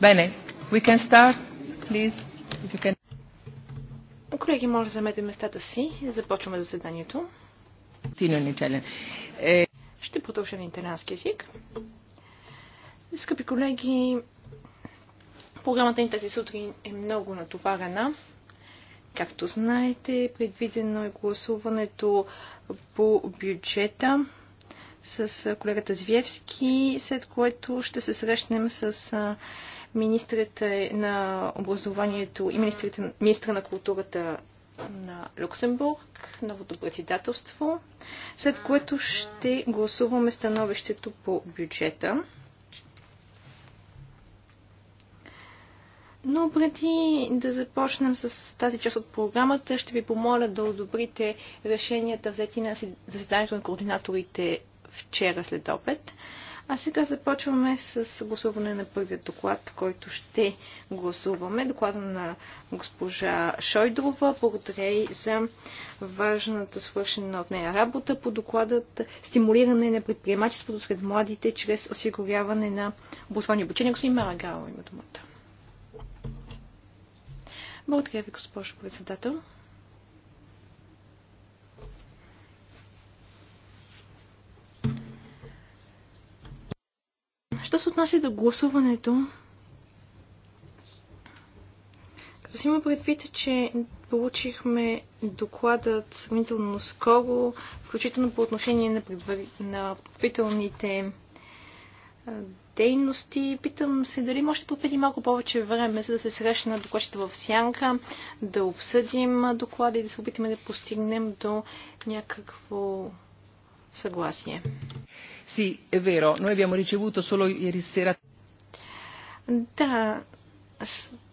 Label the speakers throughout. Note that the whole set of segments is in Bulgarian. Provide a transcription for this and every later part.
Speaker 1: Bene, we can start,
Speaker 2: please, if you can. Колеги, може да местата си. Започваме заседанието. Е, ще продължа на италиански язик. Скъпи колеги, програмата ни тази сутрин е много натоварена. Както знаете, предвидено е гласуването по бюджета с колегата Звиевски, след което ще се срещнем с министрите на образованието и министра на културата на Люксембург, новото председателство, след което ще гласуваме становището по бюджета. Но преди да започнем с тази част от програмата, ще ви помоля да одобрите решенията взети на заседанието на координаторите вчера след обед. А сега започваме с гласуване на първият доклад, който ще гласуваме. Доклада на госпожа Шойдрова. Благодаря и за важната свършена от нея работа по докладът Стимулиране на предприемачеството сред младите чрез осигуряване на обословни обучения. Господин Марагало има думата. Благодаря ви, госпожо председател. Що се отнася до гласуването, като си има предвид, че получихме докладът сравнително скоро, включително по отношение на, предвър... на предварителните дейности. Питам се дали може да попреди малко повече време, за да се срещна докладчета в сянка, да обсъдим доклада и да се опитаме да постигнем до някакво съгласие.
Speaker 1: Sì, è vero, noi abbiamo ricevuto solo ieri sera.
Speaker 2: Да,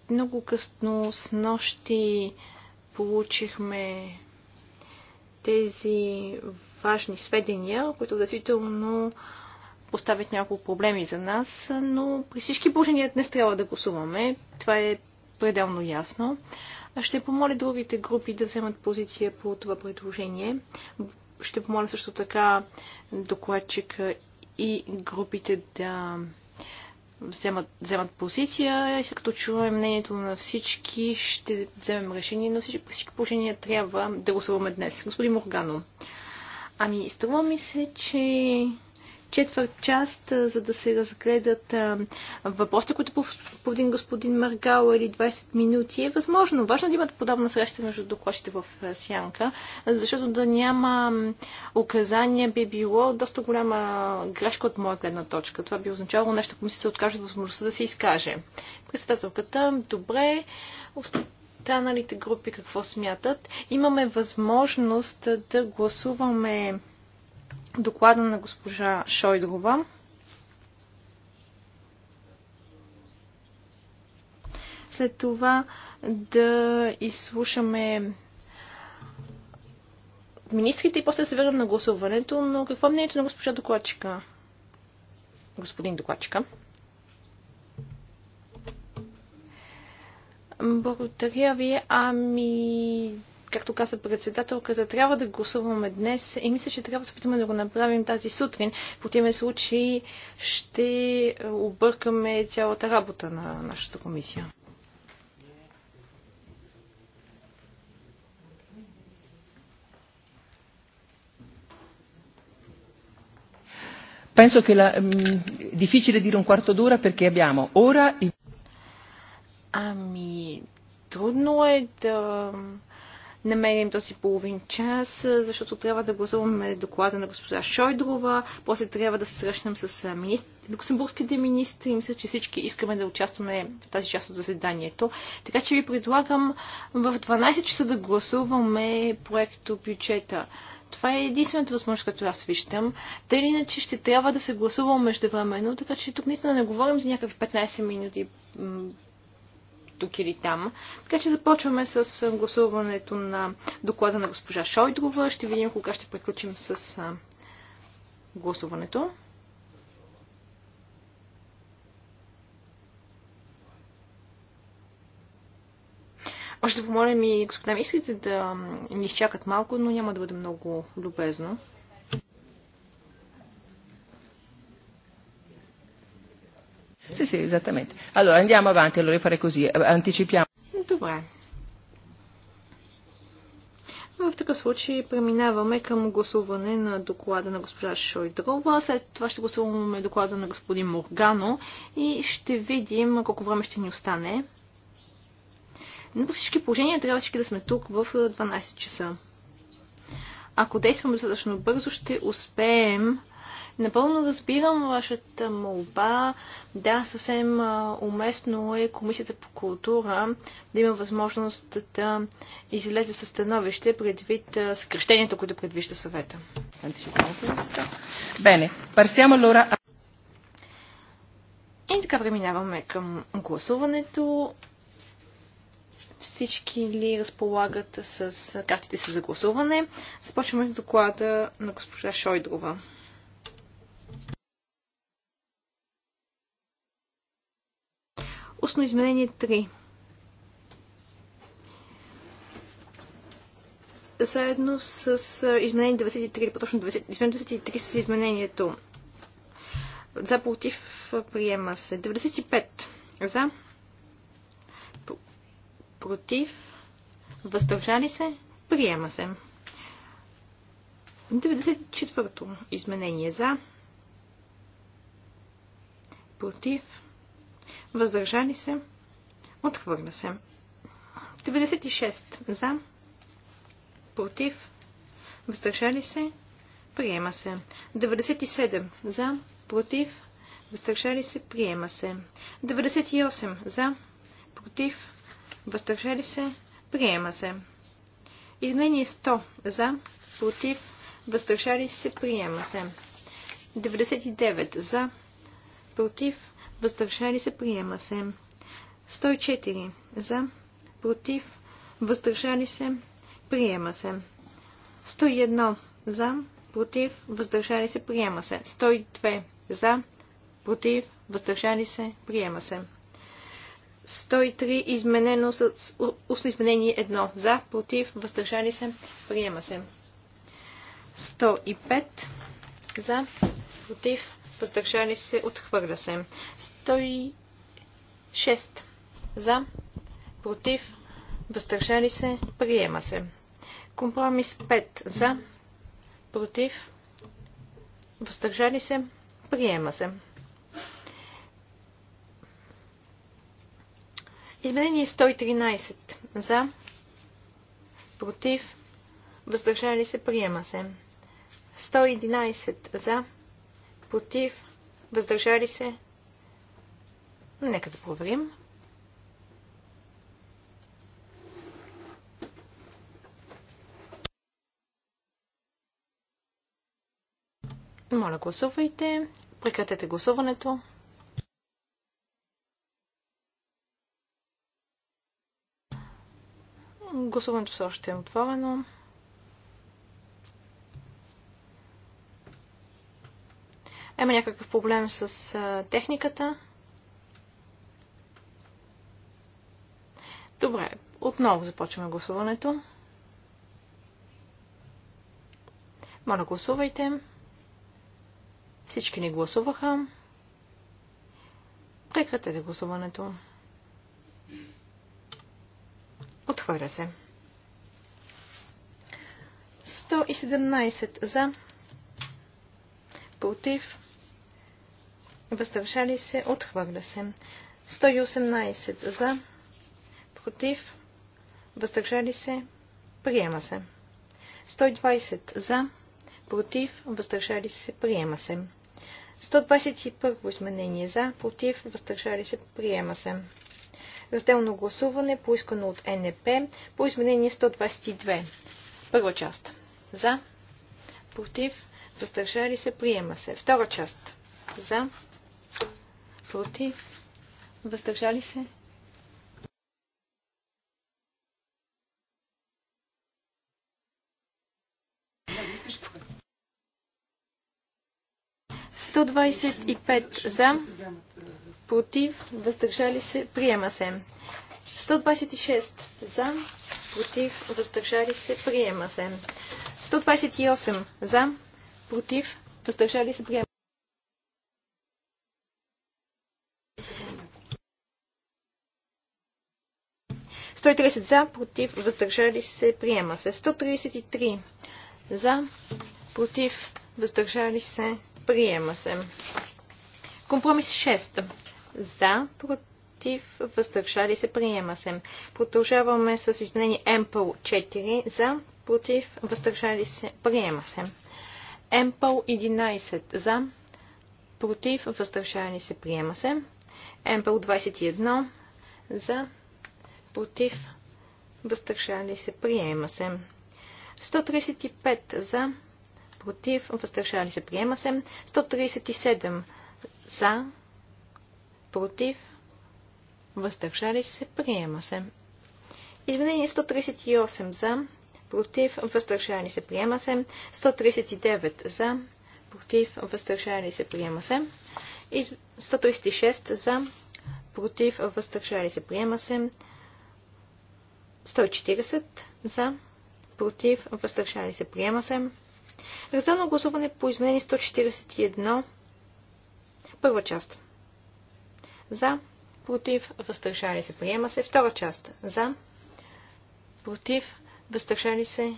Speaker 2: много късно с нощи получихме тези важни сведения, които действително поставят няколко проблеми за нас, но при всички положения днес трябва да гласуваме. Това е пределно ясно. Ще помоля другите групи да вземат позиция по това предложение. Ще помоля също така докладчика и групите да вземат, вземат позиция и след като чуваме мнението на всички, ще вземем решение, но всички, всички положения трябва да гласуваме днес. Господин Моргано, ами струва ми се, че четвърт част, за да се разгледат въпросите, които повдин господин Маргал или 20 минути, е възможно. Важно е да имат подобна среща между докладчите в сянка, защото да няма указания би било доста голяма грешка от моя гледна точка. Това би означавало нещо, ако ми се откаже възможността да се изкаже. Председателката, добре, останалите групи какво смятат. Имаме възможност да гласуваме доклада на госпожа Шойдрова. След това да изслушаме министрите и после се върнем на гласуването, но какво е мнението на госпожа докладчика? Господин докладчика. Благодаря ви. Ами, както каза председателката, трябва да гласуваме днес и мисля, че трябва да опитаме да го направим тази сутрин. По тиме случаи ще объркаме цялата работа на нашата комисия.
Speaker 1: Penso che la, mh, ehm, difficile dire un quarto d'ora perché abbiamo ora... Ами,
Speaker 2: трудно е да намерим този половин час, защото трябва да гласуваме доклада на госпожа Шойдрова, после трябва да се срещнем с министр... люксембургските министри. Мисля, че всички искаме да участваме в тази част от заседанието. Така че ви предлагам в 12 часа да гласуваме проекто бюджета. Това е единствената възможност, като аз виждам. Те или иначе ще трябва да се гласува междувременно, така че тук наистина не говорим за някакви 15 минути тук или там. Така че започваме с гласуването на доклада на госпожа Шойдрова. Ще видим кога ще приключим с гласуването. Още да помолям и господа мислите да ни изчакат малко, но няма да бъде много любезно.
Speaker 1: sì, esattamente. Allora andiamo avanti, allora farei così, eh, anticipiamo. Добре.
Speaker 2: В такъв случай преминаваме към гласуване на доклада на госпожа Шойдрова. След това ще гласуваме доклада на господин Моргано и ще видим колко време ще ни остане. На всички положения трябва всички да сме тук в 12 е, часа. Ако действаме достатъчно бързо, ще успеем Напълно разбирам вашата молба. Да, съвсем уместно е Комисията по култура да има възможност да излезе със становище предвид съкрещението, което предвижда съвета.
Speaker 3: Бене, парсиама лора...
Speaker 2: И така преминаваме към гласуването. Всички ли разполагат с картите си за гласуване? Започваме с доклада на госпожа Шойдрова. Устно изменение 3. Заедно с изменение 93, по-точно 93 с изменението. За против приема се. 95 за. Против. Въздържали се. Приема се. 94 изменение за. Против въздържали се, отхвърля се. 96 за, против, въздържали се, приема се. 97 за, против, въздържали се, приема се. 98 за, против, въздържали се, приема се. Изнение 100 за, против, въздържали се, приема се. 99 за, против, въздържали се, приема се. 104 за, против, въздържали се, приема се. 101 за, против, въздържали се, приема се. 102 за, против, въздържали се, приема се. 103 изменено с устно изменение 1 за, против, въздържали се, приема се. 105 за, против, въздържали се, отхвърля се. 106 за, против, въздържали се, приема се. Компромис 5 за, против, въздържали се, приема се. Изменение 113 за, против, въздържали се, приема се. 111 за, против, въздържали се. Нека да проверим. Моля, гласувайте. Прекратете гласуването. Гласуването все още е отворено. Има някакъв проблем с а, техниката. Добре, отново започваме гласуването. Моля, гласувайте. Всички ни гласуваха. Прекратете гласуването. Отхвърля се. 117 за. Против въздържали се, отхвърля се. 118 за, против, въздържали се, приема се. 120 за, против, въздържали се, приема се. 121 изменение за, против, въздържали се, приема се. Разделно гласуване, поискано от НП, по изменение 122. Първа част. За, против, въздържали се, приема се. Втора част. За, Против. Въздържали се. Сто двадесет и пет за. Против. Въздържали се. Приема се. 126 за, против, въздържали се, приема се. 128 за, против, въздържали се, приема 130 за, против, въздържали се, приема се. 133 за, против, въздържали се, приема се. Компромис 6. За, против, въздържали се, приема се. Продължаваме с изменение МПЛ 4. За, против, въздържали се, приема се. МПЛ 11. За, против, въздържали се, приема се. МПЛ 21. За, против, въздържали се, приема се. 135 за, против, въздържали се, приема се. 137 за, против, въздържали се, приема се. Извинение 138 за, против, въздържали се, приема се. 139 за, против, въздържали се, приема се. 136 за, против, въздържали се, приема се. 140 за, против, въздържали се, приема се. Разделно гласуване по изменение 141, първа част. За, против, въздържали се, приема се. Втора част. За, против, въздържали се.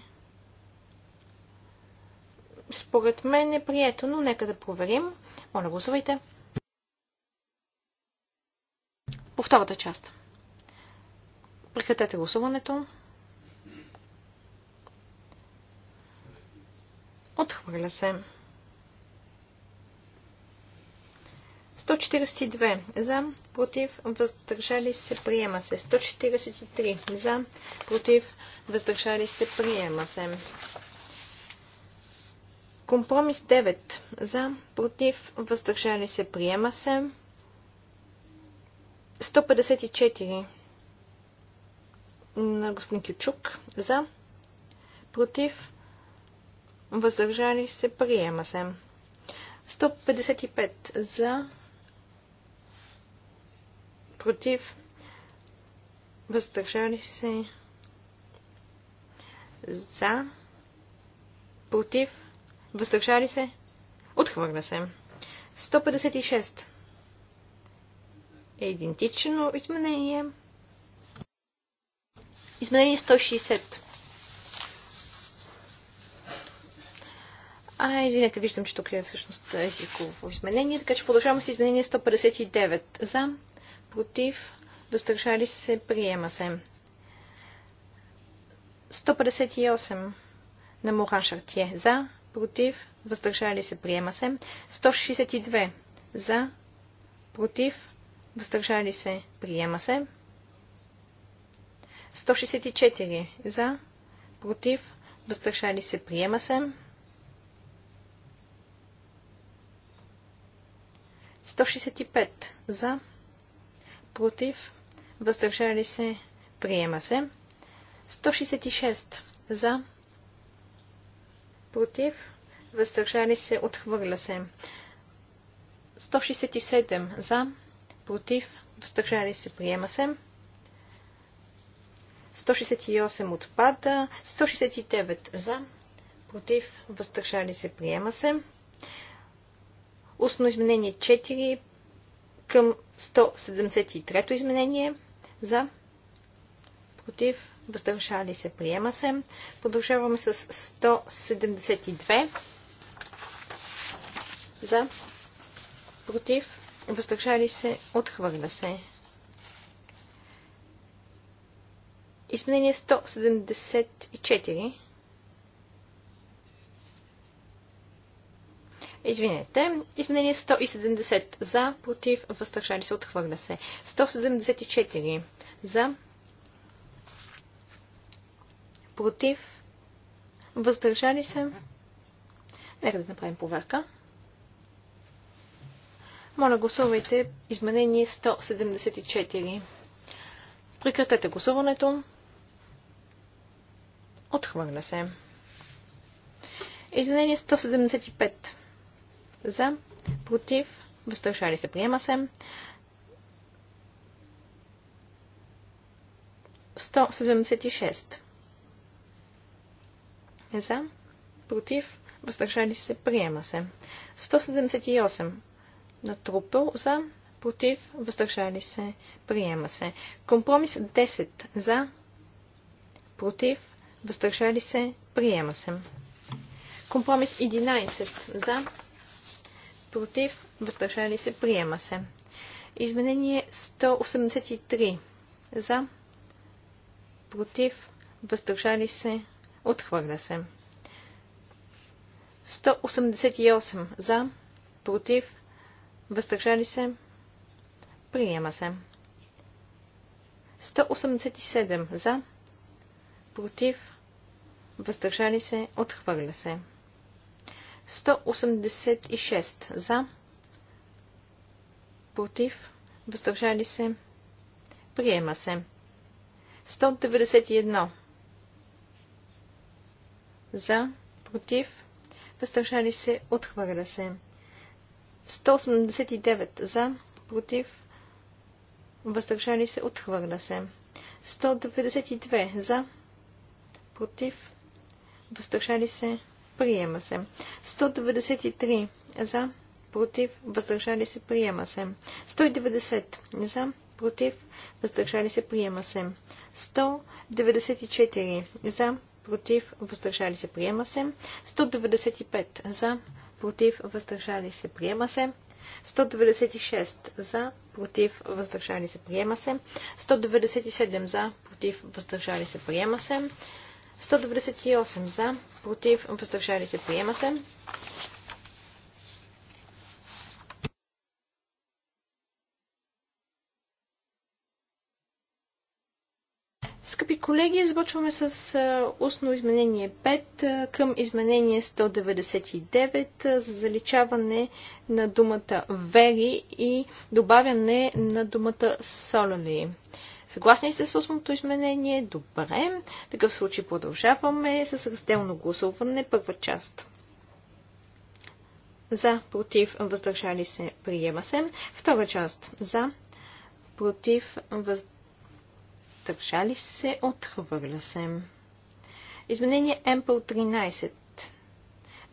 Speaker 2: Според мен е прието, но нека да проверим. Моля, гласувайте. По втората част. Прекратете гласуването. Отхвърля се. 142 за, против, въздържали се, приема се. 143 за, против, въздържали се, приема се. Компромис 9 за, против, въздържали се, приема се. 154 на господин Кючук. За. Против. Въздържали се. Приема се. 155 за. Против. Въздържали се. За. Против. Въздържали се. Отхвърля се. 156 е идентично изменение. Изменение 160. А, извинете, виждам, че тук е всъщност езиково изменение, така че продължаваме с изменение 159. За, против, въздържали се, приема се. 158 на Моран Шартие. За, против, въздържали се, приема се. 162 за, против, въздържали се, приема се. 164 за, против, въздържали се, приема се. 165 за, против, въздържали се, приема се. 166 за, против, въздържали се, отхвърля се. 167 за, против, въздържали се, приема се. 168 отпада. 169 за. Против. Въздържали се. Приема се. Устно изменение 4 към 173 изменение за. Против. Въздържали се. Приема се. Продължаваме с 172 за. Против. Въздържали се. Отхвърля се. Изменение 174. Извинете. Изменение 170 за, против, въздържали се, отхвърля се. 174 за, против, въздържали се. Нека да направим проверка. Моля, гласувайте изменение 174. Прекратете гласуването. Отхвърля се. Извинение 175. За, против, въздържали се, приема се. 176. За, против, въздържали се, приема се. 178. Натрупал за, против, въздържали се, приема се. Компромис 10. За, против, въздържали се, приема се. Компромис 11 за, против, въздържали се, приема се. Изменение 183 за, против, въздържали се, отхвърля се. 188 за, против, въздържали се, приема се. 187 за, против, въздържали се, отхвърля се. 186 за, против, въздържали се, приема се. 191 за, против, въздържали се, отхвърля се. 189 за, против, въздържали се, отхвърля се. 192 за, против, въздържали се, приема се. 193 за, против, въздържали се, приема се. 190 за, против, въздържали се, приема се. 194 за, против, въздържали се, приема се. 195 за, против, въздържали се, приема се. 196 за, против, въздържали се, приема се. 197 за, против, въздържали се, приема се. 198 за, против, въздържали се, приема се. Скъпи колеги, започваме с устно изменение 5 към изменение 199 за заличаване на думата вери и добавяне на думата сололи. Съгласни сте с осмото изменение? Добре. В такъв случай продължаваме с разделно гласуване. Първа част. За, против, въздържали се, приема се. Втора част. За, против, въздържали се, отхвърля се. Изменение МПЛ 13.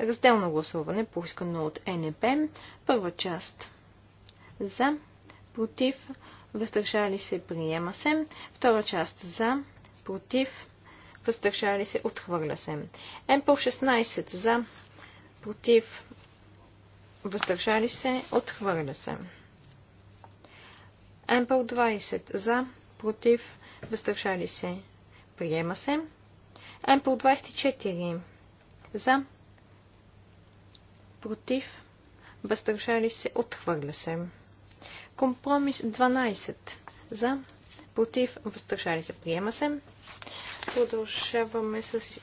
Speaker 2: Разделно гласуване, поискано от НП. Първа част. За, против, въздържали се, приема се. Втора част за, против, въздържали се, отхвърля се. МПО 16 за, против, въздържали се, отхвърля се. МПО 20 за, против, въздържали се, приема се. МПО 24 за, против, въздържали се, отхвърля се. Компромис 12 за, против, въздържали се, приема се. Продължаваме с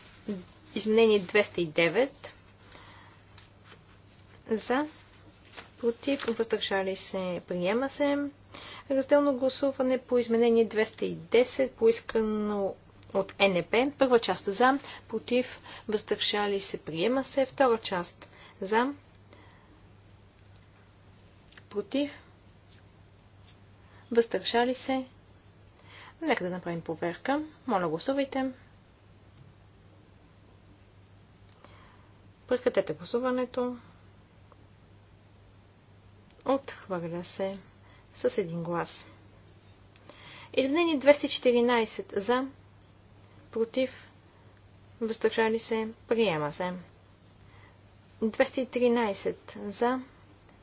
Speaker 2: изменение 209 за, против, въздържали се, приема се. Разделно гласуване по изменение 210, поискано от НП. Първа част за, против, въздържали се, приема се. Втора част за, против, Въздържали се. Нека да направим проверка. Моля, гласувайте. Прекратете гласуването. Отхвърля се с един глас. Изменени 214 за, против, въздържали се, приема се. 213 за,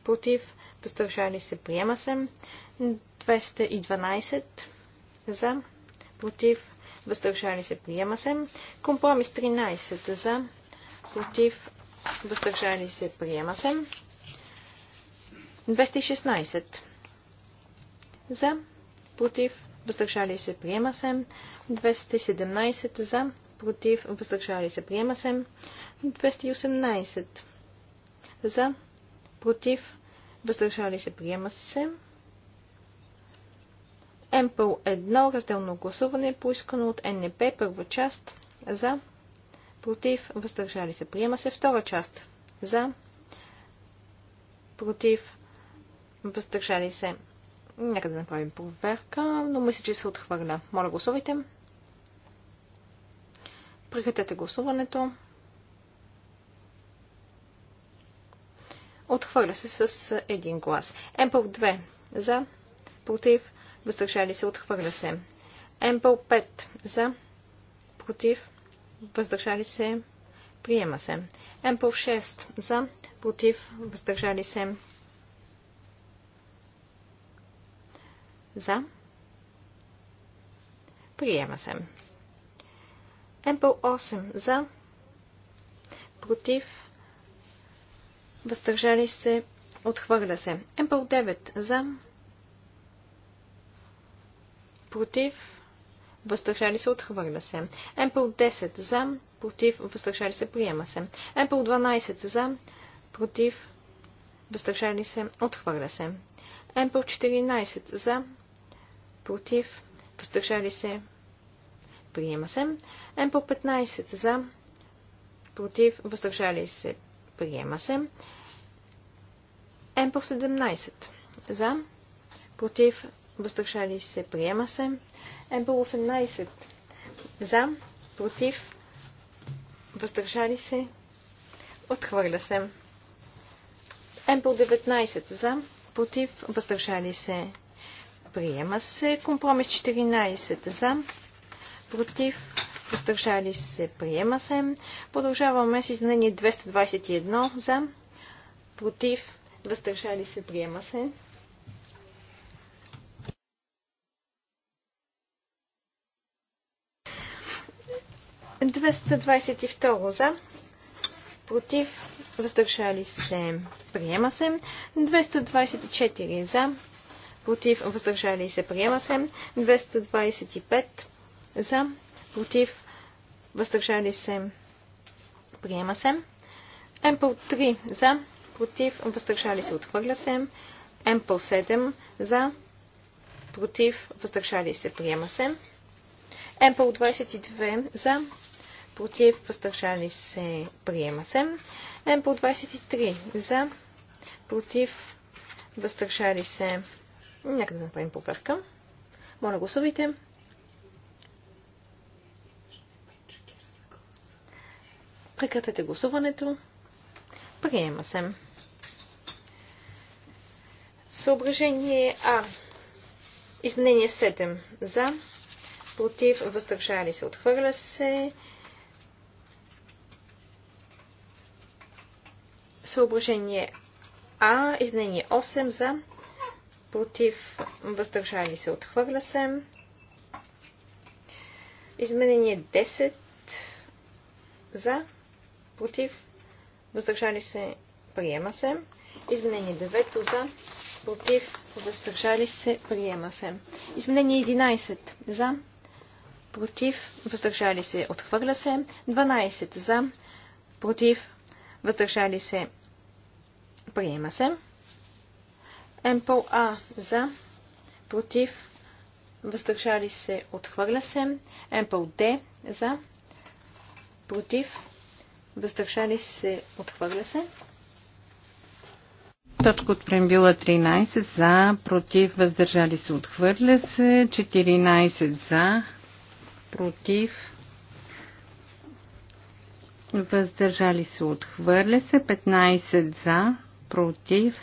Speaker 2: против, въздържали се, приема се. 212 за, против, въздържали се, приема се. Компромис 13 за, против, въздържали се, приема се. 216 за, против, въздържали се, приема се. 217 за, против, въздържали се, приема се. 218 за, против, въздържали се, приема се. МПЛ 1, разделно гласуване, поискано от НП, първа част, за, против, въздържали се, приема се, втора част, за, против, въздържали се. Нека да направим проверка, но мисля, че се отхвърля. Моля, гласувайте. Прекратете гласуването. Отхвърля се с един глас. Емпъл 2 за, против, въздържали се, отхвърля се. Емпъл 5 за, против, въздържали се, приема се. Емпъл 6 за, против, въздържали се, за, приема се. Емпъл 8 за, против, въздържали се, отхвърля се. МПЛ 9 за, против, въздържали се, отхвърля се. МПЛ 10 за, против, въздържали се, приема се. МПЛ 12 за, против, въздържали се, отхвърля се. МПЛ 14 за, против, въздържали се, приема се. МПЛ 15 за, против, въздържали се, приема се. М по 17. За. Против. Въздържали се. Приема се. М по 18. За. Против. Въздържали се. Отхвърля се. М по 19. За. Против. Въздържали се. Приема се. Компромис 14. За. Против. Въздържали се. Приема се. Продължаваме с изменение 221. За. Против въздържали се, приема се. Двеста за, против, въздържали се, приема се. 224 за, против, въздържали се, приема се. 225 за, против, въздържали се, приема се. Емпл 3 за, против, въздържали се, отхвърля се. Емпъл 7 за, против, въздържали се, приема се. Емпъл 22 за, против, въздържали се, приема се. Емпъл 23 за, против, въздържали се. Нека да направим поверка. Моля, гласувайте. Прекратете гласуването. Приема се. Съображение А. Изменение 7. За. Против. Въздържали се. Отхвърля се. Съображение А. Изменение 8. За. Против. Въздържали се. Отхвърля се. Изменение 10. За. Против. Въздържали се. Приема се. Изменение 9. За против, въздържали се, приема се. Изменение 11 за, против, въздържали се, отхвърля се. 12 за, против, въздържали се, приема се. МПОА за, против, въздържали се, отхвърля се. МПОД Д за, против, въздържали се, отхвърля се.
Speaker 1: Точка от прембила 13 за, против, въздържали се, отхвърля се. 14 за, против, въздържали се, отхвърля се. 15 за, против,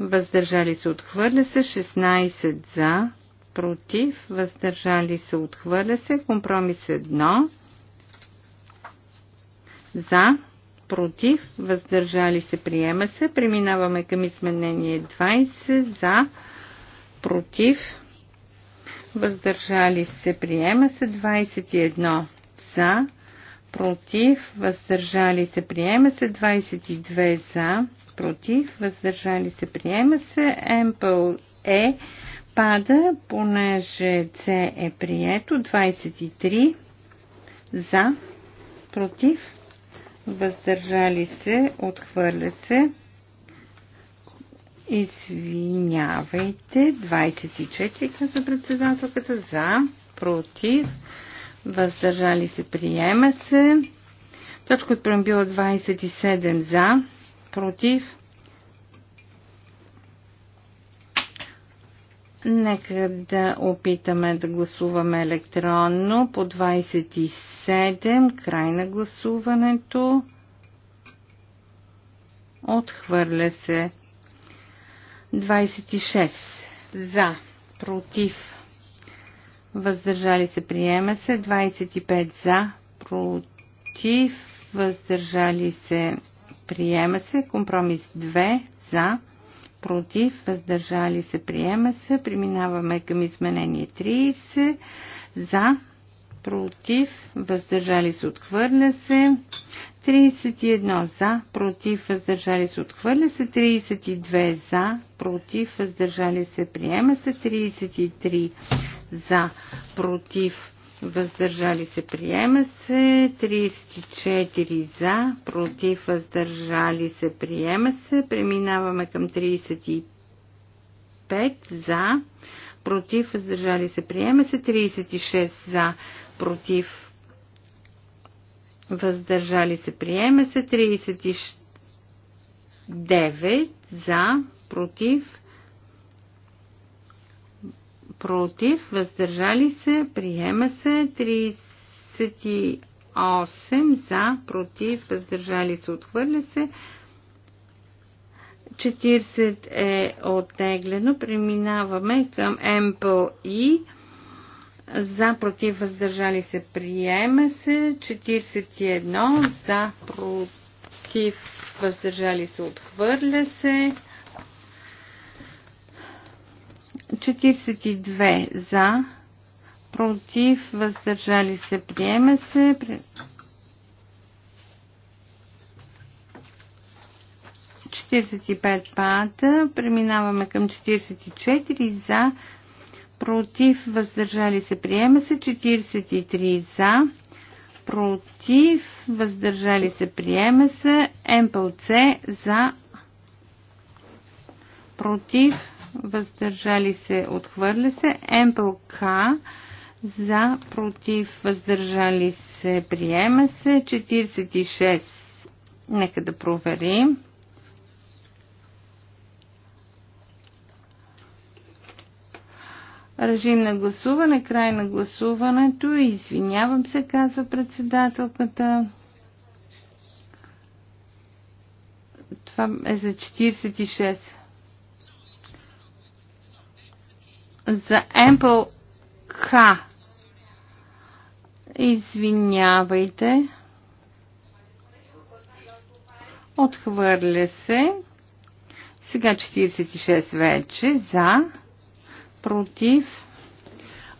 Speaker 1: въздържали се, отхвърля се. 16 за, против, въздържали се, отхвърля се. Компромис 1 за, против, въздържали се, приема се. Преминаваме към изменение 20 за, против, въздържали се, приема се. 21 за, против, въздържали се, приема се. 22 за, против, въздържали се, приема се. МПЛ е пада, понеже С е прието. 23 за, против, въздържали се, отхвърлят се. Извинявайте, 24 каза председателката за, против, въздържали се, приема се. Точка от преамбила 27 за, против, Нека да опитаме да гласуваме електронно по 27, край на гласуването. Отхвърля се 26 за, против, въздържали се, приема се 25 за, против, въздържали се, приема се, компромис 2 за, против, въздържали се, приема се. Преминаваме към изменение 30, за, против, въздържали се, отхвърля се. 31 за, против, въздържали се, отхвърля се. 32 за, против, въздържали се, приема се. 33 за, против, въздържали се, приема се, 34 за, против, въздържали се, приема се, преминаваме към 35 за, против, въздържали се, приема се, 36 за, против, въздържали се, приема се, 39 за, против, против, въздържали се, приема се 38 за, против, въздържали се, отхвърля се 40 е оттеглено. Преминаваме към МПИ. E. За, против, въздържали се, приема се. 41 за, против, въздържали се, отхвърля се. 42 за, против, въздържали се, приема се. При... 45 Пата, Преминаваме към 44 за, против, въздържали се, приема се. 43 за, против, въздържали се, приема се. МПЛЦ за, против, въздържали се, отхвърля се. МПЛК за, против, въздържали се, приема се. 46. Нека да проверим. Режим на гласуване, край на гласуването. Извинявам се, казва председателката. Това е за 46. за Ample Извинявайте. Отхвърля се. Сега 46 вече. За. Против.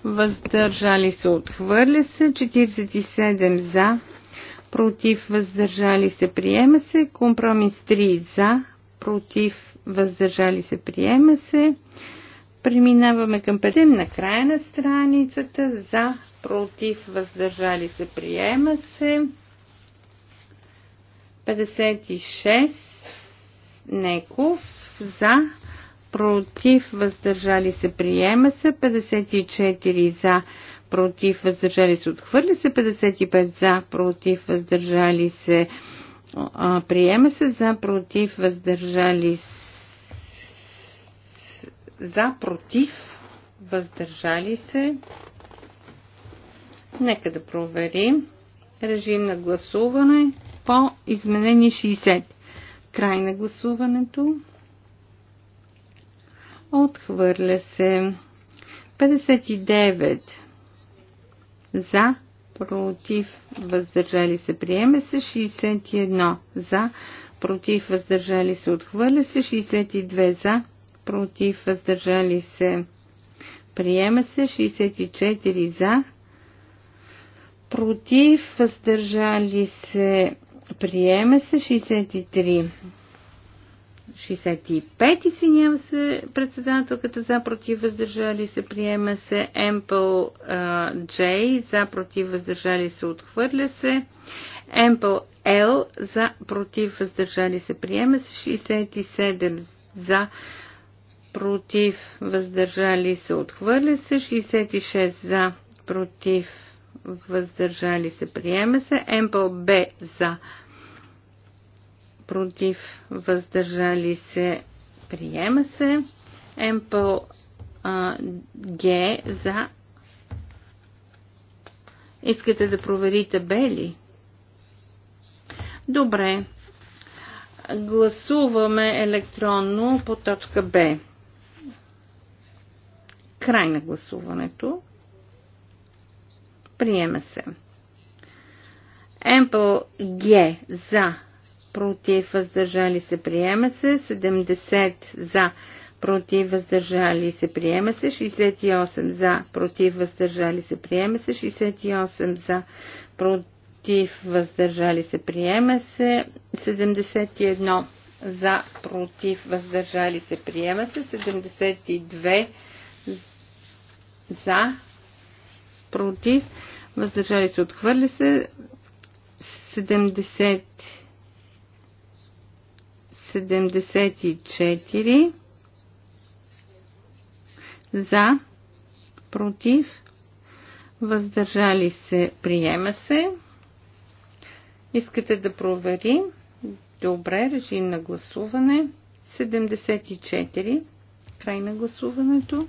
Speaker 1: Въздържали се. Отхвърля се. 47 за. Против. Въздържали се. Приема се. Компромис 3 за. Против. Въздържали се. Приема се. Преминаваме към петем на края на страницата. За, против, въздържали се, приема се. 56. Неков. За, против, въздържали се, приема се. 54 за, против, въздържали се, отхвърля се. 55 за, против, въздържали се, приема се. За, против, въздържали се за, против, въздържали се. Нека да проверим. Режим на гласуване по изменение 60. Край на гласуването. Отхвърля се. 59 за, против, въздържали се, приеме се 61 за, против, въздържали се, отхвърля се 62 за, против, въздържали се. Приема се 64 за, против, въздържали се. Приема се 63. 65, извинява се, председателката за против въздържали се, приема се Ample uh, J, за против въздържали се, отхвърля се, Ample L, за против въздържали се, приема се 67, за против, въздържали се, отхвърля се, 66 за, против, въздържали се, приема се, Емпъл Б за, против, въздържали се, приема се, Емпъл Г за. Искате да проверите бели? Добре. Гласуваме електронно по точка Б. Край на гласуването. Приема се. МПЛ Г за против въздържали се приема се. 70 за против въздържали се приема се. 68 за против въздържали се приема се. 68 за против въздържали се приема се. 71 за против въздържали се приема се. 72 за, против, въздържали се, отхвърли се. 70 74 за, против, въздържали се, приема се. Искате да проверим? Добре, режим на гласуване. 74. Край на гласуването.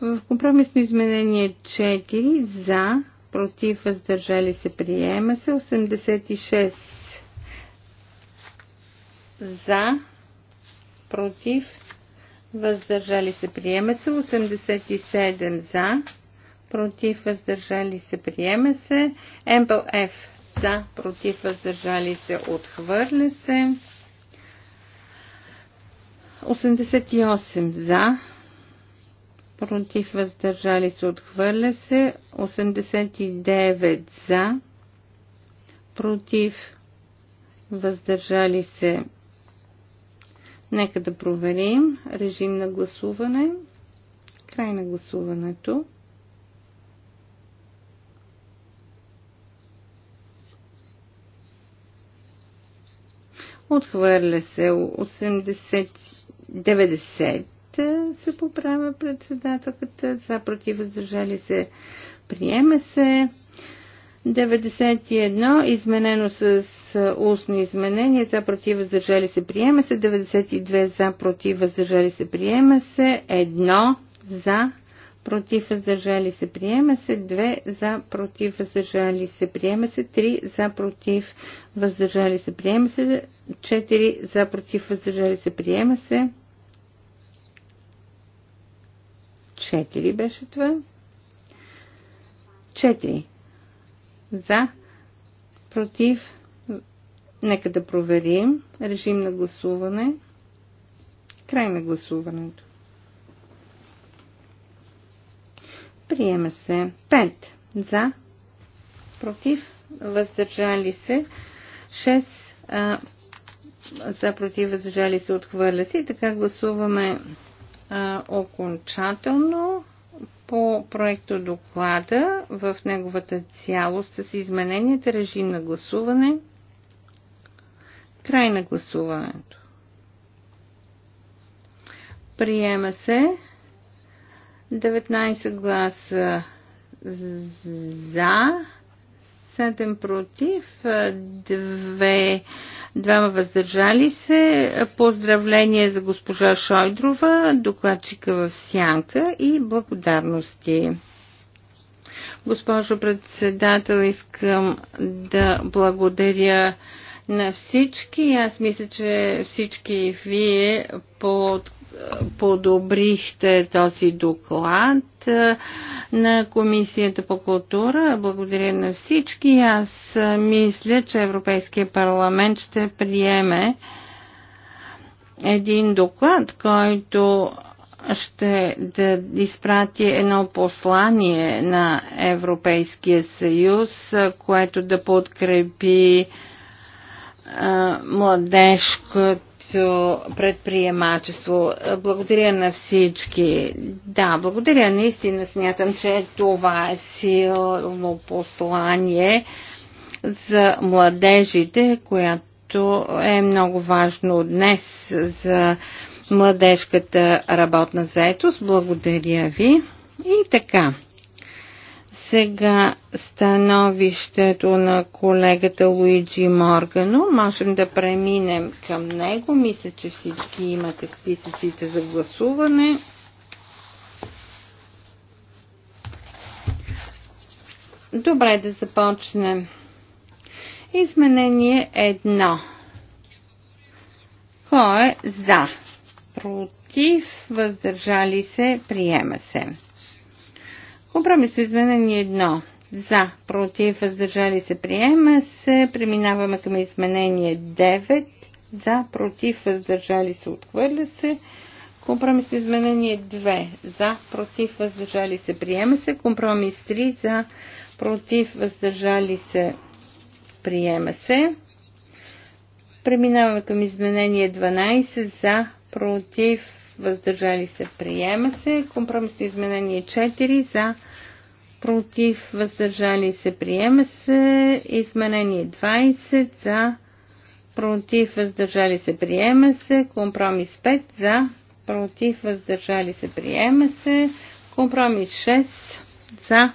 Speaker 1: В компромисно изменение 4 за, против, въздържали се, приема се. 86 за, против, въздържали се, приема се. 87 за, против, въздържали се, приема се. МПЛФ за, против, въздържали се, отхвърля се. 88 за, против въздържали се отхвърля се 89 за против въздържали се нека да проверим режим на гласуване край на гласуването отхвърля се 80 90 300 се поправя председателката. За против въздържали се. Приема се. 91, изменено с устно изменение, за против въздържали се приема се, 92 за против въздържали се приема се, 1 за против въздържали се приема се, 2 за против въздържали се приема се, 3 за против въздържали се приема се, 4 за против въздържали се приема се, 4 беше това. 4. За. Против. Нека да проверим. Режим на гласуване. Край на гласуването. Приема се. 5. За. Против. Въздържали се. 6. за против въздържали се отхвърля се. И така гласуваме а, окончателно по проекто доклада в неговата цялост с измененията режим на гласуване. Край на гласуването. Приема се 19 гласа за 7 против, 2 двама въздържали се. Поздравление за госпожа Шойдрова, докладчика в Сянка и благодарности. Госпожо председател, искам да благодаря на всички. Аз мисля, че всички вие под подобрихте този доклад на Комисията по култура. Благодаря на всички. Аз мисля, че Европейския парламент ще приеме един доклад, който ще да изпрати едно послание на Европейския съюз, което да подкрепи младежката селското предприемачество. Благодаря на всички. Да, благодаря наистина. Смятам, че това е силно послание за младежите, което е много важно днес за младежката работна заетост. Благодаря ви. И така. Сега становището на колегата Луиджи Моргано. Можем да преминем към него. Мисля, че всички имате списъците за гласуване. Добре да започнем. Изменение едно. Кой е за? Против? Въздържали се? Приема се. Компромисно изменение 1. За, против, въздържали се, приема се. Преминаваме към изменение 9. За, против, въздържали се, отхвърля се. Компромис изменение 2. За, против, въздържали се, приема се. Компромис 3. За, против, въздържали се, приема се. Преминаваме към изменение 12. За, против, въздържали се, приема се. Компромисно изменение 4 за, против, въздържали се, приема се. Изменение 20 за, против, въздържали се, приема се. Компромис 5 за, против, въздържали се, приема се. Компромис 6 за,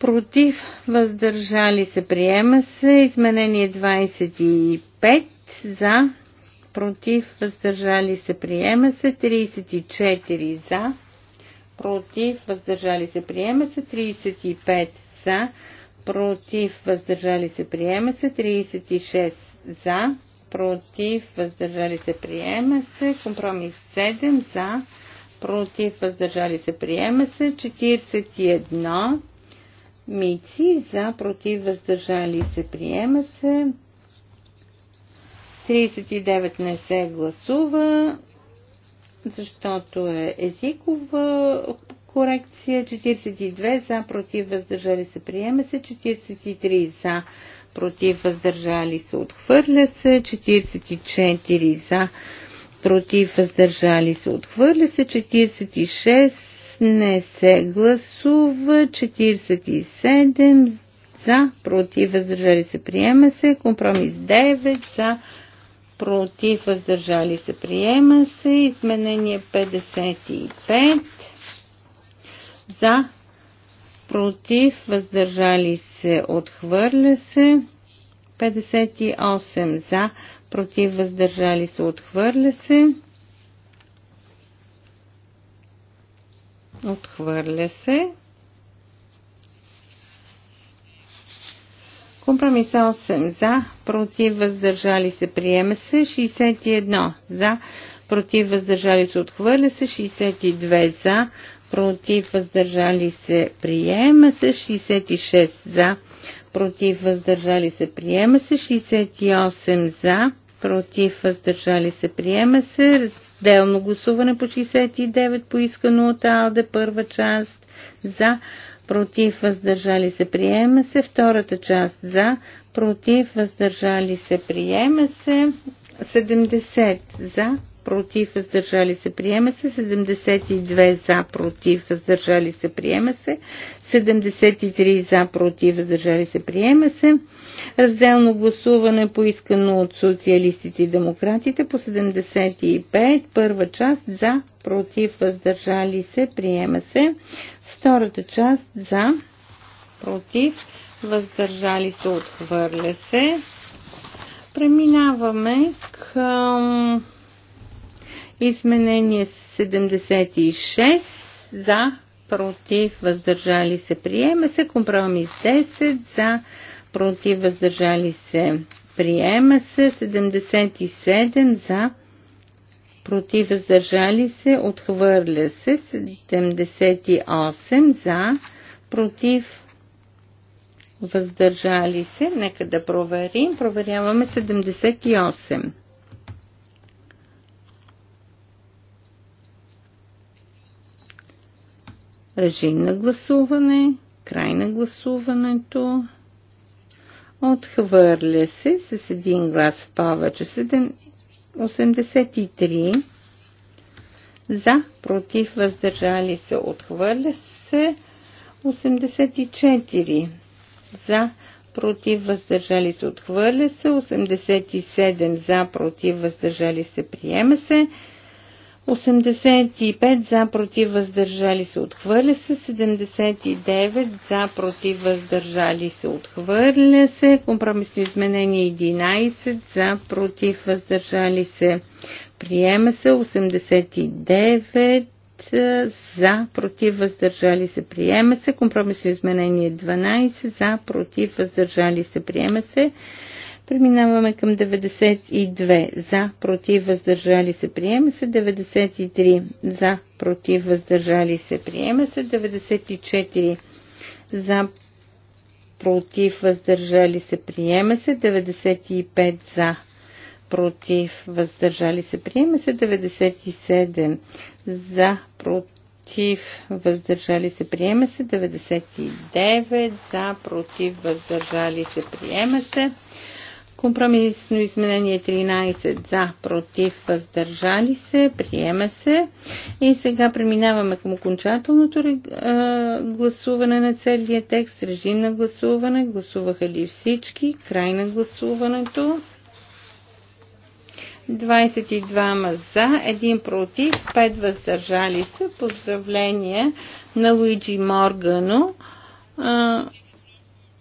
Speaker 1: против, въздържали се, приема се. Изменение 25 за, против, въздържали се, приема се, 34 за, против, въздържали се, приема се, 35 за, против, въздържали се, приема се, 36 за, против, въздържали се, приема се, компромис 7 за, против, въздържали се, приема се, 41 мици за, против, въздържали се, приема се, 39 не се гласува, защото е езикова корекция. 42 за, против, въздържали се, приема се. 43 за, против, въздържали се, отхвърля се. 44 за, против, въздържали се, отхвърля се. 46 не се гласува. 47 за, против, въздържали се, приема се. Компромис 9 за, против, въздържали се, приема се. Изменение 55 за, против, въздържали се, отхвърля се. 58 за, против, въздържали се, отхвърля се. Отхвърля се. Компромис 8 за, против, въздържали се, приема се. 61 за, против, въздържали се, отхвърля се. 62 за, против, въздържали се, приема се. 66 за, против, въздържали се, приема се. 68 за, против, въздържали се, приема се. Разделно гласуване по 69, поискано от АЛДЕ, първа част за, против, въздържали се, приема се. Втората част за, против, въздържали се, приема се. 70 за, против, въздържали се, приема се. 72 за, против, въздържали се, приема се. 73 за, против, въздържали се, приема се. Разделно гласуване поискано от социалистите и демократите по 75. Първа част за, против, въздържали се, приема се. Втората част за, против, въздържали се, отхвърля се. Преминаваме към Изменение 76 за, против, въздържали се, приема се. Компромис 10 за, против, въздържали се, приема се. 77 за, против, въздържали се, отхвърля се. 78 за, против, въздържали се. Нека да проверим. Проверяваме 78. Режим на гласуване. Край на гласуването. Отхвърля се с един глас повече. 83 за, против, въздържали се. Отхвърля се 84 за, против, въздържали се. Отхвърля се 87 за, против, въздържали се. Приема се. 85 за против въздържали се отхвърля се, 79 за против въздържали се отхвърля се, компромисно изменение 11 за против въздържали се приема се, 89 е, за, против, въздържали се, приема се. Компромисно изменение 12 за, против, въздържали се, приема се. Преминаваме към 92 за, против, въздържали се, приема се. 93 за, против, въздържали се, приема се. 94 за, против, въздържали се, приема се. 95 за, против, въздържали се, приема се. 97 за, против, въздържали се, приема се. 99 за, против, въздържали се, приема се. Компромисно изменение 13 за, против, въздържали се, приема се. И сега преминаваме към окончателното е, гласуване на целия текст, режим на гласуване, гласуваха ли всички, край на гласуването. 22 за, 1 против, 5 въздържали се. Поздравление на Луиджи Моргано.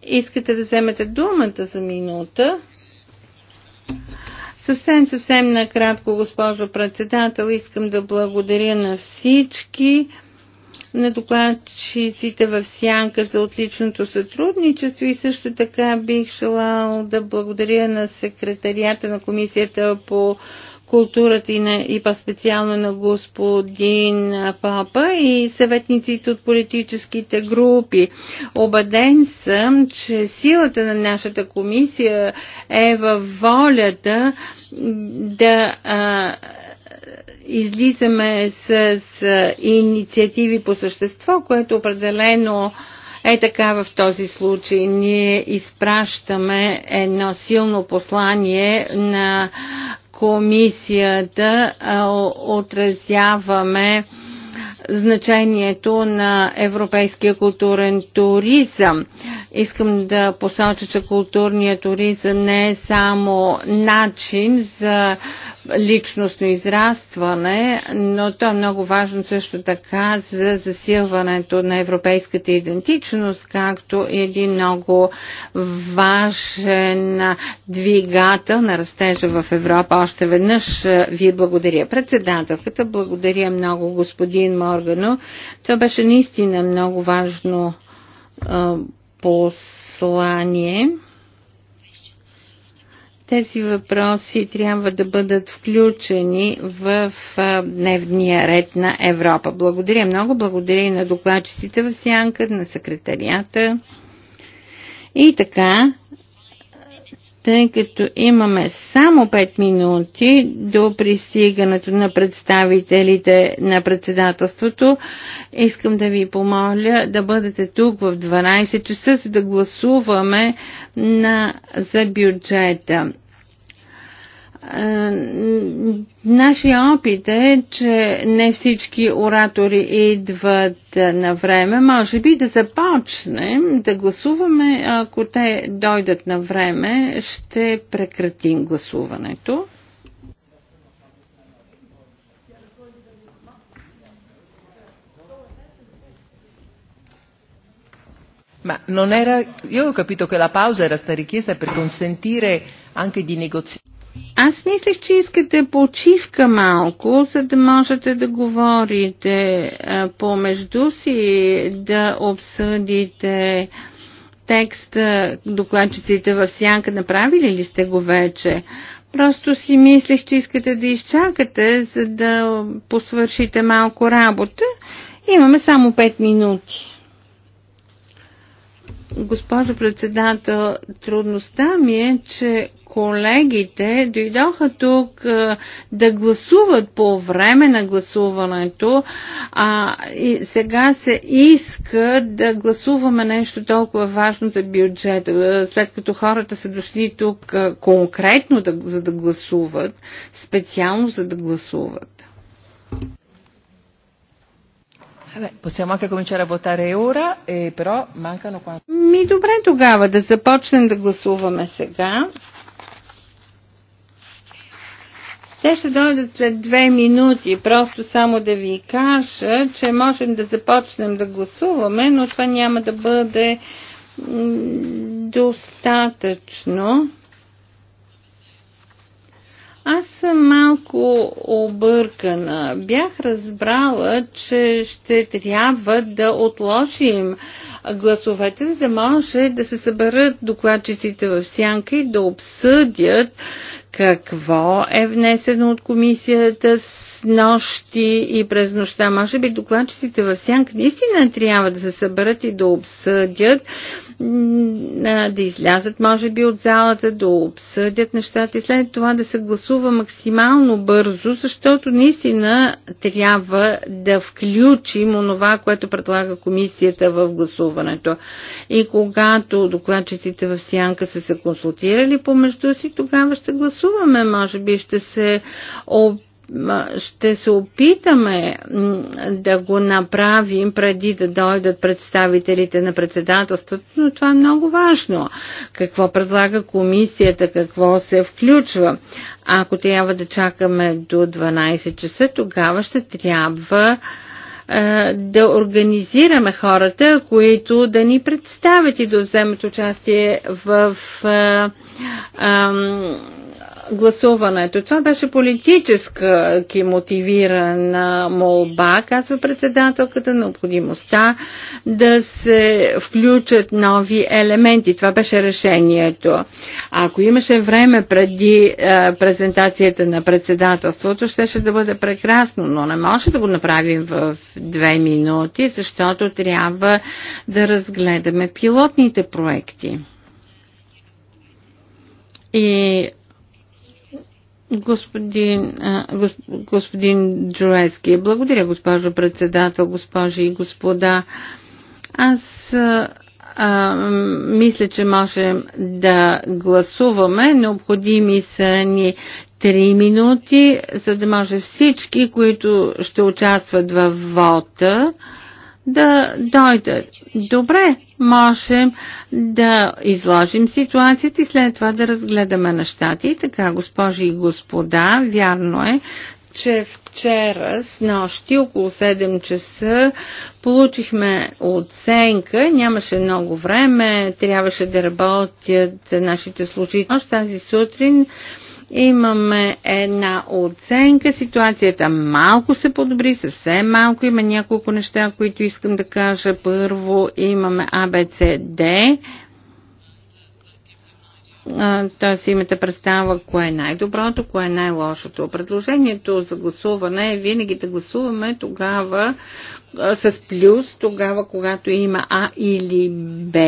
Speaker 1: искате да вземете думата за минута? Съвсем, съвсем накратко, госпожо председател, искам да благодаря на всички на докладчиците в Сянка за отличното сътрудничество и също така бих желал да благодаря на секретарията на Комисията по културата и, на, и по-специално на господин Папа и съветниците от политическите групи. Обаден съм, че силата на нашата комисия е във волята да а, излизаме с, с инициативи по същество, което определено а, е така в този случай ние изпращаме едно силно послание на комисията, отразяваме значението на европейския културен туризъм. Искам да посоча, че културният туризъм не е само начин за личностно израстване, но то е много важно също така за засилването на европейската идентичност, както и един много важен двигател на растежа в Европа. Още веднъж ви благодаря. Председателката, благодаря много господин Моргано. Това беше наистина много важно послание. Тези въпроси трябва да бъдат включени в дневния ред на Европа. Благодаря много, благодаря и на докладчиците в Сянка, на секретарията. И така, тъй като имаме само 5 минути до пристигането на представителите на председателството, искам да ви помоля да бъдете тук в 12 часа, за да гласуваме на, за бюджета. Е, нашия опит е, че не всички оратори идват на време. Може би да започнем да гласуваме. Ако те дойдат на време, ще прекратим гласуването. Ma non era, io ho capito che la pausa era stata richiesta per consentire anche di negoziare. Аз мислех, че искате почивка малко, за да можете да говорите помежду си, да обсъдите текста, докладчиците в сянка, направили ли сте го вече? Просто си мислех, че искате да изчакате, за да посвършите малко работа. Имаме само 5 минути. Госпожо председател, трудността ми е, че колегите дойдоха тук е, да гласуват по време на гласуването, а и сега се иска да гласуваме нещо толкова важно за бюджета, е, след като хората са дошли тук е, конкретно да, за да гласуват, специално за да гласуват. Possiamo anche cominciare a votare ora, e però mancano quanti... Ми добре тогава да започнем да гласуваме сега. Те ще дойдат след две минути, просто само да ви кажа, че можем да започнем да гласуваме, но това няма да бъде достатъчно. Аз съм малко объркана. Бях разбрала, че ще трябва да отложим гласовете, за да може да се съберат докладчиците в сянка и да обсъдят какво е внесено от комисията с нощи и през нощта. Може би докладчиците в сянка наистина трябва да се съберат и да обсъдят, да излязат може би от залата, да обсъдят нещата и след това да се гласува максимално бързо, защото наистина трябва да включим онова, което предлага комисията в гласуването. И когато докладчиците в сянка са се консултирали помежду си, тогава ще гласуват интересуваме, може би ще се ще се опитаме да го направим преди да дойдат представителите на председателството, но това е много важно. Какво предлага комисията, какво се включва. Ако трябва да чакаме до 12 часа, тогава ще трябва е, да организираме хората, които да ни представят и да вземат участие в а, е, а, гласуването. Това беше политическа мотивирана молба, казва председателката, необходимостта да се включат нови елементи. Това беше решението. Ако имаше време преди а, е, презентацията на председателството, щеше да бъде прекрасно, но не може да го направим в две минути, защото трябва да разгледаме пилотните проекти. И Господин, госп, господин Джуески, благодаря, госпожо председател, госпожи и господа. Аз а, мисля, че можем да гласуваме. Необходими са ни 3 минути, за да може всички, които ще участват в вота, да дойдат. Добре, можем да изложим ситуацията и след това да разгледаме нещата. И така, госпожи и господа, вярно е, че вчера с нощи около 7 часа получихме оценка. Нямаше много време, трябваше да работят нашите служители. Още тази сутрин Имаме една оценка. Ситуацията малко се подобри, съвсем малко. Има няколко неща, които искам да кажа. Първо имаме ABCD. Т.е. имате представа кое е най-доброто, кое е най-лошото. Предложението за гласуване е винаги да гласуваме тогава с плюс, тогава когато има А или Б,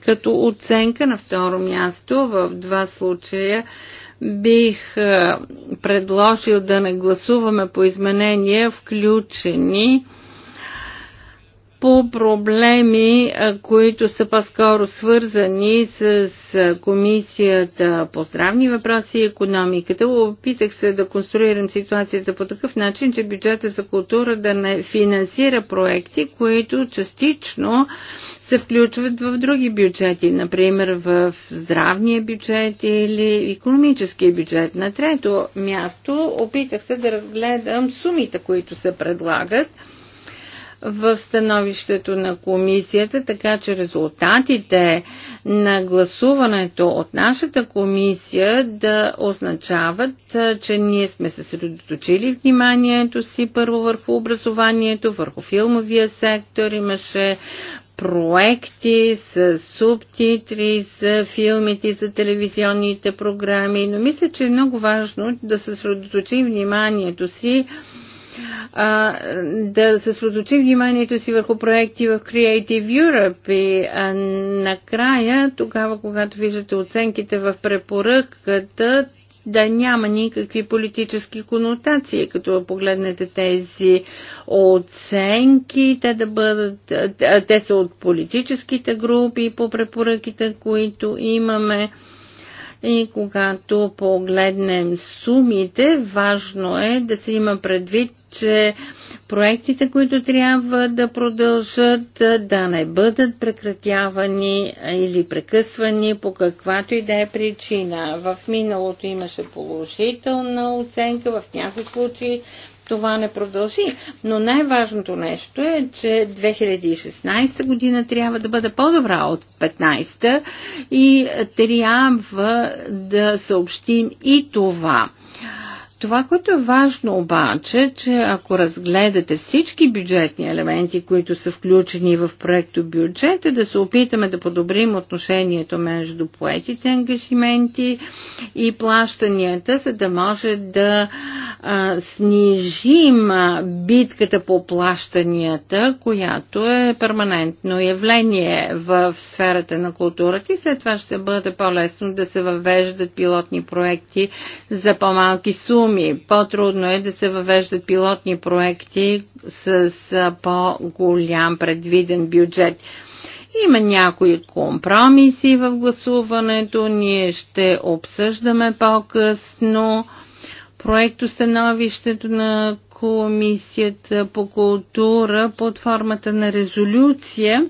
Speaker 1: като оценка на второ място в два случая бих е, предложил да не гласуваме по изменения, включени по проблеми, които са по-скоро свързани с Комисията по здравни въпроси и економиката. Опитах се да конструирам ситуацията по такъв начин, че бюджета за култура да не финансира проекти, които частично се включват в други бюджети, например в здравния бюджет или економическия бюджет. На трето място опитах се да разгледам сумите, които се предлагат в становището на комисията, така че резултатите на гласуването от нашата комисия да означават, че ние сме съсредоточили вниманието си първо върху образованието, върху филмовия сектор. Имаше проекти, с субтитри, за филмите, за телевизионните програми, но мисля, че е много важно да съсредоточим вниманието си а, да съсредоточи вниманието си върху проекти в Creative Europe и а, накрая, тогава, когато виждате оценките в препоръката, да няма никакви политически конотации, като погледнете тези оценки, те да бъдат, те са от политическите групи по препоръките, които имаме. И когато погледнем сумите, важно е да се има предвид, че проектите, които трябва да продължат, да не бъдат прекратявани или прекъсвани по каквато и да е причина. В миналото имаше положителна оценка, в някои случаи това не продължи. Но най-важното нещо е, че 2016 година трябва да бъде по-добра от 15-та и трябва да съобщим и това. Това, което е важно обаче, че ако разгледате всички бюджетни елементи, които са включени в проекто бюджет, е да се опитаме да подобрим отношението между поетите ангажименти и плащанията, за да може да а, снижим битката по плащанията, която е перманентно явление в сферата на културата и след това ще бъде по-лесно да се въвеждат пилотни проекти за по-малки суми думи, по-трудно е да се въвеждат пилотни проекти с по-голям предвиден бюджет. Има някои компромиси в гласуването, ние ще обсъждаме по-късно проектостановището на Комисията по култура под формата на резолюция.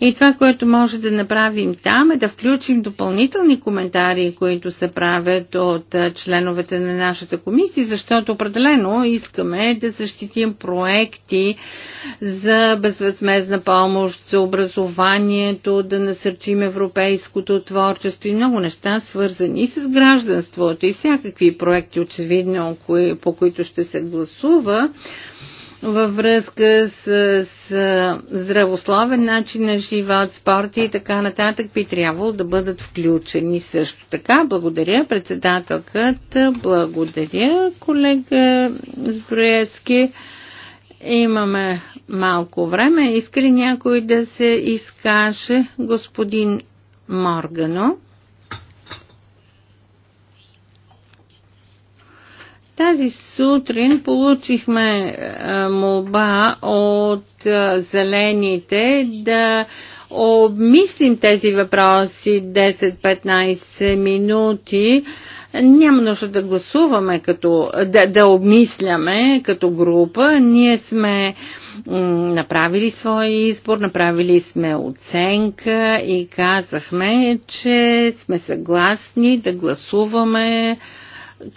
Speaker 1: И това, което може да направим там е да включим допълнителни коментари, които се правят от членовете на нашата комисия, защото определено искаме да защитим проекти за безвъзмезна помощ, за образованието, да насърчим европейското творчество и много неща, свързани с гражданството и всякакви проекти, очевидно, по които ще се гласува директива във връзка с, с здравословен начин на живот, спорти и така нататък би трябвало да бъдат включени също така. Благодаря председателката, благодаря колега Зброевски. Имаме малко време. Иска ли някой да се изкаже господин Моргано? Тази сутрин получихме молба от зелените да обмислим тези въпроси 10-15 минути. Няма нужда да гласуваме, като, да, да обмисляме като група. Ние сме направили свой избор, направили сме оценка и казахме, че сме съгласни да гласуваме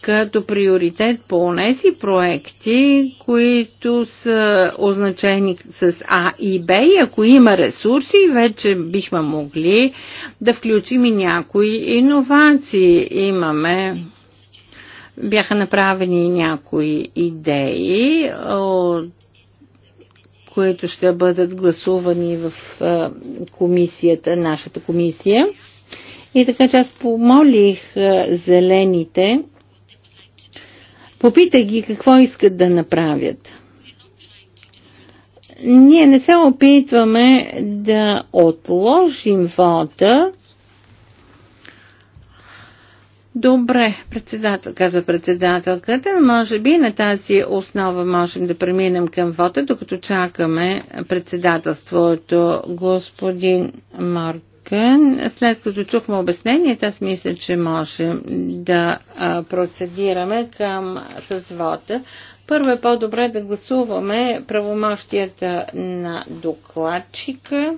Speaker 1: като приоритет по тези проекти, които са означени с А и Б и ако има ресурси, вече бихме могли да включим и някои иновации. Имаме бяха направени някои идеи, които ще бъдат гласувани в комисията, нашата комисия. И така че аз помолих зелените Попитай ги какво искат да направят. Ние не се опитваме да отложим вода. Добре, председател, каза председателката. Може би на тази основа можем да преминем към вода, докато чакаме председателството господин Марк. Кюн. След като чухме обяснението, аз мисля, че можем да процедираме към с Първо е по-добре да гласуваме правомощията на докладчика.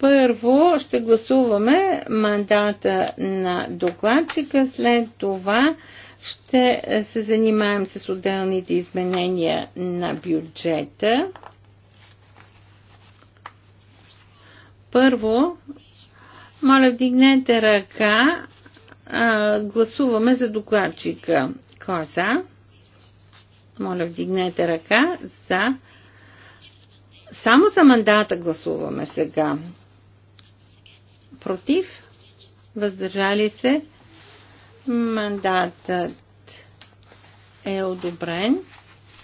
Speaker 1: Първо ще гласуваме мандата на докладчика, след това ще се занимаем с отделните изменения на бюджета. Първо, моля, вдигнете ръка. А, гласуваме за докладчика. Кой е за? Моля, вдигнете ръка за. Само за мандата гласуваме сега. Против? Въздържали се? Мандатът е одобрен.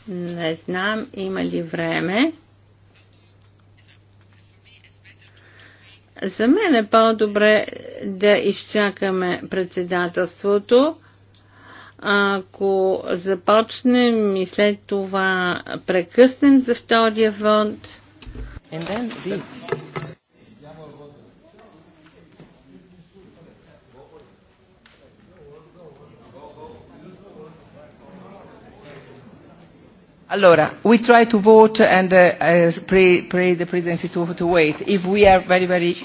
Speaker 1: Не знам има ли време. За мен е по-добре да изчакаме председателството. Ако започнем и след това прекъснем за втория вод. Allora, we try to vote and uh, pray, pray the presidency to, to wait. If we are very, very...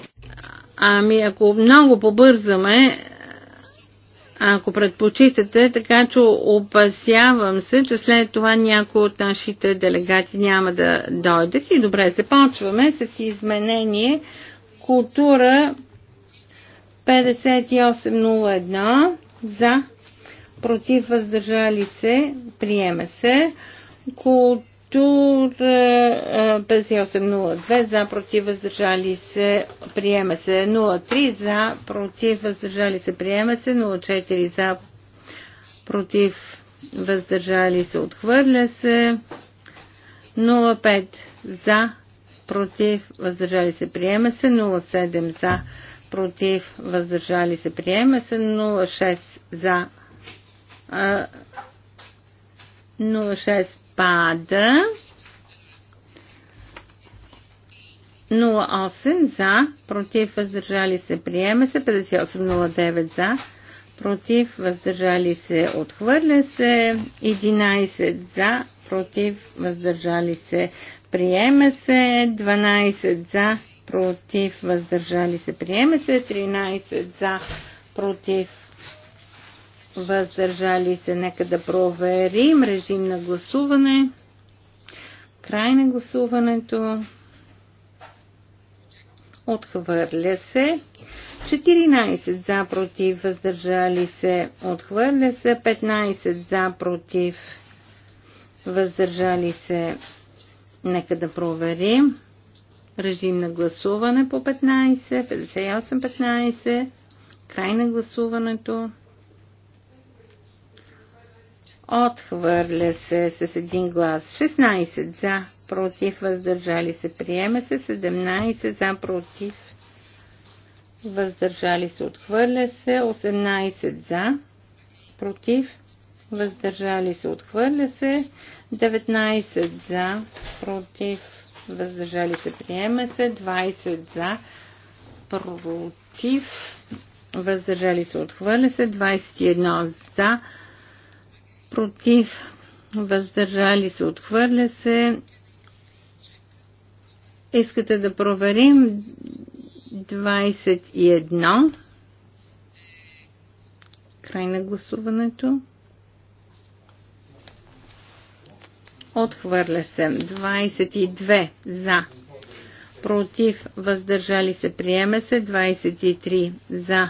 Speaker 1: Ами, ако много побързаме, ако предпочитате, така че опасявам се, че след това някои от нашите делегати няма да дойдат. И добре, започваме с изменение култура 5801 за против въздържали се, приема се култура 5802 за против въздържали се приема се 03 за против въздържали се приема се 04 за против въздържали се отхвърля се 05 за против въздържали се приема се 07 за против въздържали се приема се 06 за 06 пада. 08 за, против въздържали се, приема се, 5809 за, против въздържали се, отхвърля се, 11 за, против въздържали се, приема се, 12 за, против въздържали се, приема се, 13 за, против въздържали се. Нека да проверим режим на гласуване. Край на гласуването. Отхвърля се. 14 за против, въздържали се. Отхвърля се. 15 за против, въздържали се. Нека да проверим. Режим на гласуване по 15, 58-15. Край на гласуването. Отхвърля се с един глас. 16 за, против, въздържали се. Приема се 17 за, против, въздържали се. Отхвърля се 18 за, против, въздържали се. Отхвърля се 19 за, против, въздържали се. Приема се 20 за, против, въздържали се. Отхвърля се 21 за, против, против, въздържали се, отхвърля се. Искате да проверим 21. Край на гласуването. Отхвърля се. 22 за. Против. Въздържали се. Приема се. 23 за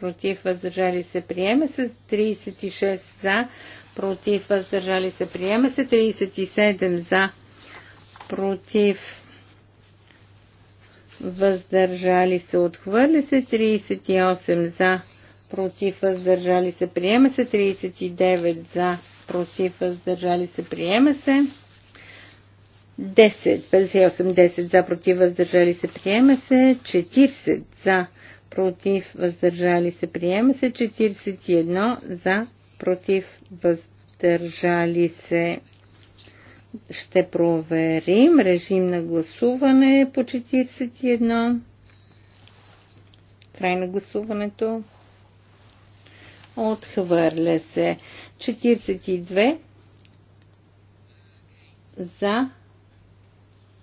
Speaker 1: против, въздържали се, приема се. 36 за, против, въздържали се, приема се. 37 за, против, въздържали се, отхвърля се. 38 за, против, въздържали се, приема се. 39 за, против, въздържали се, приема се. 10, 58, 10 за, против, въздържали се, приема се. 40 за, против, въздържали се, приема се. 41 за, против, въздържали се. Ще проверим режим на гласуване по 41. Край на гласуването. Отхвърля се. 42 за,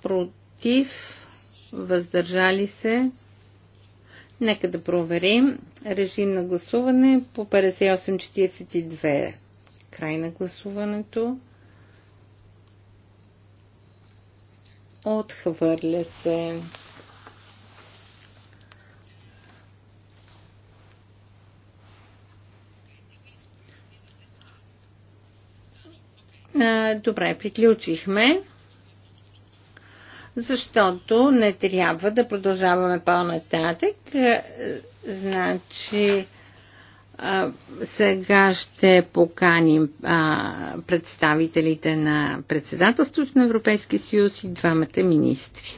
Speaker 1: против, въздържали се. Нека да проверим режим на гласуване по 5842. Край на гласуването. Отхвърля се. добре, приключихме защото не трябва да продължаваме по-нататък. Е, значи, сега ще поканим а, представителите на председателството на Европейския съюз и двамата министри.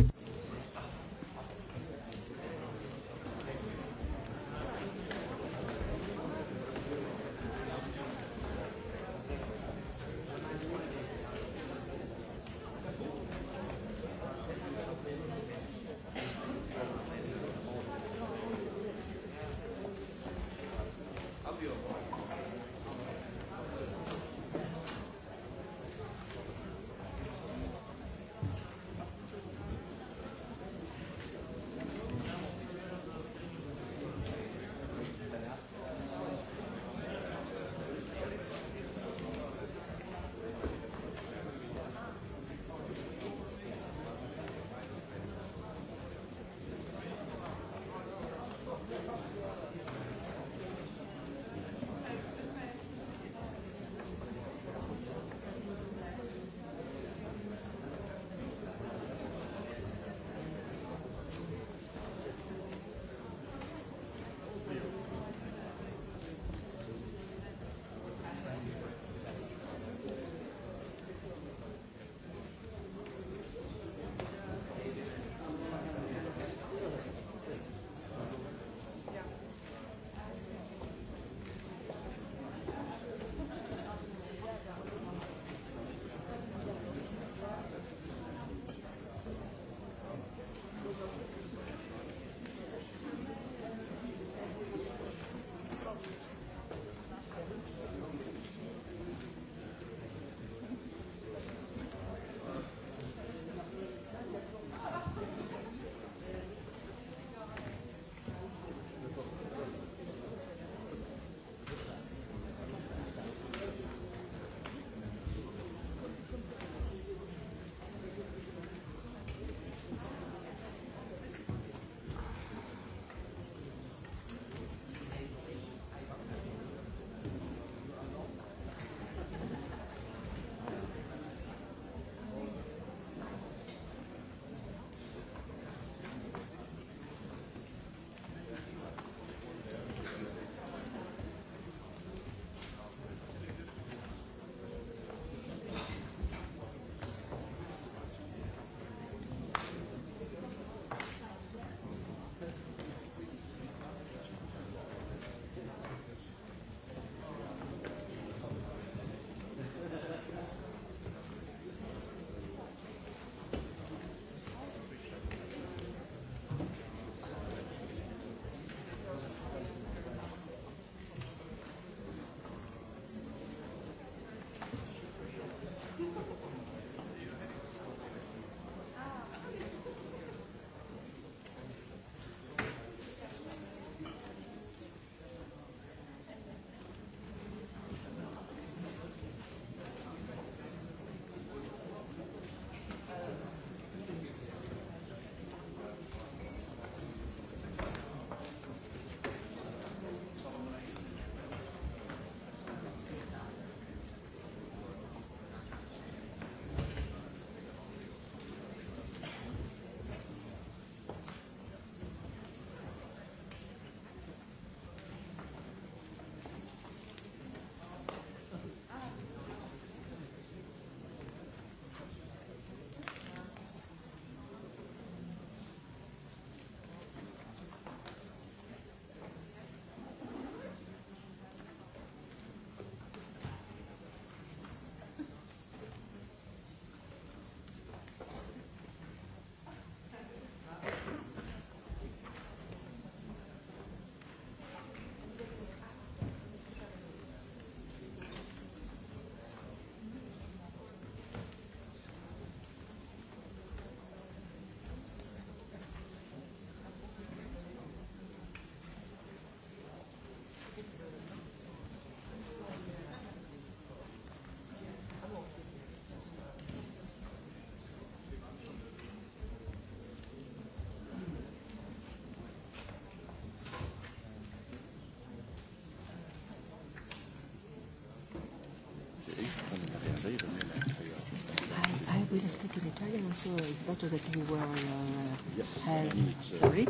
Speaker 1: speak in Italian, so it's better that you were. uh,
Speaker 3: yes. have... Sorry.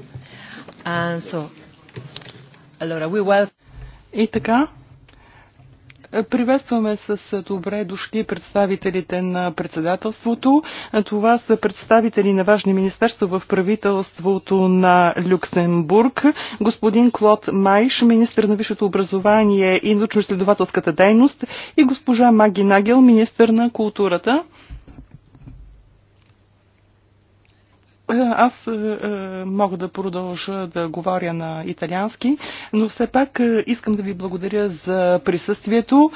Speaker 3: And so, allora, we will... И така, Приветстваме с добре дошли представителите на председателството. Това са представители на важни министерства в правителството на Люксембург. Господин Клод Майш, министр на висшето образование и научно-изследователската дейност и госпожа Маги Нагел, министр на културата. Е, аз е, е, мога да продължа да говоря на италиански, но все пак искам да ви благодаря за присъствието.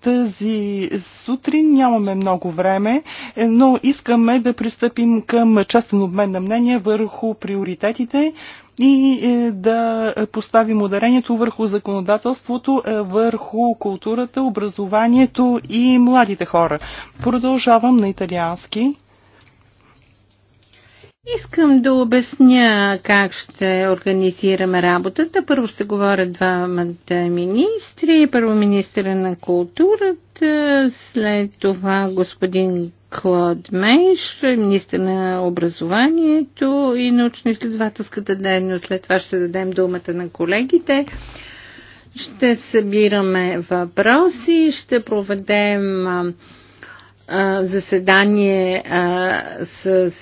Speaker 3: Тази сутрин нямаме много време, но искаме да пристъпим към частен обмен на мнения върху приоритетите и да поставим ударението върху законодателството, върху културата, образованието и младите хора. Продължавам на италиански. Искам да
Speaker 1: обясня как ще организираме работата. Първо ще говорят двамата министри. Първо министра на културата, след това господин Клод Мейш, министър на образованието и научно-изследователската дейност. След това ще дадем думата на колегите. Ще събираме въпроси, ще проведем заседание с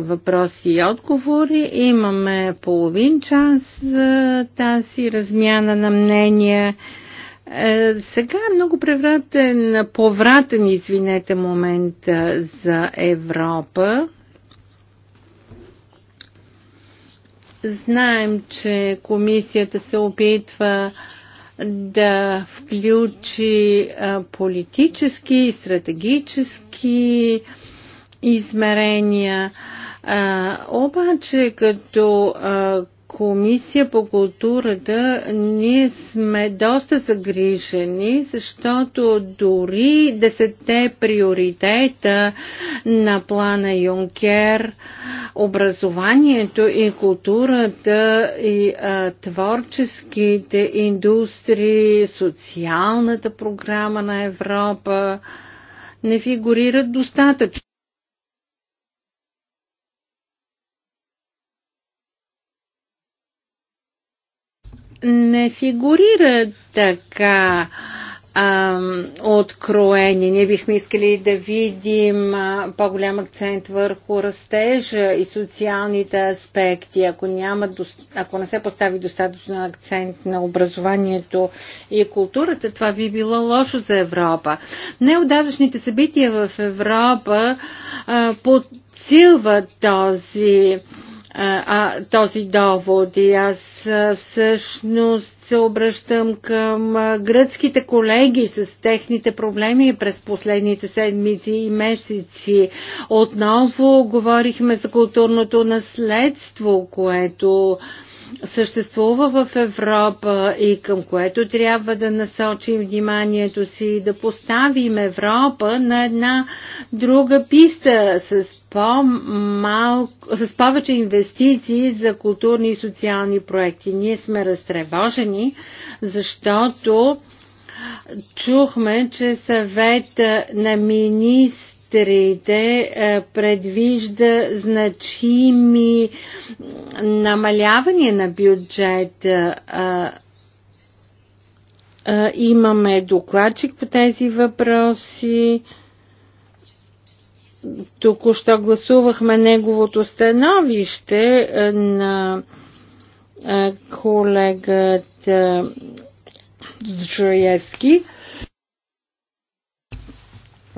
Speaker 1: въпроси и отговори. Имаме половин час за тази размяна на мнения. Е, сега е много превратен, повратен, извинете, момент за Европа. Знаем, че комисията се опитва а, да включи политически и стратегически измерения. обаче, като комисия по културата ние сме доста загрижени, защото дори десетте приоритета на плана Юнкер, образованието и културата и а, творческите индустрии, социалната програма на Европа не фигурират достатъчно. не фигурират така откроени. Ние бихме искали да видим по-голям акцент върху растежа и социалните аспекти. Ако, няма, ако не се постави достатъчно акцент на образованието и културата, това би било лошо за Европа. Неудавашните събития в Европа а, подсилват този а, този довод и аз всъщност се обръщам към гръцките колеги с техните проблеми през последните седмици и месеци. Отново говорихме за културното наследство, което а, съществува в Европа и към което трябва да насочим вниманието си, да поставим Европа на една друга писта с по-малко, с повече инвестиции за културни и социални проекти. Ние сме разтревожени, защото чухме, че съвет на министр индустрите е, предвижда значими намалявания на бюджета. Е, е, имаме докладчик по тези въпроси. Току-що гласувахме неговото становище на колегата Джоевски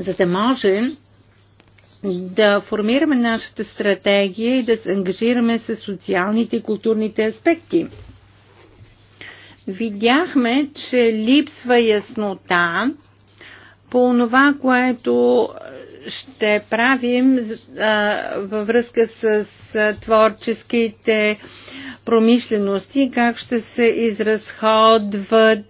Speaker 1: за да можем да формираме нашата стратегия и да се ангажираме с социалните и културните аспекти. Видяхме, че липсва яснота по това, което ще правим а, във връзка с а, творческите промишлености, как ще се изразходват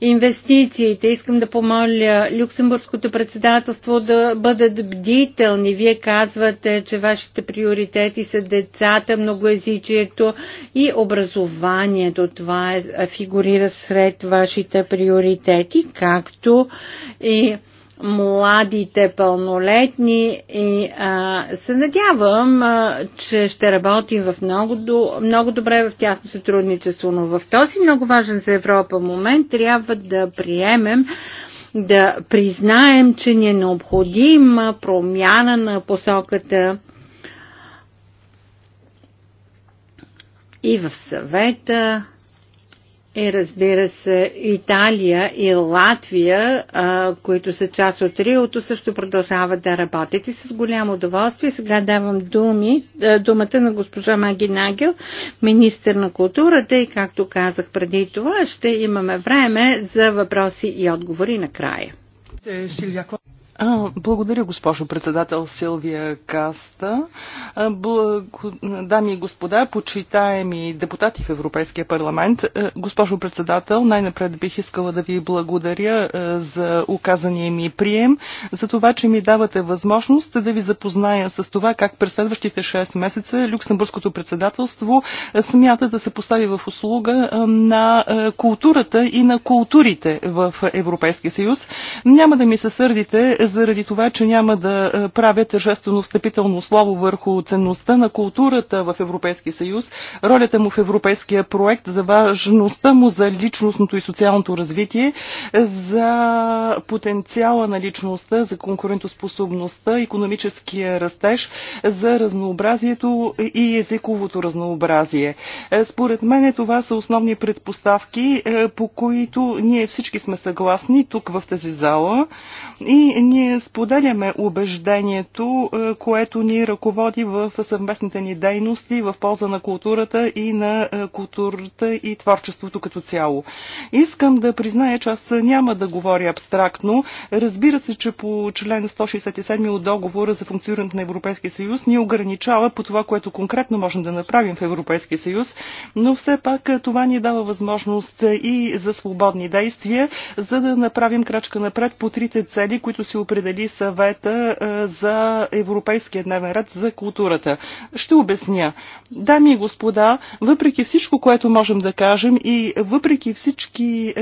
Speaker 1: инвестициите. Искам да помоля Люксембургското председателство да бъдат бдителни. Вие казвате, че вашите приоритети са децата, многоязичието и образованието. Това е, фигурира сред вашите приоритети, както и младите пълнолетни и а, се надявам, а, че ще работим в много, много добре в тясно сътрудничество, но в този много важен за Европа момент трябва да приемем да признаем, че ни е необходима промяна на посоката и в съвета, и е, разбира се Италия и Латвия, а, които са част от Риото, също продължават да работят и с голямо удоволствие. Сега давам думи, думата на госпожа Маги Нагел, министър на културата и както казах преди това, ще имаме време за въпроси и отговори накрая.
Speaker 3: Е, благодаря, госпожо председател Силвия Каста. Благо... Дами и господа, почитаеми депутати в Европейския парламент, госпожо председател, най-напред бих искала да ви благодаря за оказания ми прием, за това, че ми давате възможност да ви запозная с това как през следващите 6 месеца Люксембургското председателство смята да се постави в услуга на културата и на културите в Европейския съюз. Няма да ми се сърдите заради това, че няма да е, правя тържествено встъпително слово върху ценността на културата в Европейския съюз, ролята му в европейския проект, за важността му за личностното и социалното развитие, за потенциала на личността, за конкурентоспособността, економическия растеж, за разнообразието и езиковото разнообразие. Е, според мен това са основни предпоставки, е, по които ние всички сме съгласни тук в тази зала и ние споделяме убеждението, е, което ни ръководи в съвместните ни дейности в полза на културата и на е, културата и творчеството като цяло. Искам да призная, че аз няма да говоря абстрактно. Разбира се, че по член 167 от договора за функционирането на Европейския съюз ни ограничава по това, което конкретно можем да направим в Европейския съюз, но все пак е, това ни дава възможност и за свободни действия, за да направим крачка напред по трите цели, които си определи съвета за Европейския дневен ред за културата. Ще обясня. Дами и господа, въпреки всичко, което можем да кажем и въпреки всички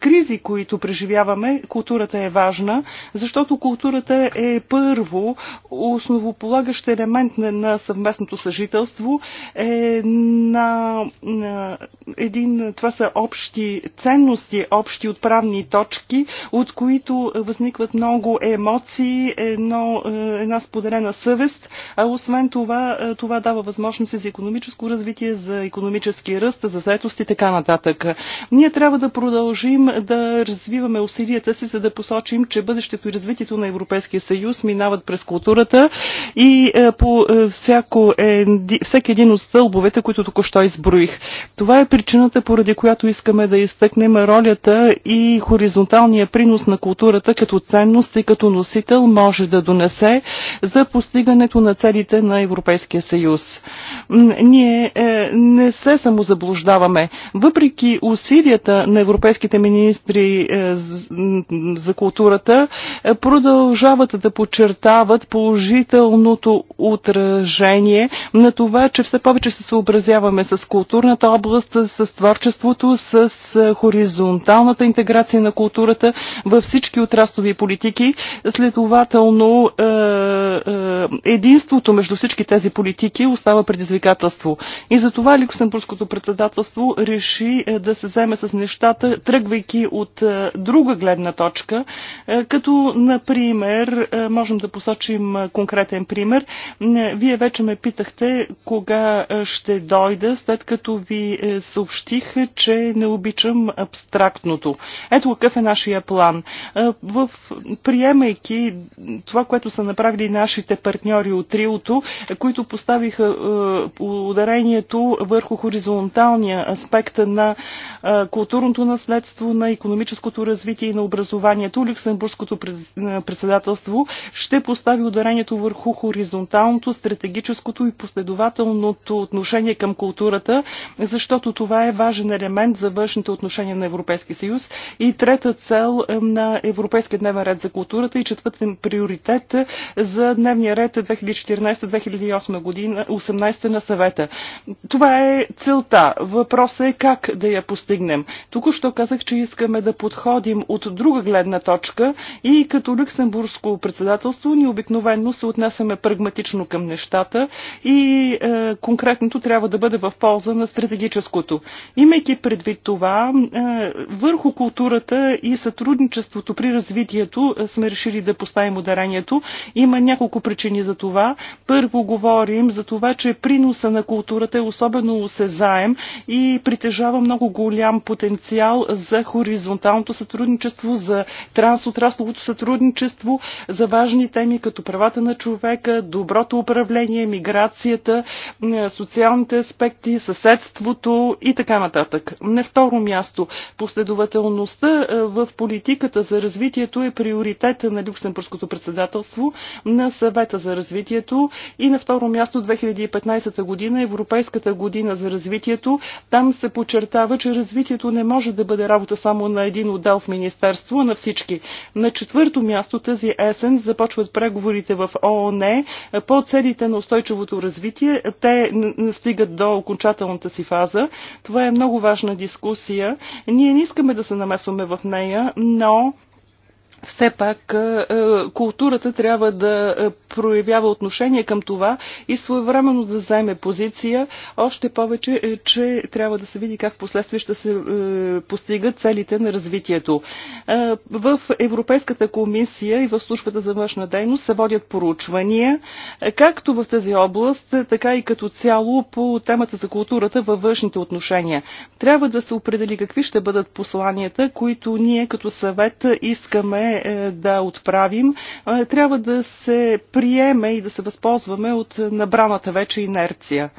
Speaker 3: кризи, които преживяваме, културата е важна, защото културата е първо основополагащ елемент на съвместното съжителство, е на, на един, това са общи ценности, общи отправни точки, от които възникват много емоции, едно, е, една споделена съвест, а освен това, е, това дава възможности за економическо развитие, за економически ръст, за заетост и така нататък. Ние трябва да продължим да развиваме усилията си, за да посочим, че бъдещето и развитието на Европейския съюз минават през културата и е, по всяко, всеки един от стълбовете, които току-що изброих. Това е причината, поради която искаме да изтъкнем ролята и хоризонталния принос на културата като ценност и като като носител може да донесе за постигането на целите на Европейския съюз. Ние е, не се самозаблуждаваме. Въпреки усилията на европейските министри е, за културата, е, продължават да подчертават положителното отражение на това, че все повече се съобразяваме с културната област, с творчеството, с хоризонталната интеграция на културата във всички отрастови политики, Следователно, е, е, единството между всички тези политики остава предизвикателство. И за това Люксембургското председателство реши е, да се вземе с нещата, тръгвайки от друга гледна точка, като, например, можем да посочим конкретен пример. Вие вече ме питахте кога ще дойда, след като ви съобщих, че не обичам абстрактното. Ето какъв е нашия план. В прием приемайки това, което са направили нашите партньори от Риото, които поставиха е, ударението върху хоризонталния аспект на е, културното наследство, на економическото развитие и на образованието. Люксембургското е, председателство ще постави ударението върху хоризонталното, стратегическото и последователното отношение към културата, защото това е важен елемент за външните отношения на Европейския съюз. И трета цел на Европейския дневен ред за култура културата и четвъртен приоритет за дневния ред 2014-2018 година 18 на съвета. Това е целта. Въпросът е как да я постигнем. Току-що казах, че искаме да подходим от друга гледна точка и като люксембургско председателство ни обикновено се отнасяме прагматично към нещата и е, конкретното трябва да бъде в полза на стратегическото. Имайки предвид това, е, върху културата и сътрудничеството при развитието сме решили решили да поставим ударението. Има няколко причини за това. Първо говорим за това, че приноса на културата е особено осезаем и притежава много голям потенциал за хоризонталното сътрудничество, за трансотрасловото сътрудничество, за важни теми като правата на човека, доброто управление, миграцията, социалните аспекти, съседството и така нататък. На второ място, последователността в политиката за развитието е приоритет на Люксембургското председателство на съвета за развитието и на второ място 2015 година Европейската година за развитието. Там се подчертава, че развитието не може да бъде работа само на един отдел в Министерство, а на всички. На четвърто място тази есен започват преговорите в ООН по целите на устойчивото развитие. Те стигат до окончателната си фаза. Това е много важна дискусия. Ние не искаме да се намесваме в нея, но все пак е, е, културата трябва да е, проявява отношение към това и своевременно да заеме позиция, още повече, че трябва да се види как последствие ще се постигат целите на развитието. В Европейската комисия и в службата за външна дейност се водят поручвания, както в тази област, така и като цяло по темата за културата във външните отношения. Трябва да се определи какви ще бъдат посланията, които ние като съвет искаме е, да отправим, трябва да се приеме и да се възползваме от набраната вече инерция.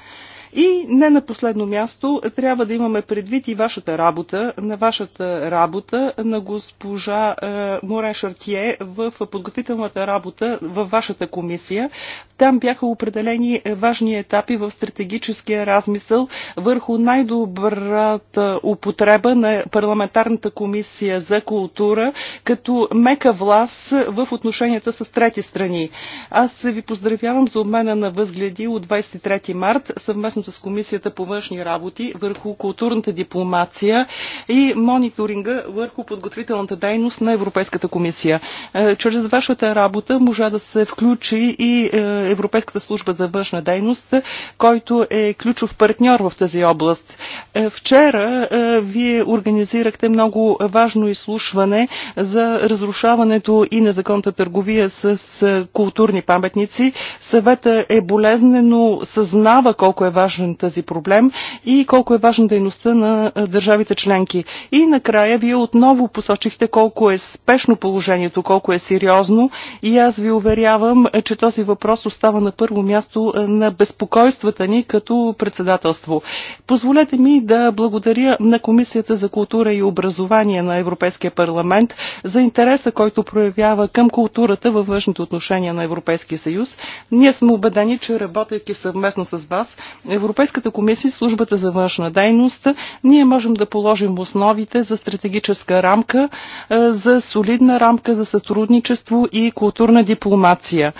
Speaker 3: И не на последно място трябва да имаме предвид и вашата работа, на вашата работа на госпожа е, Морен Шартие в подготвителната работа в вашата комисия. Там бяха определени важни етапи в стратегическия размисъл върху най-добрата употреба на парламентарната комисия за култура като мека власт в отношенията с трети страни. Аз ви поздравявам за обмена на възгледи от 23 март съвместно съвместно с Комисията по външни работи върху културната дипломация и мониторинга върху подготвителната дейност на Европейската комисия. Е, чрез вашата работа можа да се включи и е, Европейската служба за външна дейност, който е ключов партньор в тази област. Е, вчера вие организирахте много важно изслушване за разрушаването и незаконната търговия с културни паметници. Съвета е болезнено съзнава колко е важно важен е тази проблем и колко е важна дейността на държавите членки. И накрая вие отново посочихте колко е спешно положението, колко е сериозно и аз ви уверявам, че този въпрос остава на първо място на безпокойствата ни като председателство. Позволете ми да благодаря на Комисията за култура и образование на Европейския парламент за интереса, който проявява към културата във външните отношения на Европейския съюз. Ние сме убедени, че работейки съвместно с вас, Европейската комисия, службата за външна дейност, ние можем да положим основите за стратегическа рамка, е, за солидна рамка за сътрудничество и културна дипломация.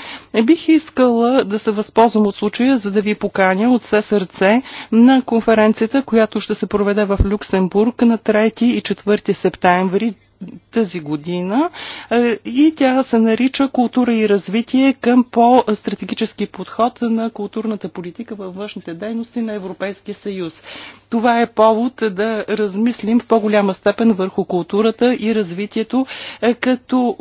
Speaker 3: Бих искала да се възползвам от случая, за да ви поканя от все сърце на конференцията, която ще се проведе в Люксембург на 3 и 4 септември тази година е, и тя се нарича Култура и развитие към по-стратегически подход на културната политика във външните дейности на Европейския съюз. Това е повод да размислим в по-голяма степен върху културата и развитието, е, като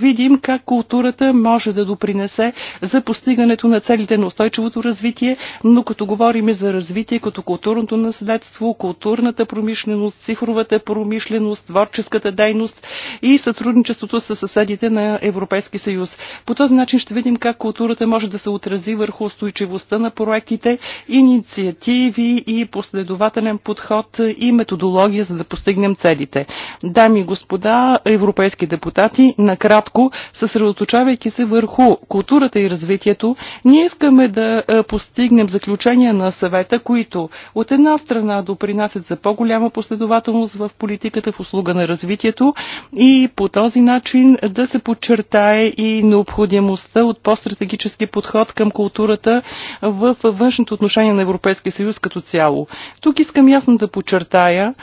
Speaker 3: видим как културата може да допринесе за постигането на целите на устойчивото развитие, но като говорим за развитие, като културното наследство, културната промишленост, цифровата промишленост, промишленост, творческата дейност и сътрудничеството с съседите на Европейски съюз. По този начин ще видим как културата може да се отрази върху устойчивостта на проектите, инициативи и последователен подход и методология, за да постигнем целите. Дами и господа, европейски депутати, накратко, съсредоточавайки се върху културата и развитието, ние искаме да е, постигнем заключения на съвета, които от една страна допринасят за по-голяма последователност в политиката науката в услуга на развитието и по този начин да се подчертае и необходимостта от по-стратегически подход към културата в външното отношение на Европейския съюз като цяло. Тук искам ясно да подчертая,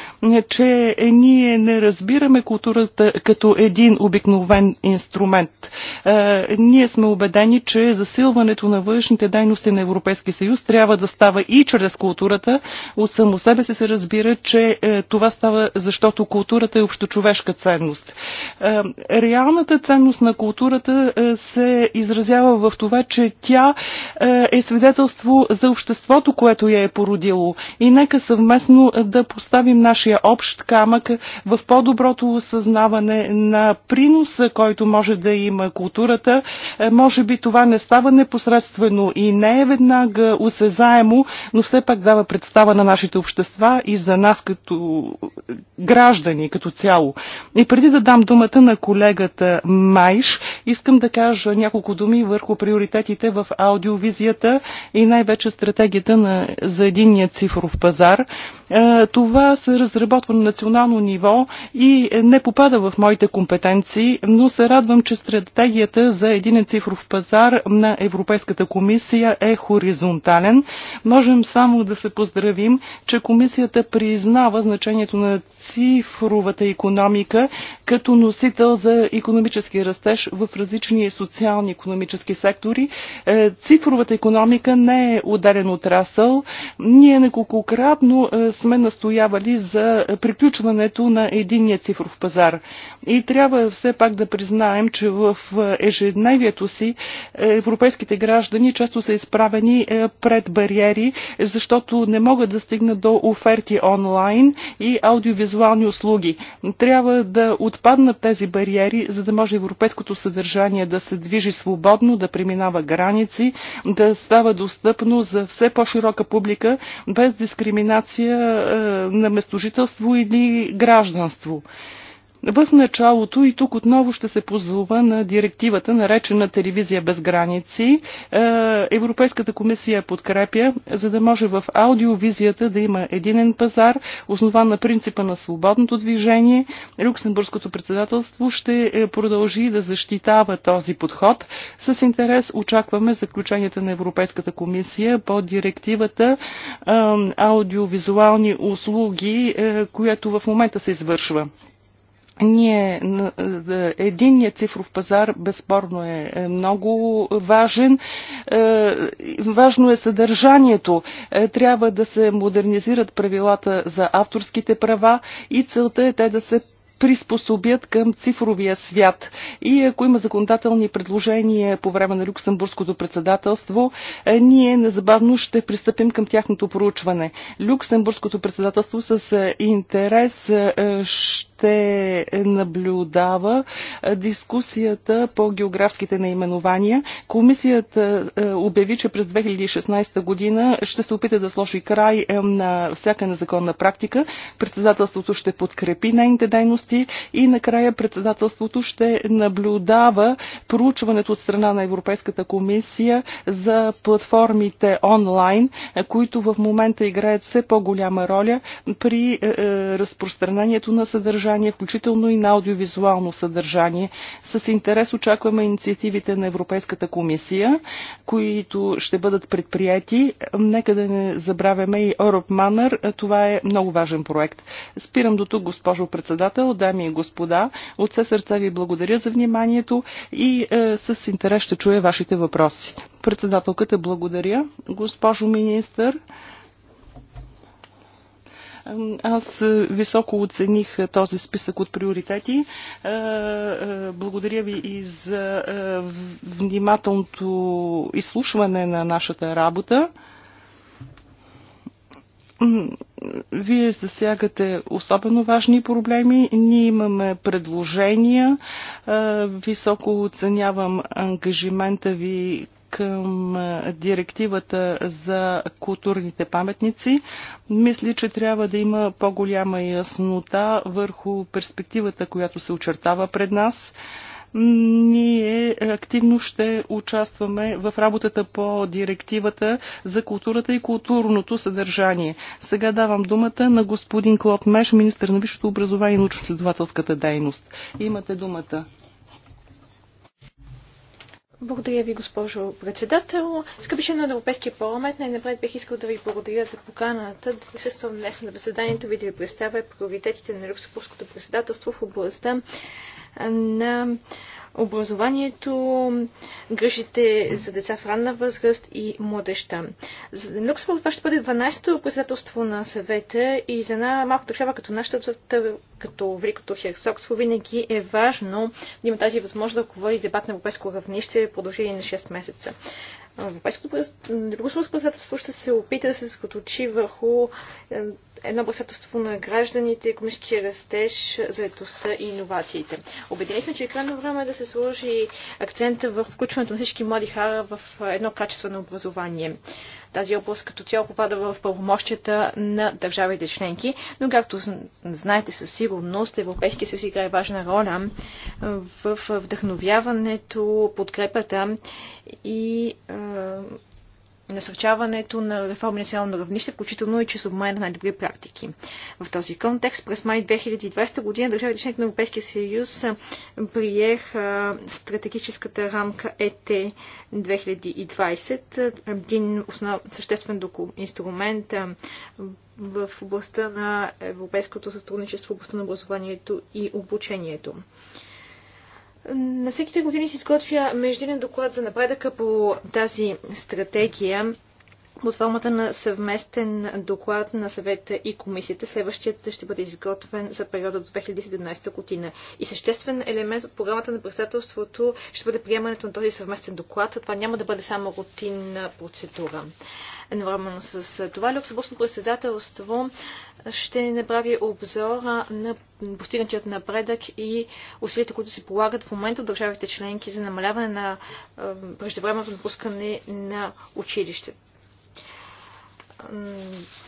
Speaker 3: че ние не разбираме културата като един обикновен инструмент. Е, ние сме убедени, че засилването на външните дейности на Европейския съюз трябва да става и чрез културата. От само себе се се разбира, че е, това става защото културата е общочовешка ценност. Е, реалната ценност на културата е, се изразява в това, че тя е, е свидетелство за обществото, което я е породило. И нека съвместно да поставим нашия общ камък в по-доброто осъзнаване на приноса, който може да има културата. Може би това не става непосредствено и не е веднага осезаемо, но все пак дава представа на нашите общества и за нас като граждани граждани като цяло. И преди да дам думата на колегата Майш, искам да кажа няколко думи върху приоритетите в аудиовизията и най-вече стратегията на, за единния цифров пазар. Е, това се разработва на национално ниво и не попада в моите компетенции, но се радвам, че стратегията за един цифров пазар на Европейската комисия е хоризонтален. Можем само да се поздравим, че комисията признава значението на цифров цифровата економика като носител за економически растеж в различни социални економически сектори. Е, цифровата економика не е отделен отрасъл. Ние неколкократно е, сме настоявали за приключването на единния цифров пазар. И трябва все пак да признаем, че в ежедневието си е, европейските граждани често са изправени пред бариери, защото не могат да стигнат до оферти онлайн и аудиовизуални услуги. Трябва да отпаднат тези бариери, за да може европейското съдържание да се движи свободно, да преминава граници, да става достъпно за все по-широка публика, без дискриминация е, на местожителство или гражданство. В началото и тук отново ще се позова на директивата, наречена Телевизия без граници. Е, Европейската комисия подкрепя, за да може в аудиовизията да има единен пазар, основан на принципа на свободното движение. Люксембургското председателство ще е, продължи да защитава този подход. С интерес очакваме заключенията на Европейската комисия по директивата аудиовизуални услуги, е, която в момента се извършва ние, е, единният цифров пазар безспорно е, е много важен. Е, важно е съдържанието. Трябва да се модернизират правилата за авторските права и целта е те да се приспособят към цифровия свят. И ако има законодателни предложения по време на Люксембургското председателство, ние незабавно ще пристъпим към тяхното проучване. Люксембургското председателство с интерес ще се наблюдава дискусията по географските наименования. Комисията обяви, че през 2016 година ще се опита да сложи край на всяка незаконна практика. Председателството ще подкрепи нейните дейности и накрая председателството ще наблюдава проучването от страна на Европейската комисия за платформите онлайн, които в момента играят все по-голяма роля при разпространението на съдържание съдържание, включително и на аудиовизуално съдържание. С интерес очакваме инициативите на Европейската комисия, които ще бъдат предприяти. Нека да не забравяме и Europe Manner. Това е много важен проект. Спирам до тук, госпожо председател, дами и господа. От все сърце ви благодаря за вниманието и е, с интерес ще чуя вашите въпроси. Председателката благодаря. Госпожо министър, аз е, високо оцених е, този списък от приоритети. Е, благодаря ви и за внимателното изслушване на нашата работа. Вие засягате особено важни проблеми. Ние имаме предложения. Високо оценявам ангажимента ви към директивата за културните паметници. Мисля, че трябва да има по-голяма яснота върху перспективата, която се очертава пред нас ние активно ще участваме в работата по директивата за културата и културното съдържание. Сега давам думата на господин Клод Меш, министр на висшето образование и научно-следователската дейност. Имате думата.
Speaker 2: Благодаря ви, госпожо председател. Скъпи на Европейския парламент, най-напред бих искал да ви благодаря за поканата да присъствам днес на заседанието ви да ви представя приоритетите на Люксембургското председателство в областта на образованието, грижите за деца в ранна възраст и младеща. За Люксембург това ще бъде 12-то председателство на съвета и за една малко държава като нашата, като Великото херцогство, винаги е важно да има тази възможност да говори дебат на европейско равнище в продължение на 6 месеца. Европейското председателство ще се опита да се съсредоточи върху е, едно председателство на гражданите, економическия растеж, заедостта и иновациите. Обедини сме, че е крайно време да се сложи акцента в включването на всички млади хора в едно качествено образование. Тази област като цяло попада в правомощията на държавите членки, но както знаете със сигурност, Европейския съюз играе важна роля в вдъхновяването, подкрепата и насърчаването на реформи национално равнище, включително и чрез обмен на най-добри практики. В този контекст през май 2020 година държавите членки на Европейския съюз приех стратегическата рамка ЕТ 2020, един основ, съществен инструмент в областта на европейското сътрудничество, в областта на образованието и обучението. На всеки три години се изготвя междинен доклад за напредъка по тази стратегия под формата на съвместен доклад на съвета и комисията. Следващият ще бъде изготвен за периода до 2017 година. И съществен елемент от програмата на председателството ще бъде приемането на този съвместен доклад. Това няма да бъде само рутинна процедура. Едновременно с това Люксембургското председателство ще направи обзора на постигнатият напредък и усилията, които се полагат в момента от държавите членки за намаляване на преждевременното напускане на училището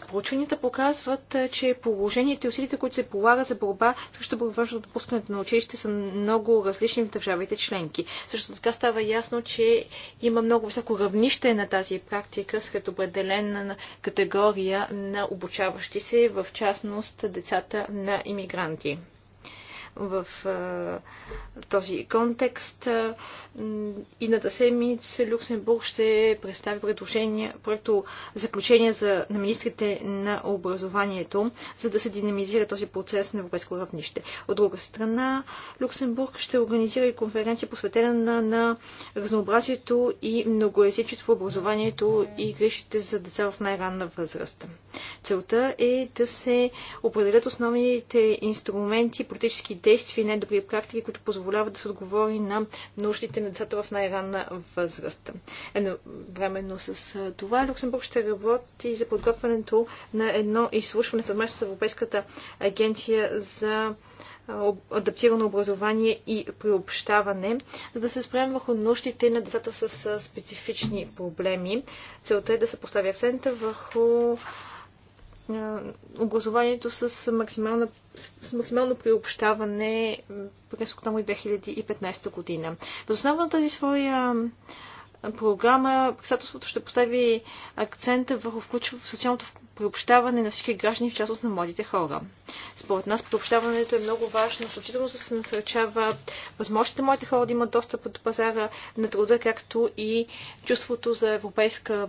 Speaker 2: проучванията показват, е, че положението и усилите, които се полага за борба срещу външно допускането на училище са много различни в държавите членки. Също така става ясно, че има много високо равнище на тази практика сред определена категория на обучаващи се, в частност децата на иммигранти в този контекст. и на седмица Люксембург ще представи предложение, проекто заключение за, на министрите на образованието, за да се динамизира този процес на европейско равнище. От друга страна, Люксембург ще организира и конференция посветена на, на разнообразието и многоязичието в образованието и грешите за деца в най-ранна възраст. Целта е да се определят основните инструменти, политически действия и най-добри практики, които позволяват да се отговори на нуждите на децата в най-ранна възраст. Едновременно с това Люксембург ще работи за подготвянето на едно изслушване съвместно с Европейската агенция за адаптирано образование и приобщаване, за да се спрем върху нуждите на децата с специфични проблеми. Целта е да се постави акцента върху образованието с, с максимално приобщаване през октомври 2015 година. Въз основа на тази своя програма председателството ще постави акцента върху в социалното приобщаване на всички граждани, в частност на младите хора. Според нас приобщаването е много важно, включително за да се насърчава възможността младите хора да имат достъп до пазара на труда, както и чувството за европейска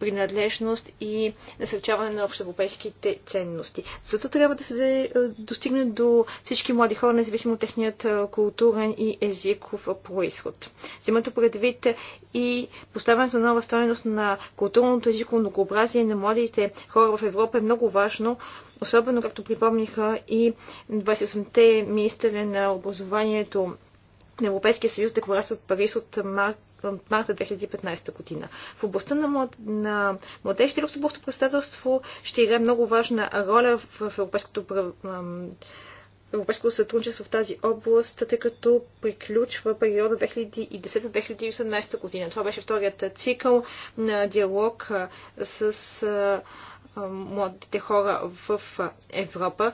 Speaker 2: принадлежност и насърчаване на общоевропейските ценности. Зато трябва да се е, достигне до всички млади хора, независимо от техният е, културен и езиков е, происход. Взимато предвид и поставянето на нова стоеност на културното езиково многообразие на младите младите хора в Европа е много важно, особено както припомниха и 28-те министри на образованието на Европейския съюз декларация от Париз от от марта 2015 година. В областта на, млад... на младежите Люксембургското председателство ще играе много важна роля в, в европейското европейското сътрудничество в тази област, тъй като приключва периода 2010-2018 година. Това беше вторият цикъл на диалог с младите хора в Европа.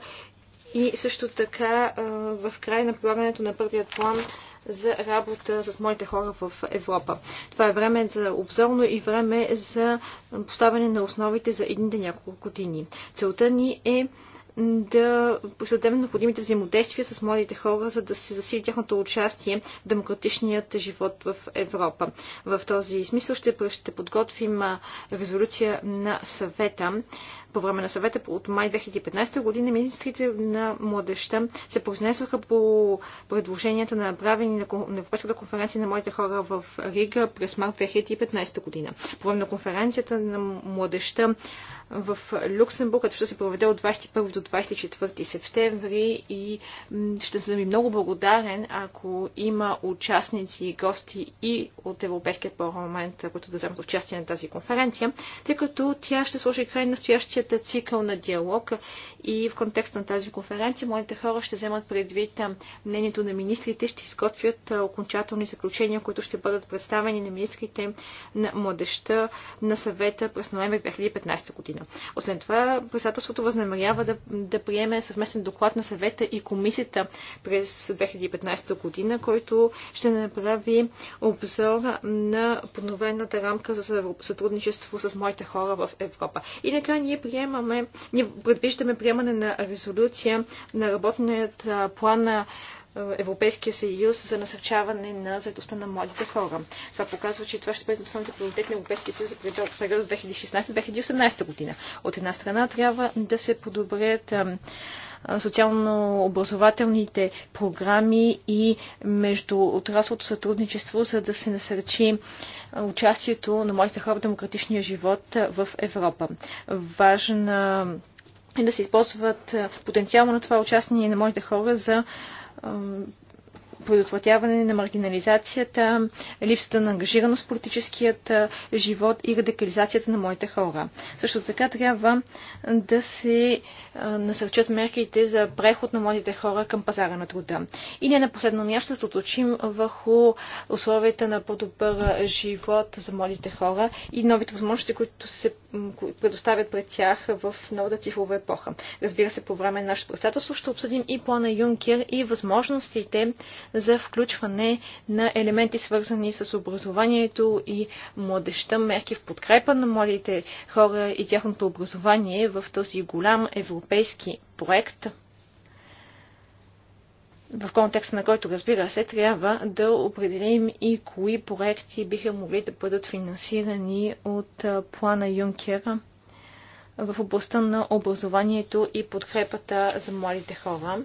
Speaker 2: И също така в края на прилагането на първият план за работа с моите хора в Европа. Това е време за обзорно и време за поставяне на основите за едните няколко години. Целта ни е да създадем необходимите взаимодействия с младите хора, за да се засили тяхното участие в демократичният живот в Европа. В този смисъл ще, ще подготвим резолюция на съвета. По време на съвета от май 2015 година министрите на младеща се произнесоха по предложенията на направени на Европейската конференция на младите хора в Рига през март 2015 година. По време на конференцията на младеща в Люксембург, като ще се проведе от 21 до 24 септември и ще съм ви много благодарен, ако има участници, и гости и от Европейския парламент, които да вземат участие на тази конференция, тъй като тя ще сложи край на настоящията цикъл на диалог и в контекст на тази конференция моите хора ще вземат предвид мнението на министрите, ще изготвят окончателни заключения, които ще бъдат представени на министрите на младеща на съвета през ноември 2015 година година. Освен това, председателството възнамерява да, да приеме съвместен доклад на съвета и комисията през 2015 година, който ще направи обзор на подновената рамка за сътрудничество с моите хора в Европа. И така ние приемаме, ние предвиждаме приемане на резолюция на работният план на Европейския съюз за насърчаване на заедостта на младите хора. Това показва, че това ще бъде основната приоритет на Европейския съюз за период 2016-2018 година. От една страна трябва да се подобрят социално-образователните програми и между отраслото сътрудничество, за да се насърчи участието на младите хора в демократичния живот в Европа. Важна е да се използват потенциално на това участие на младите хора за Um, предотвратяване на маргинализацията, липсата на ангажираност в политическият живот и радикализацията на моите хора. Също така трябва да се насърчат мерките за преход на младите хора към пазара на труда. И не на последно място се оточим върху условията на по-добър живот за младите хора и новите възможности, които се предоставят пред тях в новата цифрова епоха. Разбира се, по време на нашето председателство ще обсъдим и плана Юнкер и възможностите за включване на елементи, свързани с образованието и младеща, мерки в подкрепа на младите хора и тяхното образование в този голям европейски проект в контекста на който, разбира се, трябва да определим и кои проекти биха могли да бъдат финансирани от плана Юнкер в областта на образованието и подкрепата за младите хора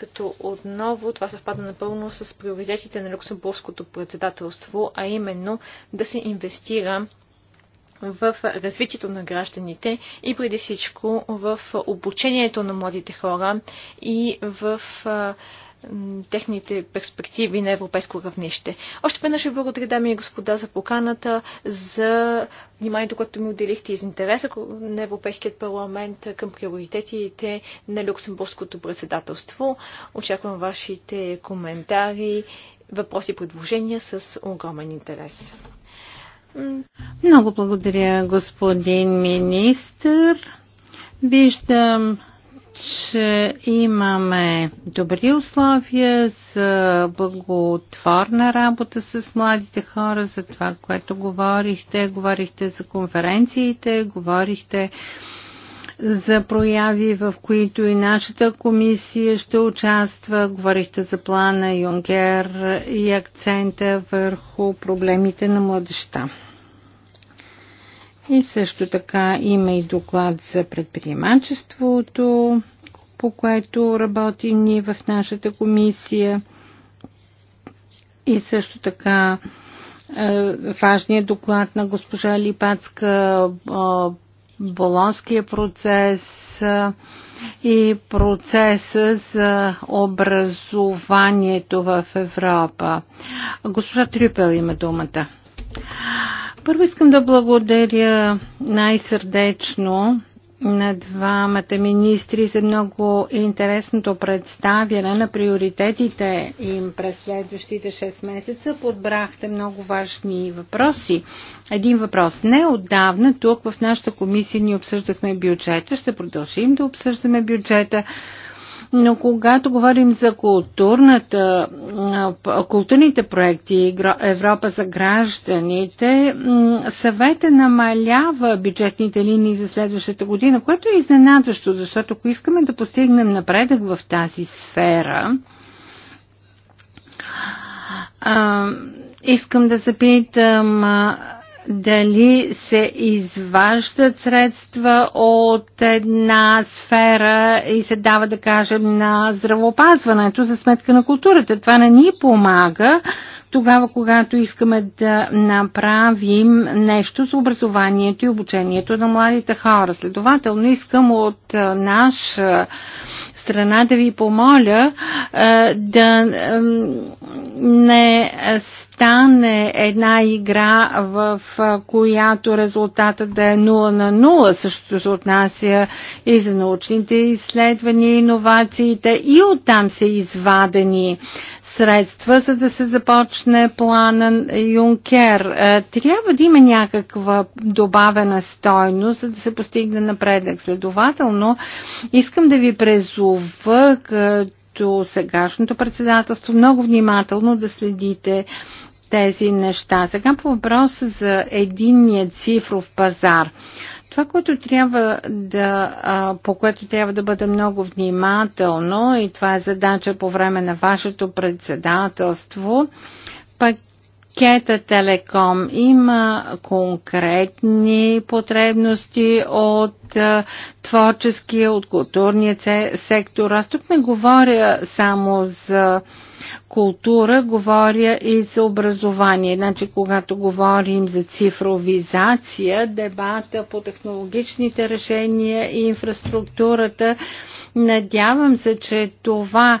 Speaker 2: като отново това съвпада напълно с приоритетите на Люксембургското председателство, а именно да се инвестира в развитието на гражданите и преди всичко в обучението на младите хора и в техните перспективи на европейско равнище. Още веднъж ви благодаря, дами и господа, за поканата, за вниманието, което ми отделихте из интереса на Европейският парламент към приоритетите на Люксембургското председателство. Очаквам вашите коментари, въпроси и предложения с огромен интерес.
Speaker 1: Много благодаря, господин министр. Виждам че имаме добри условия за благотворна работа с младите хора, за това, което говорихте. Говорихте за конференциите, говорихте за прояви, в които и нашата комисия ще участва. Говорихте за плана Юнгер и акцента върху проблемите на младеща. И също така има и доклад за предприемачеството, по което работим ние в нашата комисия. И също така е, важният доклад на госпожа Липацка, е, Болонския процес е, и процеса за образованието в Европа. Госпожа Трюпел има думата. Първо искам да благодаря най-сърдечно на двамата министри за много интересното представяне на приоритетите им през следващите 6 месеца. Подбрахте много важни въпроси. Един въпрос. Не отдавна тук в нашата комисия ни обсъждахме бюджета. Ще продължим да обсъждаме бюджета но когато говорим за културната, културните проекти Европа за гражданите, съвета намалява бюджетните линии за следващата година, което е изненадващо, защото ако искаме да постигнем напредък в тази сфера, а, искам да запитам дали се изваждат средства от една сфера и се дава, да кажем, на здравоопазването за сметка на културата. Това не ни помага тогава, когато искаме да направим нещо с образованието и обучението на младите хора. Следователно, искам от наша страна да ви помоля да не стане една игра, в която резултатът да е 0 на 0. Същото се отнася и за научните изследвания, иновациите и оттам са извадени средства, за да се започне плана Юнкер. Е, трябва да има някаква добавена стойност, за да се постигне напредък. Следователно, искам да ви презува като сегашното председателство много внимателно да следите тези неща. Сега по въпроса за единния цифров пазар. Това, което трябва да, по което трябва да бъде много внимателно и това е задача по време на вашето председателство, пък пакета Телеком има конкретни потребности от творческия, от културния сектор. Аз тук не говоря само за култура, говоря и за образование. Значи, когато говорим за цифровизация, дебата по технологичните решения и инфраструктурата, надявам се, че това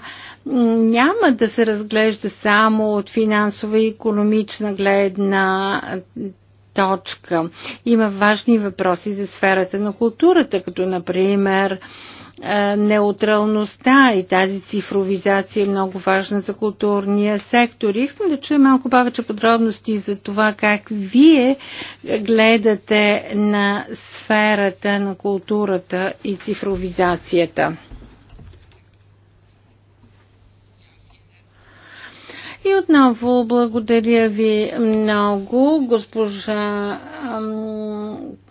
Speaker 1: няма да се разглежда само от финансова и економична гледна точка. Има важни въпроси за сферата на културата, като например неутралността и тази цифровизация е много важна за културния сектор. искам да чуя малко повече подробности за това как вие гледате на сферата на културата и цифровизацията. И отново благодаря ви много, госпожа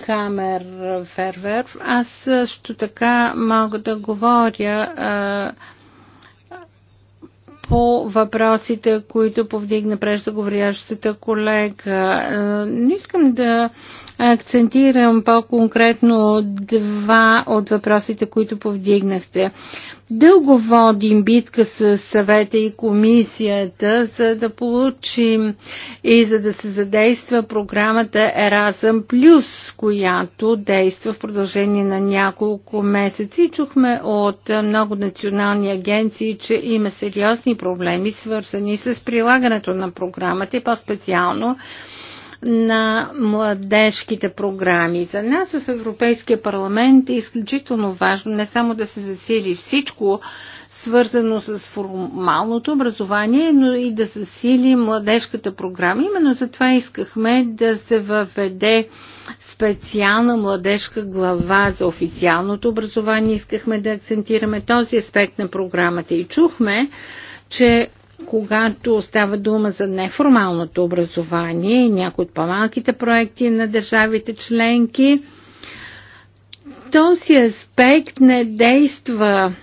Speaker 1: Камер Фервер. Аз също така мога да говоря а, по въпросите, които повдигна преждоговорящата колега. Не искам да акцентирам по-конкретно два от въпросите, които повдигнахте. Дълго водим битка с съвета и комисията, за да получим и за да се задейства програмата Erasm Плюс, която действа в продължение на няколко месеци. Чухме от много национални агенции, че има сериозни проблеми, свързани с прилагането на програмата и по-специално на младежките програми. За нас в Европейския парламент е изключително важно не само да се засили всичко, свързано с формалното образование, но и да засили младежката програма. Именно за това искахме да се въведе специална младежка глава за официалното образование. Искахме да акцентираме този аспект на програмата и чухме, че когато става дума за неформалното образование и някои от по-малките проекти на държавите членки, този аспект не действа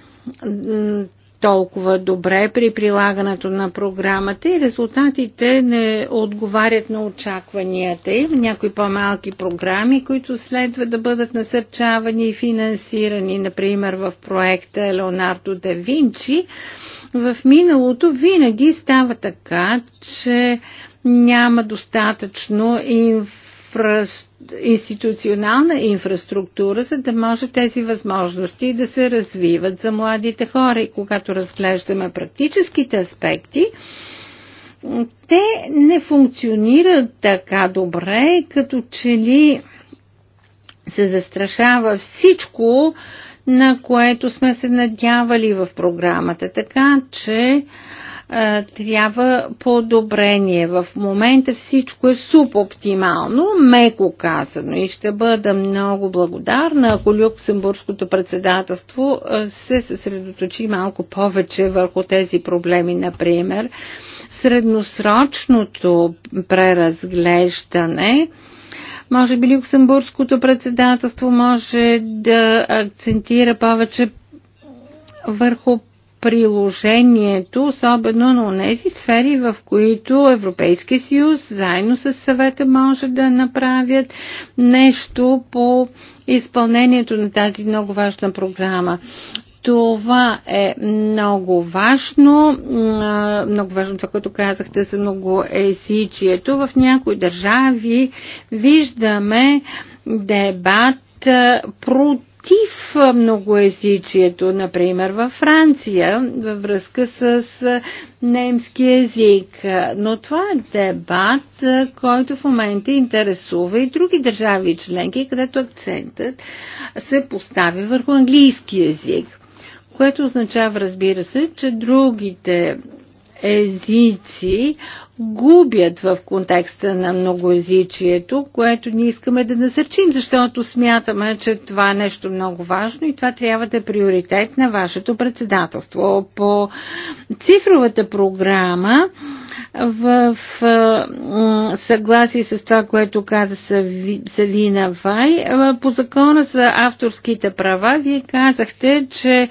Speaker 1: толкова добре при прилагането на програмата и резултатите не отговарят на очакванията и в някои по-малки програми, които следва да бъдат насърчавани и финансирани, например в проекта Леонардо да Винчи, в миналото винаги става така, че няма достатъчно инфра... институционална инфраструктура, за да може тези възможности да се развиват за младите хора. И когато разглеждаме практическите аспекти, те не функционират така добре, като че ли се застрашава всичко на което сме се надявали в програмата. Така че е, трябва подобрение. В момента всичко е субоптимално, меко казано. И ще бъда много благодарна, ако Люксембургското председателство е, се съсредоточи малко повече върху тези проблеми, например. Средносрочното преразглеждане може би Люксембургското председателство може да акцентира повече върху приложението, особено на тези сфери, в които Европейския съюз заедно с съвета може да направят нещо по изпълнението на тази много важна програма. Това е много важно. Много важно това, което казахте за многоезичието. В някои държави виждаме дебат против многоезичието, например във Франция, във връзка с немски език. Но това е дебат, който в момента интересува и други държави и членки, където акцентът се постави върху английски език което означава, разбира се, че другите езици губят в контекста на многоязичието, което ние искаме да насърчим, защото смятаме, че това е нещо много важно и това трябва да е приоритет на вашето председателство. По цифровата програма в съгласие с това, което каза Савина Вай. По закона за авторските права, вие казахте, че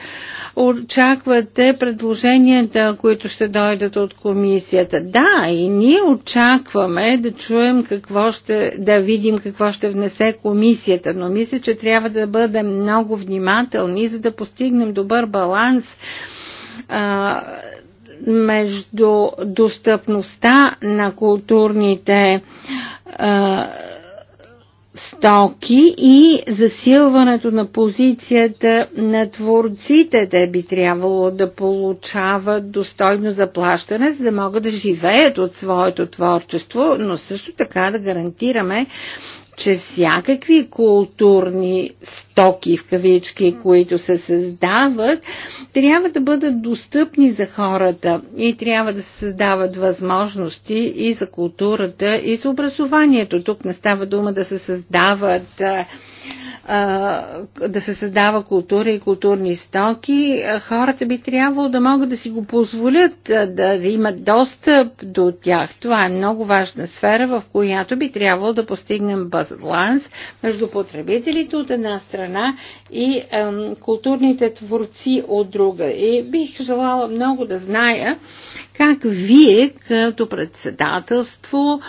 Speaker 1: очаквате предложенията, които ще дойдат от комисията. Да, и ние очакваме да чуем какво ще, да видим какво ще внесе комисията, но мисля, че трябва да бъдем много внимателни, за да постигнем добър баланс между достъпността на културните а, стоки и засилването на позицията на творците. Те би трябвало да получават достойно заплащане, за да могат да живеят от своето творчество, но също така да гарантираме че всякакви културни стоки, в кавички, които се създават, трябва да бъдат достъпни за хората и трябва да се създават възможности и за културата, и за образованието. Тук не става дума да се създават да се създава култура и културни стоки, хората би трябвало да могат да си го позволят да, да имат достъп до тях. Това е много важна сфера, в която би трябвало да постигнем баланс между потребителите от една страна и ем, културните творци от друга. И бих желала много да зная как вие като председателство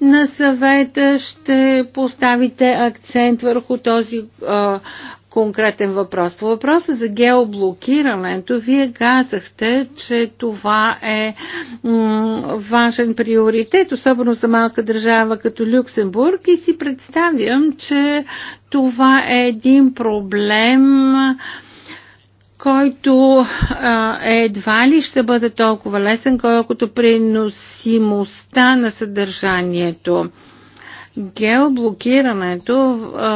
Speaker 1: на съвета ще поставите акцент върху този а, конкретен въпрос? По въпроса за геоблокирането, вие казахте, че това е важен приоритет, особено за малка държава като Люксембург и си представям, че това е един проблем, а, който а, едва ли ще бъде толкова лесен, колкото е приносимостта на съдържанието. Геоблокирането а,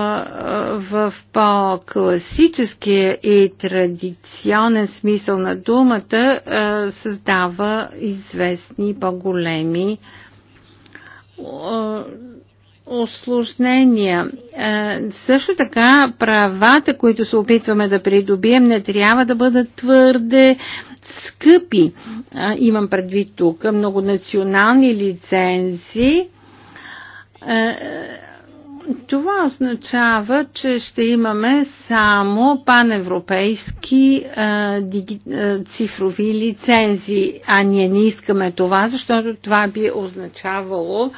Speaker 1: в по-класическия и традиционен смисъл на думата а, създава известни по-големи осложнения. Е, също така правата, които се опитваме да придобием, не трябва да бъдат твърде скъпи. Е, имам предвид тук многонационални лицензи. Е, това означава, че ще имаме само паневропейски диги, цифрови лицензии, а ние не искаме това, защото това би означавало,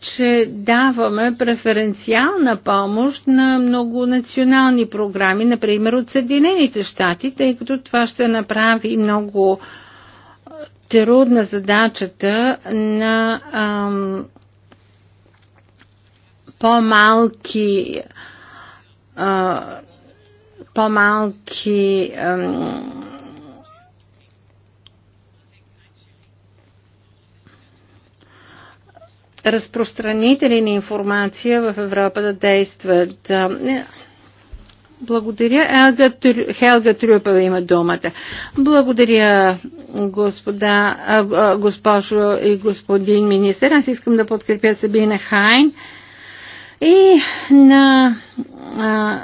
Speaker 1: че даваме преференциална помощ на многонационални програми, например от Съединените щати, тъй като това ще направи много трудна задачата на по-малки по-малки разпространители на информация в Европа да действат. Благодаря. Елга Хелга Трюпел има думата. Благодаря, господа, госпожо и господин министър. Аз искам да подкрепя Сабина Хайн и на а,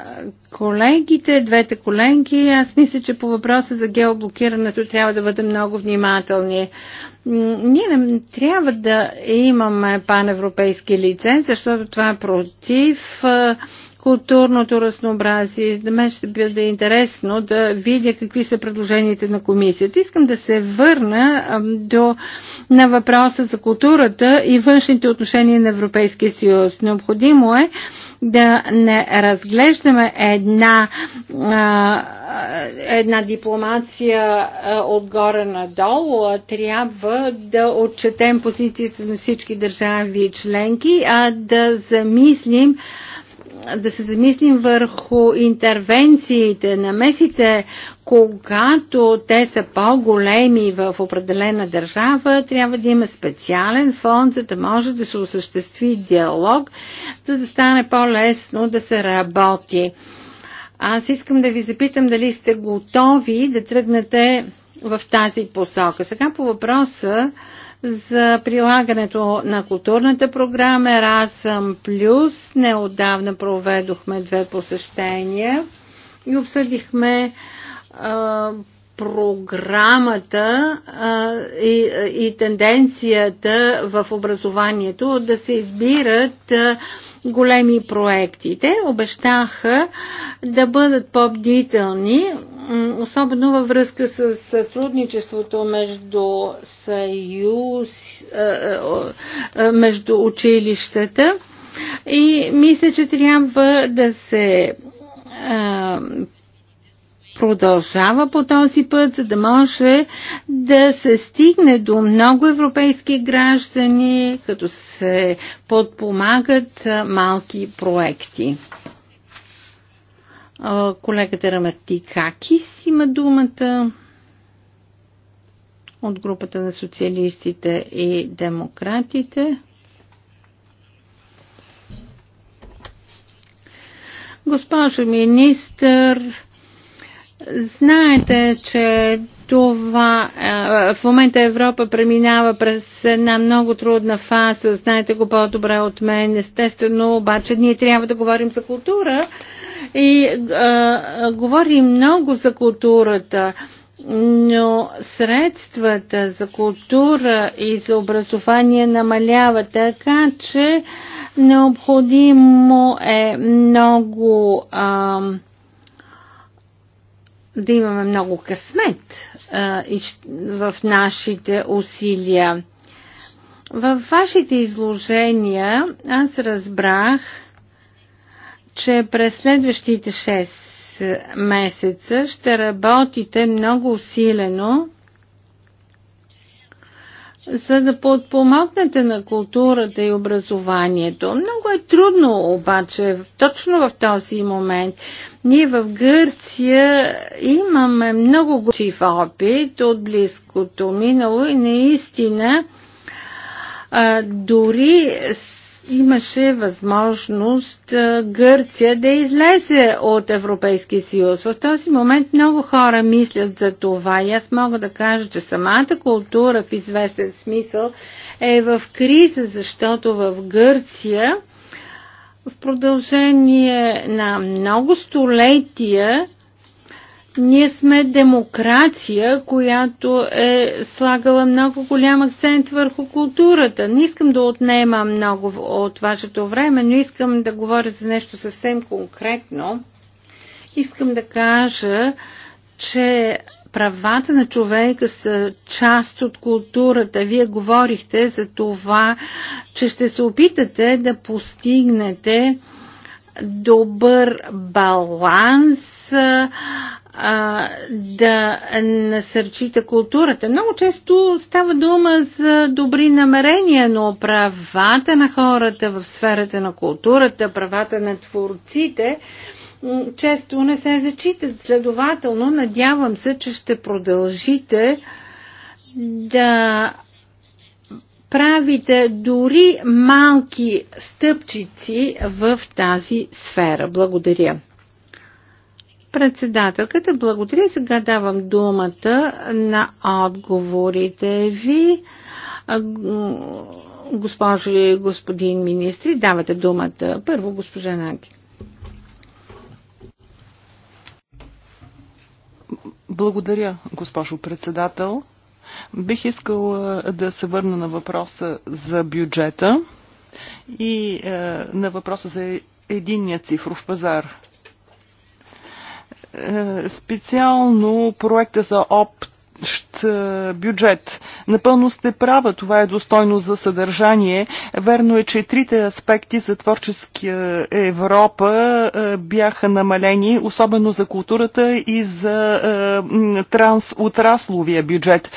Speaker 1: колегите, двете коленки, аз мисля, че по въпроса за геоблокирането трябва да бъдем много внимателни. Ние не трябва да имаме паневропейски лице, защото това е против културното разнообразие. За мен ще бъде интересно да видя какви са предложенията на комисията. Искам да се върна до, на въпроса за културата и външните отношения на Европейския съюз. Необходимо е да не разглеждаме една, една дипломация отгоре надолу, а трябва да отчетем позицията на всички държави и членки, а да замислим да се замислим върху интервенциите, намесите, когато те са по-големи в определена държава, трябва да има специален фонд, за да може да се осъществи диалог, за да стане по-лесно да се работи. Аз искам да ви запитам дали сте готови да тръгнете в тази посока. Сега по въпроса за прилагането на културната програма Erasmus Plus. Неодавна проведохме две посещения и обсъдихме а, програмата а, и, и тенденцията в образованието да се избират а, големи проекти. Те обещаха да бъдат по-бдителни особено във връзка с сътрудничеството между съюз, между училищата и мисля, че трябва да се продължава по този път, за да може да се стигне до много европейски граждани, като се подпомагат малки проекти. Колегата Раматикакис има думата от групата на социалистите и демократите. Госпожо министър, знаете, че това в момента Европа преминава през една много трудна фаза. Знаете го по-добре от мен, естествено, обаче ние трябва да говорим за култура и а, говори много за културата, но средствата за култура и за образование намаляват, така че необходимо е много а, да имаме много късмет а, и, в нашите усилия. Във вашите изложения аз разбрах, че през следващите 6 месеца ще работите много усилено, за да подпомогнете на културата и образованието. Много е трудно обаче, точно в този момент. Ние в Гърция имаме много гочив опит от близкото минало и наистина а, дори имаше възможност Гърция да излезе от Европейския съюз. В този момент много хора мислят за това и аз мога да кажа, че самата култура в известен смисъл е в криза, защото в Гърция в продължение на много столетия ние сме демокрация, която е слагала много голям акцент върху културата. Не искам да отнема много от вашето време, но искам да говоря за нещо съвсем конкретно. Искам да кажа, че правата на човека са част от културата. Вие говорихте за това, че ще се опитате да постигнете добър баланс а, да насърчите културата. Много често става дума за добри намерения, но правата на хората в сферата на културата, правата на творците, често не се зачитат. Следователно, надявам се, че ще продължите да правите дори малки стъпчици в тази сфера. Благодаря. Председателката, благодаря. Сега давам думата на отговорите ви. Госпожи и господин министри, давате думата. Първо госпожа Наги.
Speaker 3: Благодаря, госпожо председател. Бих искала да се върна на въпроса за бюджета и е, на въпроса за единния цифров пазар. Е, специално проекта за опт е, бюджет. Напълно сте права, това е достойно за съдържание. Верно е, че трите аспекти за творческа е, Европа е, бяха намалени, особено за културата и за трансотрасловия бюджет.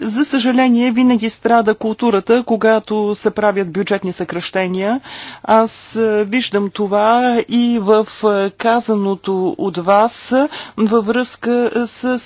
Speaker 3: За съжаление, винаги страда културата, когато се правят бюджетни съкръщения. Аз виждам това и в казаното от вас във връзка с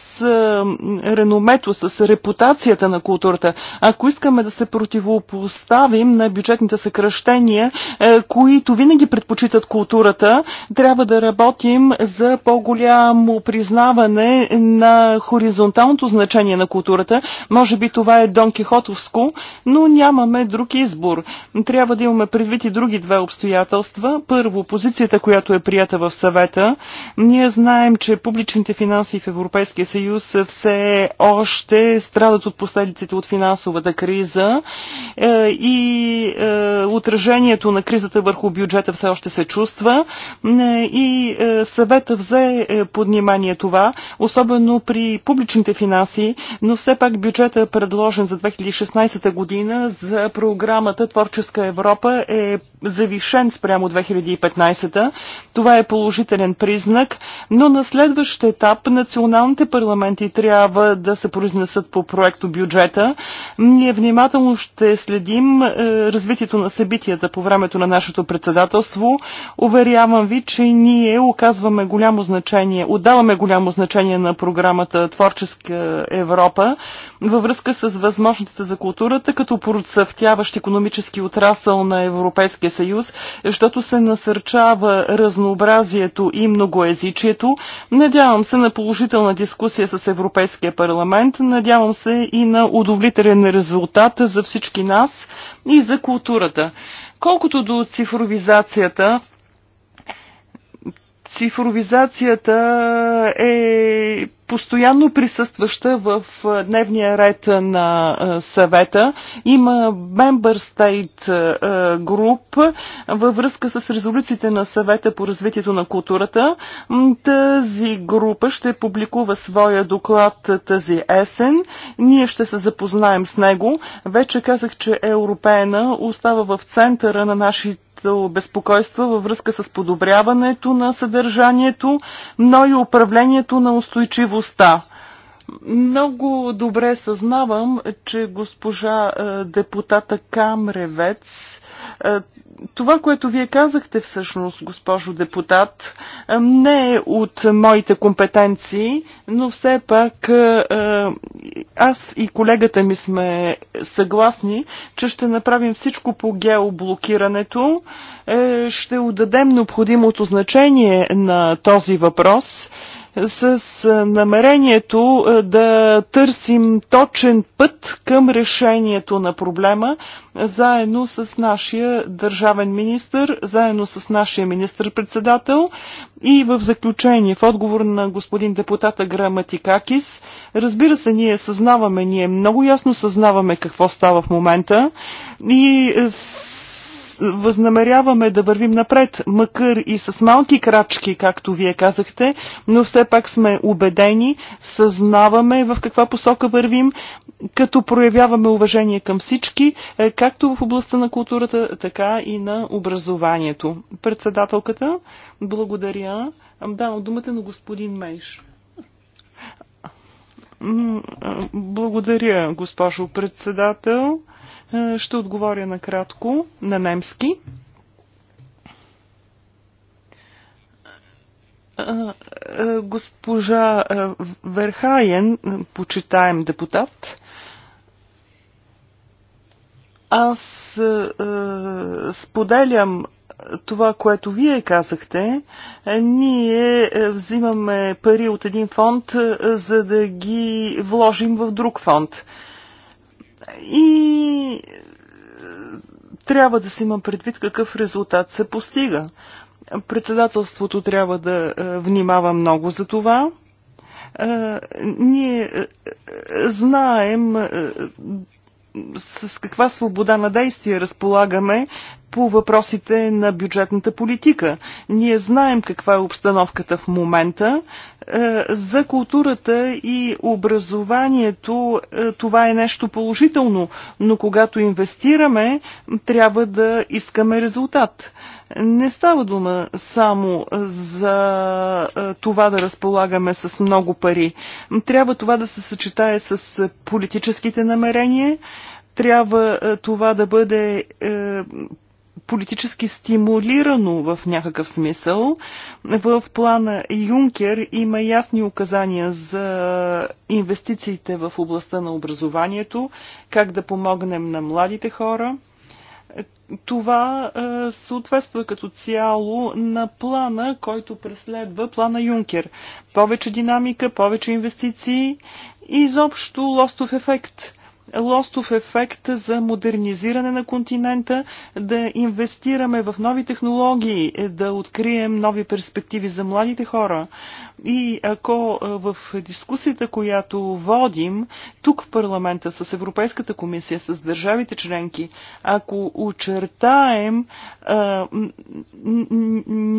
Speaker 3: реномето, с с репутацията на културата. Ако искаме да се противопоставим на бюджетните съкръщения, е, които винаги предпочитат културата, трябва да работим за по-голямо признаване на хоризонталното значение на културата. Може би това е Дон Кихотовско, но нямаме друг избор. Трябва да имаме предвид и други две обстоятелства. Първо, позицията, която е прията в съвета. Ние знаем, че публичните финанси в Европейския съюз все още ще страдат от последиците от финансовата криза е, и е, отражението на кризата върху бюджета все още се чувства е, и съвета взе под внимание това, особено при публичните финанси, но все пак бюджета е предложен за 2016 година за програмата Творческа Европа е завишен спрямо 2015. Това е положителен признак, но на следващ етап националните парламенти трябва да се произнесат изнесат по проекто бюджета. Ние внимателно ще следим е, развитието на събитията по времето на нашето председателство. Уверявам ви, че ние оказваме голямо значение, отдаваме голямо значение на програмата Творческа Европа във връзка с възможностите за културата като процъфтяващ економически отрасъл на Европейския съюз, защото се насърчава разнообразието и многоязичието. Надявам се на положителна дискусия с Европейския парламент, Надявам се и на удовлетворен резултат за всички нас и за културата. Колкото до цифровизацията, Цифровизацията е постоянно присъстваща в дневния ред на съвета. Има Member State Group във връзка с резолюциите на съвета по развитието на културата. Тази група ще публикува своя доклад тази есен. Ние ще се запознаем с него. Вече казах, че Европейна остава в центъра на нашите безпокойства във връзка с подобряването на съдържанието, но и управлението на устойчивостта. Много добре съзнавам, че госпожа е, депутата Камревец е, това, което вие казахте всъщност, госпожо депутат, е, не е от моите компетенции, но все пак е, е, аз и колегата ми сме съгласни, че ще направим всичко по геоблокирането, ще отдадем необходимото значение на този въпрос с намерението да търсим точен път към решението на проблема, заедно с нашия държавен министр, заедно с нашия министр-председател. И в заключение, в отговор на господин депутата Граматикакис, разбира се, ние съзнаваме, ние много ясно съзнаваме какво става в момента и възнамеряваме да вървим напред, макар и с малки крачки, както вие казахте, но все пак сме убедени, съзнаваме в каква посока вървим, като проявяваме уважение към всички, е, както в областта на културата, така и на образованието. Председателката, благодаря. Да, думата на господин Мейш. Благодаря, госпожо председател. Е, ще отговоря накратко на немски. Е, е, госпожа Верхаен, почитаем депутат, аз споделям това, което вие казахте, ние взимаме пари от един фонд, за да ги вложим в друг фонд. И е, трябва да си има предвид какъв резултат се постига. Председателството трябва да е, внимава много за това. Е, ние знаем с каква свобода на действие разполагаме по въпросите на бюджетната политика. Ние знаем каква е обстановката в момента. Е, за културата и образованието е, това е нещо положително, но когато инвестираме, трябва да искаме резултат. Не става дума само за това да разполагаме с много пари. Трябва това да се съчетае с политическите намерения, трябва това да бъде политически стимулирано в някакъв смисъл. В плана Юнкер има ясни указания за инвестициите в областта на образованието, как да помогнем на младите хора, това е, съответства като цяло на плана, който преследва плана Юнкер. Повече динамика, повече инвестиции и изобщо лостов ефект – лостов ефект за модернизиране на континента, да инвестираме в нови технологии, е, да открием нови перспективи за младите хора. И ако е, в дискусията, която водим тук в парламента с Европейската комисия, с държавите членки, ако очертаем е,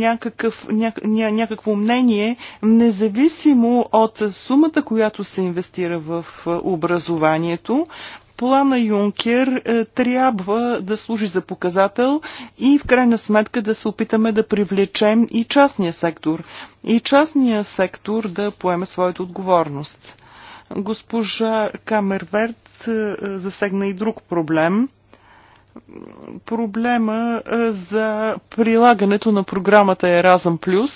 Speaker 3: някакъв, ня, ня, някакво мнение, независимо от сумата, която се инвестира в образованието, плана Юнкер е, трябва да служи за показател и в крайна сметка да се опитаме да привлечем и частния сектор. И частния сектор да поеме своята отговорност. Госпожа Камерверт е, засегна и друг проблем проблема за прилагането на програмата Еразъм Плюс.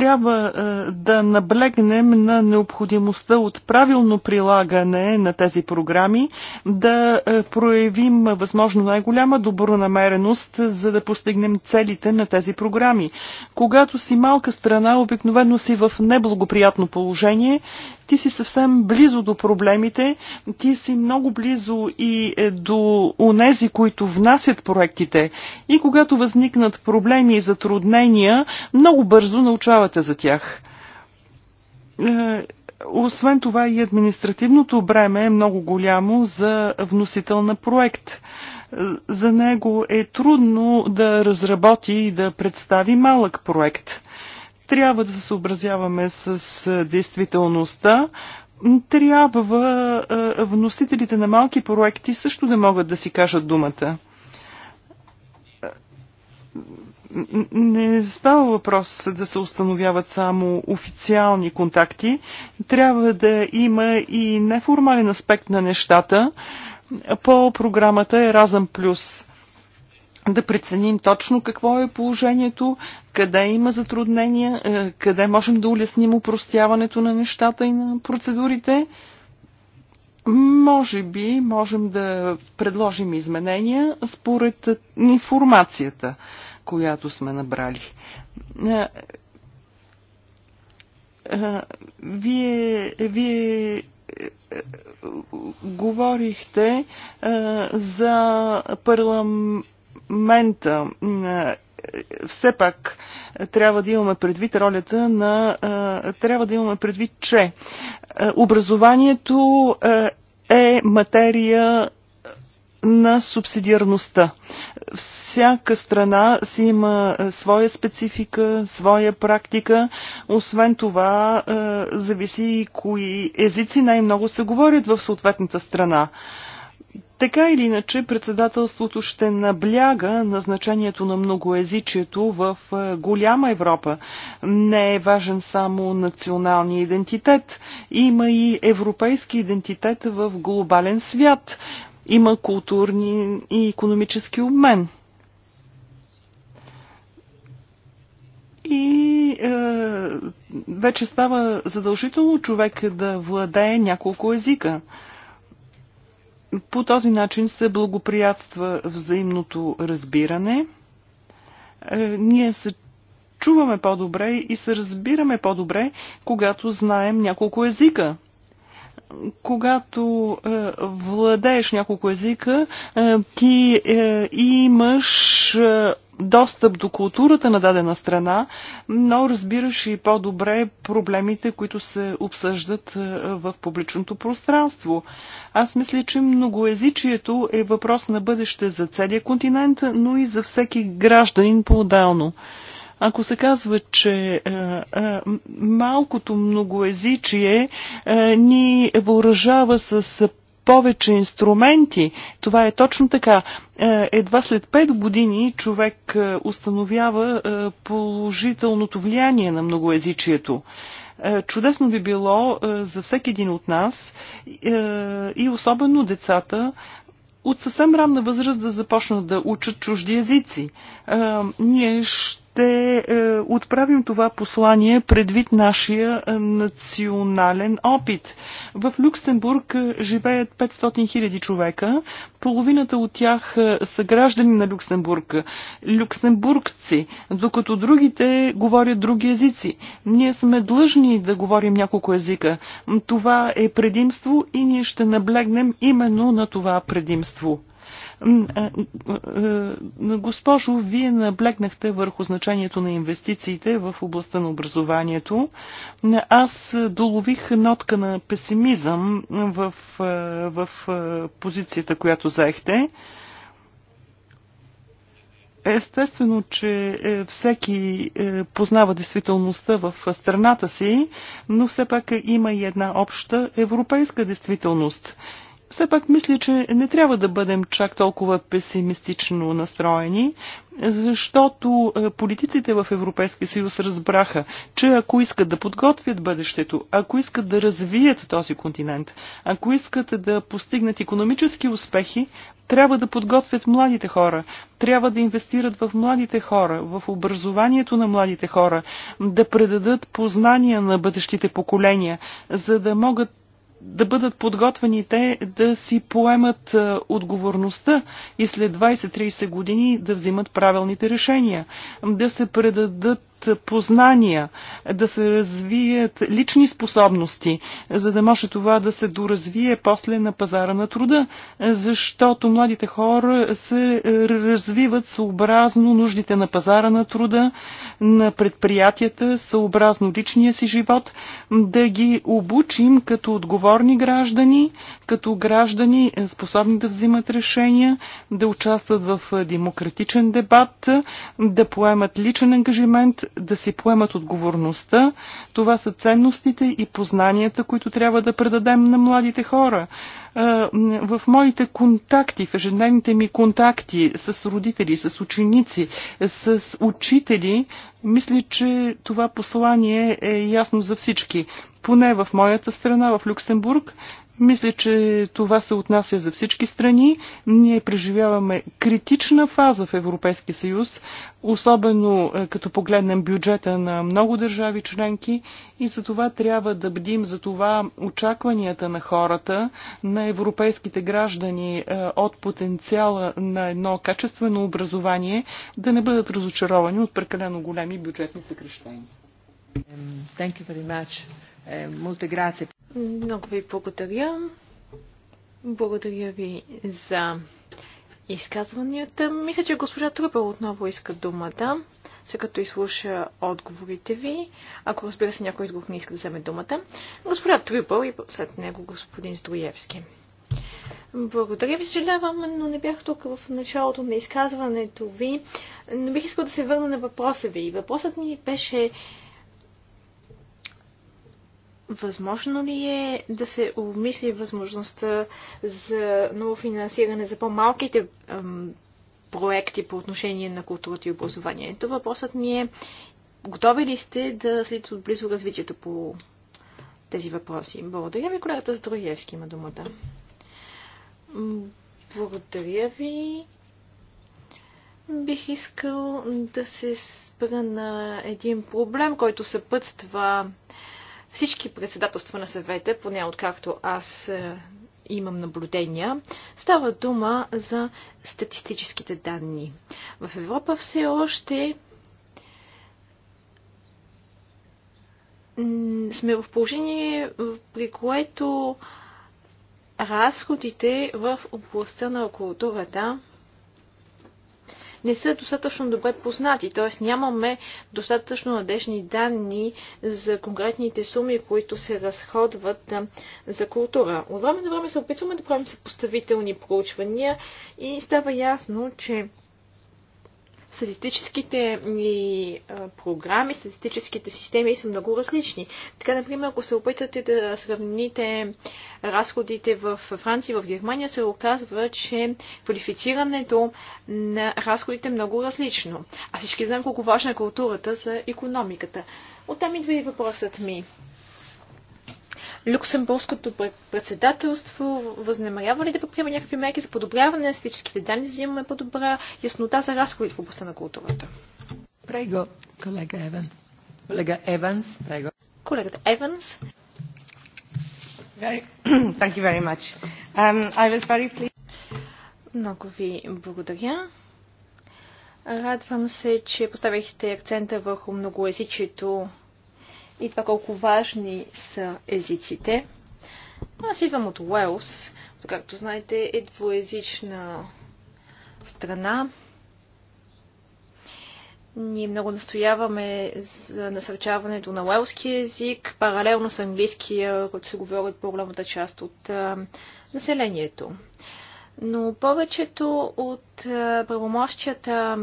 Speaker 3: трябва е, да наблегнем на необходимостта от правилно прилагане на тези програми, да е, проявим възможно най-голяма добронамереност, за да постигнем целите на тези програми. Когато си малка страна, обикновено си в неблагоприятно положение ти си съвсем близо до проблемите, ти си много близо и е, до онези, които внасят проектите. И когато възникнат проблеми и затруднения, много бързо научавате за тях. Е, освен това и административното бреме е много голямо за вносител на проект е, за него е трудно да разработи и да представи малък проект. Трябва да се съобразяваме с действителността. Трябва вносителите на малки проекти също да могат да си кажат думата. Не става въпрос да се установяват само официални контакти. Трябва да има и неформален аспект на нещата по програмата Еразъм Плюс да преценим точно какво е положението, къде има затруднения, е, къде можем да улесним упростяването на нещата и на процедурите. Може би можем да предложим изменения според информацията, която сме набрали. Е, е, вие, вие говорихте за парламент момента е, все пак е, трябва да имаме предвид ролята на... Е, трябва да имаме предвид, че образованието е материя на субсидиарността. Всяка страна си има своя специфика, своя практика. Освен това, зависи и кои езици най-много се говорят в съответната страна. Така или иначе, председателството ще набляга на значението на многоязичието в е, голяма Европа. Не е важен само националния идентитет, има и европейски идентитет в глобален свят, има културни и економически обмен. и е, вече става задължително човек да владее няколко езика. По този начин се благоприятства взаимното разбиране. Е, ние се чуваме по-добре и се разбираме по-добре, когато знаем няколко езика когато е, владееш няколко езика, е, ти имаш достъп до културата на дадена страна, но разбираш и по-добре проблемите, които се обсъждат е, в публичното пространство. Аз мисля, че многоязичието е въпрос на бъдеще за целия континент, но и за всеки гражданин по-отдално. Ако се казва, че е, е, малкото многоезичие е, ни въоръжава с повече инструменти. Това е точно така. Е, едва след 5 години човек е, установява е, положителното влияние на многоязичието. Чудесно би било за всеки един от нас и особено децата от съвсем ранна възраст да започнат да учат чужди езици. Ние ще ще е, отправим това послание предвид нашия е, национален опит. В Люксембург е, живеят 500 000 човека. Половината от тях е, са граждани на Люксембург, люксембургци, докато другите говорят други езици. Ние сме длъжни да говорим няколко езика. Това е предимство и ние ще наблегнем именно на това предимство. Госпожо, вие наблегнахте върху значението на инвестициите в областта на образованието. Аз долових нотка на песимизъм в, в позицията, която заехте. Естествено, че е, всеки е, познава действителността в страната си, но все пак има и една обща европейска действителност все пак мисля, че не трябва да бъдем чак толкова песимистично настроени, защото е, политиците в Европейския съюз разбраха, че ако искат да подготвят бъдещето, ако искат да развият този континент, ако искат да постигнат економически успехи, трябва да подготвят младите хора, трябва да инвестират в младите хора, в образованието на младите хора, да предадат познания на бъдещите поколения, за да могат да бъдат подготвени те да си поемат е, отговорността и след 20-30 години да взимат правилните решения, да се предадат познания, да се развият лични способности, за да може това да се доразвие после на пазара на труда, защото младите хора се развиват съобразно нуждите на пазара на труда, на предприятията, съобразно личния си живот, да ги обучим като отговорни граждани, като граждани способни да взимат решения, да участват в демократичен дебат, да поемат личен ангажимент да си поемат отговорността. Това са ценностите и познанията, които трябва да предадем на младите хора. Е, в моите контакти, в ежедневните ми контакти с родители, с ученици, с учители, мисля, че това послание е ясно за всички. Поне в моята страна, в Люксембург, мисля, че това се отнася за всички страни. Ние преживяваме критична фаза в Европейския съюз, особено е, като погледнем бюджета на много държави членки и за това трябва да бдим за това очакванията на хората, на европейските граждани е, от потенциала на едно качествено образование да не бъдат разочаровани от прекалено големи бюджетни съкрещения.
Speaker 1: Thank you very much. Е,
Speaker 2: Много ви благодаря. Благодаря ви за изказванията. Мисля, че госпожа Трупел отново иска думата, след като изслуша отговорите ви, ако разбира се някой друг не иска да вземе думата. Госпожа Трупел и след него господин Здруевски. Благодаря ви, съжалявам, но не бях тук в началото на изказването ви. Но бих искал да се върна на въпроса ви. Въпросът ми беше Възможно ли е да се обмисли възможността за ново финансиране за по-малките проекти по отношение на културата и образованието? Въпросът ми е, готови ли сте да следите отблизо развитието по тези въпроси? Благодаря ви, колегата Здроевски има думата. Благодаря ви. Бих искал да се спра на един проблем, който съпътства всички председателства на съвета, поне откакто аз е, имам наблюдения, става дума за статистическите данни. В Европа все още сме в положение, при което разходите в областта на културата не са достатъчно добре познати, т.е. нямаме достатъчно надежни данни за конкретните суми, които се разходват за култура. От време на време се опитваме да правим съпоставителни проучвания и става ясно, че статистическите ни програми, статистическите системи са много различни. Така, например, ако се опитате да сравните разходите в Франция и в Германия, се оказва, че квалифицирането на разходите е много различно. А всички знаем колко важна е културата за економиката. Оттам идва и въпросът ми. Люксембургското председателство възнамерява ли да предприема някакви мерки за подобряване на статистическите данни, за да имаме по-добра яснота за разходите в областта на културата?
Speaker 1: Прего, колега Еван. Колега Еванс, прего.
Speaker 2: Колегата Еванс. Very... Thank you very much. Um, I was very pleased. Много ви благодаря. Радвам се, че поставихте акцента върху многоязичието и това колко важни са езиците. Аз идвам от Уелс, както знаете е двоязична страна. Ние много настояваме за насърчаването на уелски език, паралелно с английския, който се говорят по-голямата част от а, населението но повечето от е, правомощията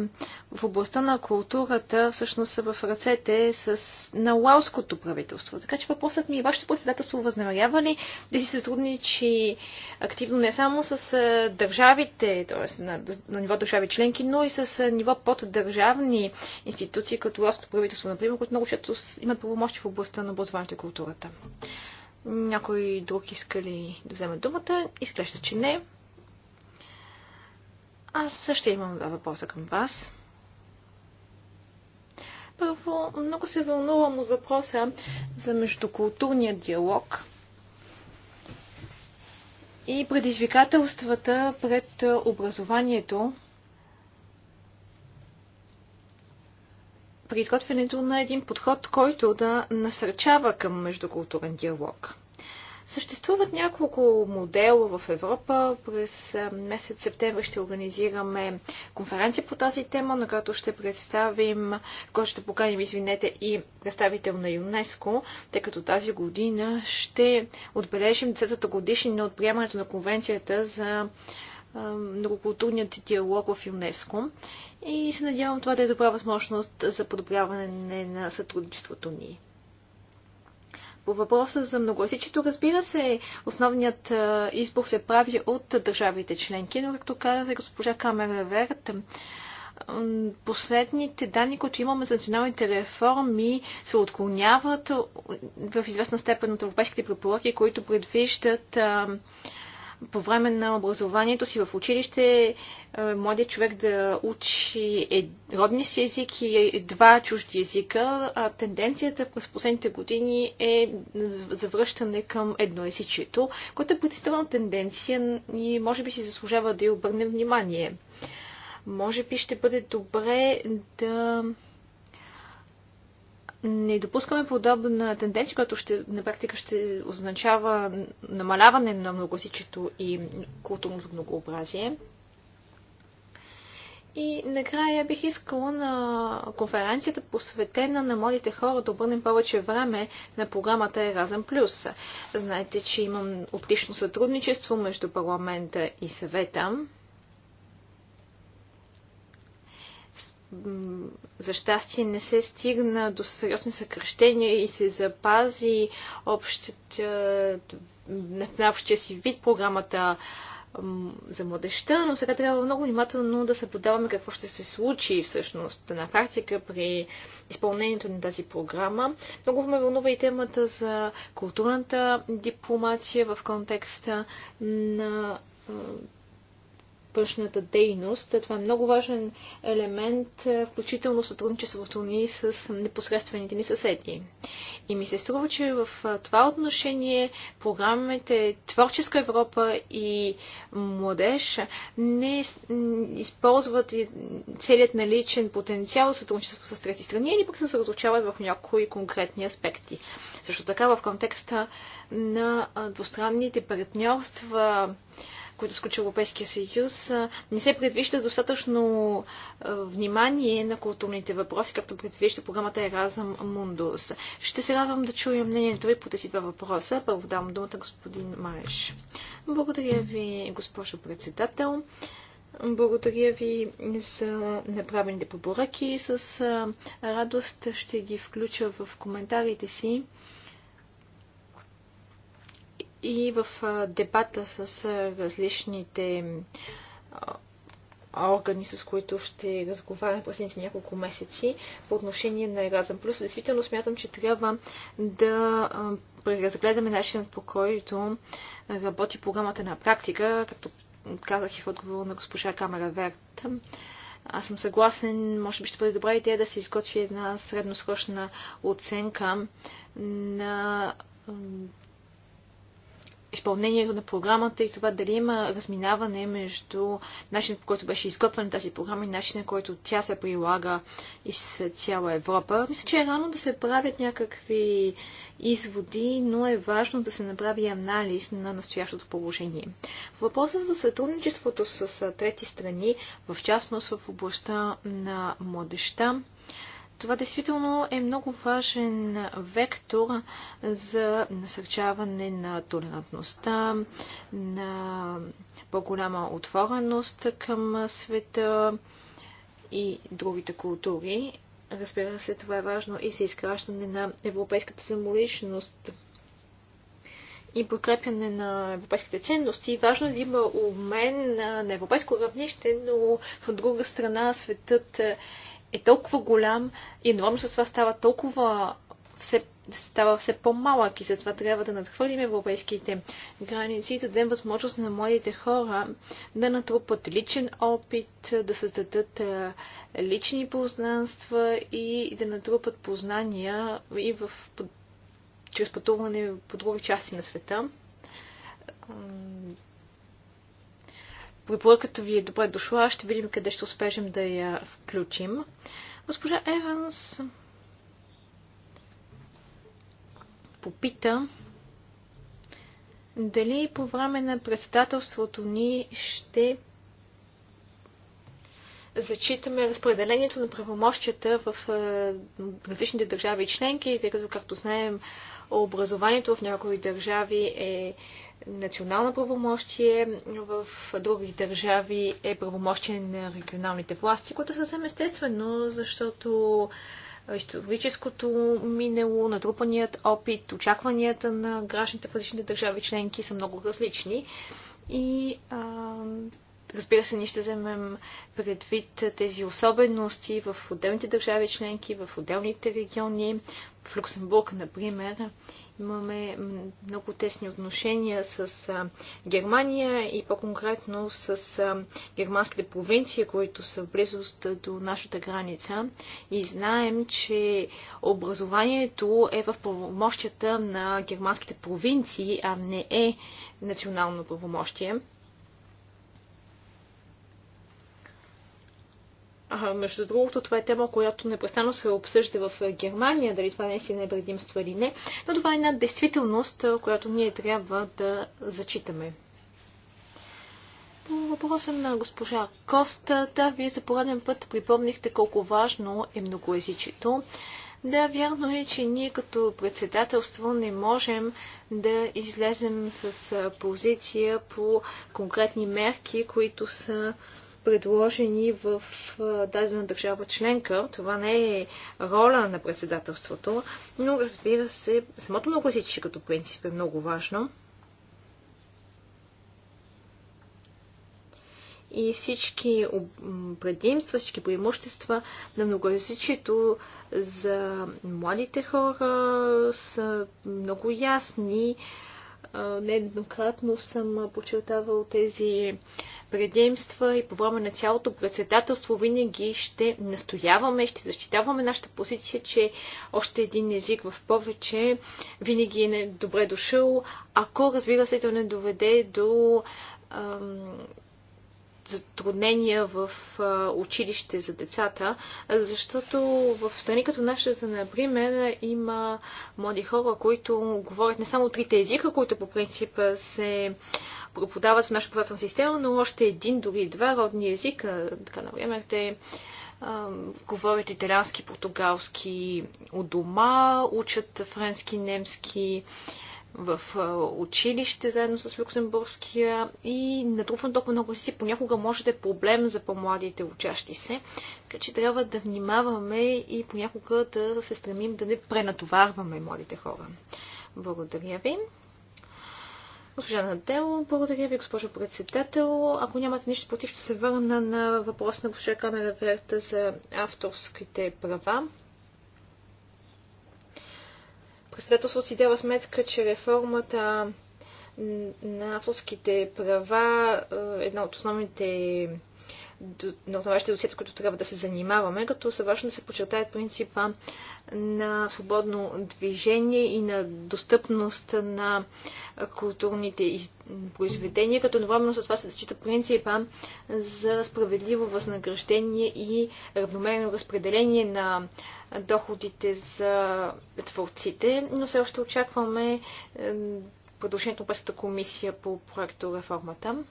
Speaker 2: в областта на културата всъщност са в ръцете с, на лаоското правителство. Така че въпросът ми е, вашето председателство възнамерява ли да си сътрудничи активно не само с е, държавите, т.е. На, на ниво държави членки, но и с е, ниво поддържавни институции, като лаоското правителство, например, които много често имат правомощи в областта на образованието и културата. Някой друг иска ли да вземе думата? Изглежда, че не. Аз също имам два въпроса към вас. Първо, много се вълнувам от въпроса за междукултурния диалог и предизвикателствата пред образованието при изготвянето на един подход, който да насърчава към междукултурен диалог. Съществуват няколко модела в Европа. През месец септември ще организираме конференция по тази тема, на която ще представим, който ще поканим, извинете, и представител на ЮНЕСКО, тъй като тази година ще отбележим 10-та годишнина от приемането на конвенцията за многокултурният диалог в ЮНЕСКО и се надявам това да е добра възможност за подобряване на сътрудничеството ни. По въпроса за многоязичието, разбира се, основният избор се прави от държавите членки, но както каза госпожа Камера Верт, последните данни, които имаме за националните реформи, се отклоняват в известна степен от европейските препоръки, които предвиждат по време на образованието си в училище е, младият човек да учи е, родния си език и два чужди езика, а тенденцията през последните години е завръщане към едноязичието, което е притеснителна тенденция и може би си заслужава да й обърнем внимание. Може би ще бъде добре да не допускаме подобна тенденция, която ще, на практика ще означава намаляване на многосичието и културното многообразие. И накрая бих искала на конференцията посветена на младите хора да обърнем повече време на програмата Еразъм Плюс. Знаете, че имам отлично сътрудничество между парламента и съвета. за щастие не се стигна до сериозни съкръщения и се запази общата, на общия си вид програмата за младеща, но сега трябва много внимателно да съблюдаваме какво ще се случи всъщност на практика при изпълнението на тази програма. Много ме вълнува и темата за културната дипломация в контекста на външната дейност. Това е много важен елемент, е, включително сътрудничеството ни с непосредствените ни съседи. И ми се струва, че в това отношение програмите Творческа Европа и Младеж не използват целият наличен потенциал за сътрудничество с трети страни или пък се съсредоточават в някои конкретни аспекти. Също така в контекста на двустранните партньорства, които сключи Европейския съюз, не се предвижда достатъчно внимание на културните въпроси, както предвижда програмата Еразъм Мундус. Ще се радвам да чуя мнението ви по тези два въпроса. Първо давам думата господин Мареш. Благодаря ви, госпожо председател. Благодаря ви за направените препоръки. С радост ще ги включа в коментарите си и в дебата с различните органи, с които ще разговарям последните няколко месеци по отношение на Еразъм Плюс. Действително смятам, че трябва да преразгледаме начинът по който работи програмата на практика, като казах и в отговор на госпожа Камера Верт. Аз съм съгласен, може би ще бъде добра идея да се изготви една средносрочна оценка на изпълнението на програмата и това дали има разминаване между начинът по който беше изготвена тази програма и начинът, който тя се прилага из цяла Европа. Мисля, че е рано да се правят някакви изводи, но е важно да се направи анализ на настоящото положение. Въпросът за сътрудничеството с трети страни, в частност в областта на младеща, това действително е много важен вектор за насърчаване на толерантността, на по-голяма отвореност към света и другите култури. Разбира се, това е важно и за изкращане на европейската самоличност и подкрепяне на европейските ценности. Важно е да има обмен на европейско равнище, но в друга страна светът е е толкова голям и едновременно с това става толкова все, става все по-малък и затова трябва да надхвърлим европейските граници и да дадем възможност на младите хора да натрупат личен опит, да създадат лични познанства и да натрупат познания и в, чрез пътуване по други части на света Препоръката ви е добре дошла. Ще видим къде ще успежем да я включим. Госпожа Еванс попита дали по време на председателството ни ще зачитаме разпределението на правомощията в е, различните държави и членки, тъй като, както знаем, образованието в някои държави е национално правомощие в други държави е правомощие на регионалните власти, което съвсем естествено, защото историческото минало, натрупаният опит, очакванията на гражданите в различните държави членки са много различни. И а, разбира се, ние ще вземем предвид тези особености в отделните държави членки, в отделните региони, в Люксембург, например. Имаме много тесни отношения с Германия и по-конкретно с германските провинции, които са в близост до нашата граница. И знаем, че образованието е в правомощията на германските провинции, а не е национално правомощие. между другото, това е тема, която непрестанно се обсъжда в Германия, дали това наистина е предимство или не, но това е една действителност, която ние трябва да зачитаме. По въпроса на госпожа Коста, да, вие за пореден път припомнихте колко важно е многоязичието. Да, вярно е, че ние като председателство не можем да излезем с позиция по конкретни мерки, които са предложени в дадена държава членка. Това не е роля на председателството, но разбира се, самото многосичие като принцип е много важно. и всички предимства, всички преимущества на многоязичието за младите хора са много ясни. Нееднократно съм подчертавал тези предимства и по време на цялото председателство винаги ще настояваме, ще защитаваме нашата позиция, че още един език в повече винаги е добре дошъл, ако разбира се, то не доведе до ам, затруднения в училище за децата, защото в страни като нашата, например, има млади хора, които говорят не само трите езика, които по принцип се преподават в нашата правителна система, но още един, дори два родни езика. Така, например, те говорят италиански, португалски у дома, учат френски, немски, в училище заедно с люксембургския и натрупвам толкова много си, понякога може да е проблем за по-младите учащи се. Така че трябва да внимаваме и понякога да се стремим да не пренатоварваме младите хора. Благодаря ви. Госпожа Надел, благодаря ви, госпожо председател. Ако нямате нищо против, ще се върна на въпрос на госпожа Камера Верта за авторските права. Председателството си дава сметка, че реформата на авторските права, е една от основните на това е ще е досиета, които трябва да се занимаваме, като са важно да се подчертаят принципа на свободно движение и на достъпност на културните произведения, като едновременно с това се зачита принципа за справедливо възнаграждение и равномерно разпределение на доходите за творците, но все още очакваме продължението на Пъстата комисия по проекто реформата.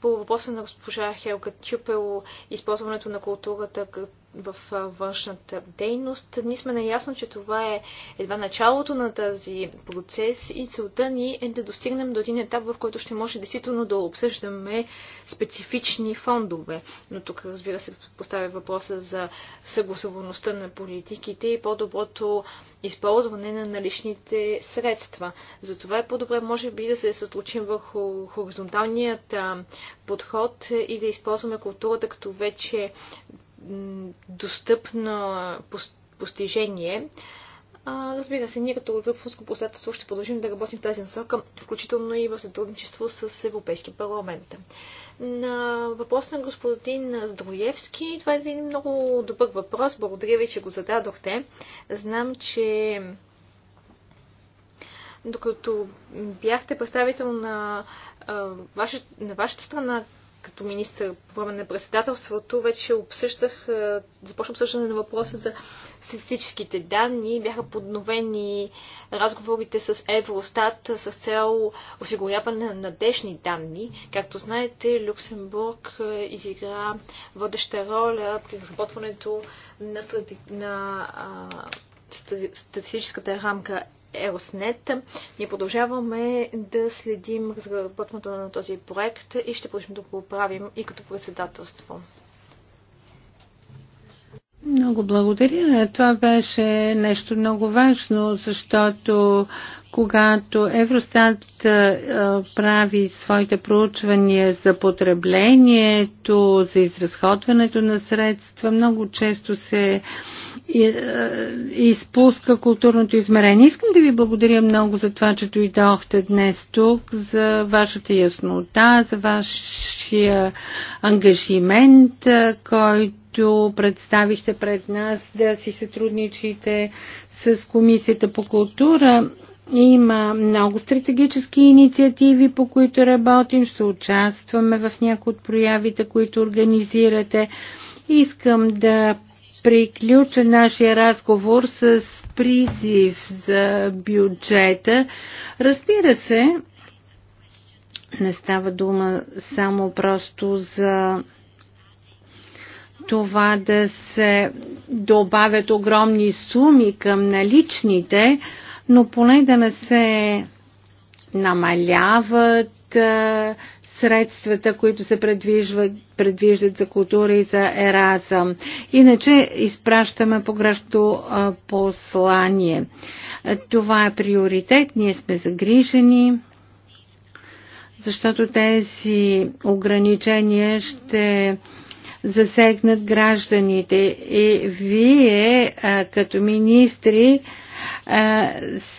Speaker 2: По въпроса на госпожа Хелга Тюпел, използването на културата като в външната дейност. Ние сме наясно, че това е едва началото на тази процес и целта ни е да достигнем до един етап, в който ще може действително да обсъждаме специфични фондове. Но тук, разбира се, поставя въпроса за съгласоваността на политиките и по-доброто използване на наличните средства. Затова е по-добре, може би, да се сътручим върху хоризонталният подход и да използваме културата като вече достъпно постижение. А, разбира се, ние като Европейско пространство ще продължим да работим в тази насока, включително и в сътрудничество с Европейски парламент. На въпрос на господин Здроевски, това е един много добър въпрос. Благодаря ви, че го зададохте. Знам, че докато бяхте представител на, а, на вашата страна като министър по време на председателството, вече обсъждах, е, започна обсъждане на въпроса за статистическите данни. Бяха подновени разговорите с Евростат с цел осигуряване на надежни данни. Както знаете, Люксембург е, изигра водеща роля при разработването на, на статистическата рамка Ероснет. Ние продължаваме да следим разработването на този проект и ще продължим да го правим и като председателство.
Speaker 1: Много благодаря. Това беше нещо много важно, защото когато Евростат прави своите проучвания за потреблението, за изразходването на средства, много често се изпуска културното измерение. Искам да ви благодаря много за това, че дойдохте днес тук, за вашата яснота, за вашия ангажимент, който представихте пред нас, да си сътрудничите с Комисията по култура. Има много стратегически инициативи, по които работим. Ще участваме в някои от проявите, които организирате. Искам да приключа нашия разговор с призив за бюджета. Разбира се, не става дума само просто за това да се добавят огромни суми към наличните, но поне да не се намаляват средствата, които се предвижват, предвиждат за култура и за ераза. Иначе изпращаме погрешно послание. Това е приоритет, ние сме загрижени, защото тези ограничения ще засегнат гражданите и вие като министри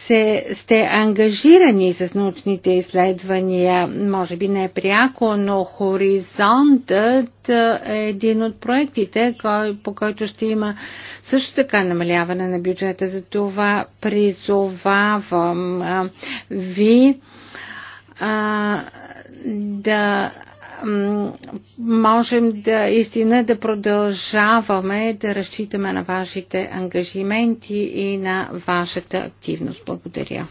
Speaker 1: се, сте ангажирани с научните изследвания, може би не е пряко, но хоризонтът е един от проектите, кой, по който ще има също така намаляване на бюджета. За това призовавам ви а, да можем да истина да продължаваме да разчитаме на вашите ангажименти и на вашата активност. Благодаря.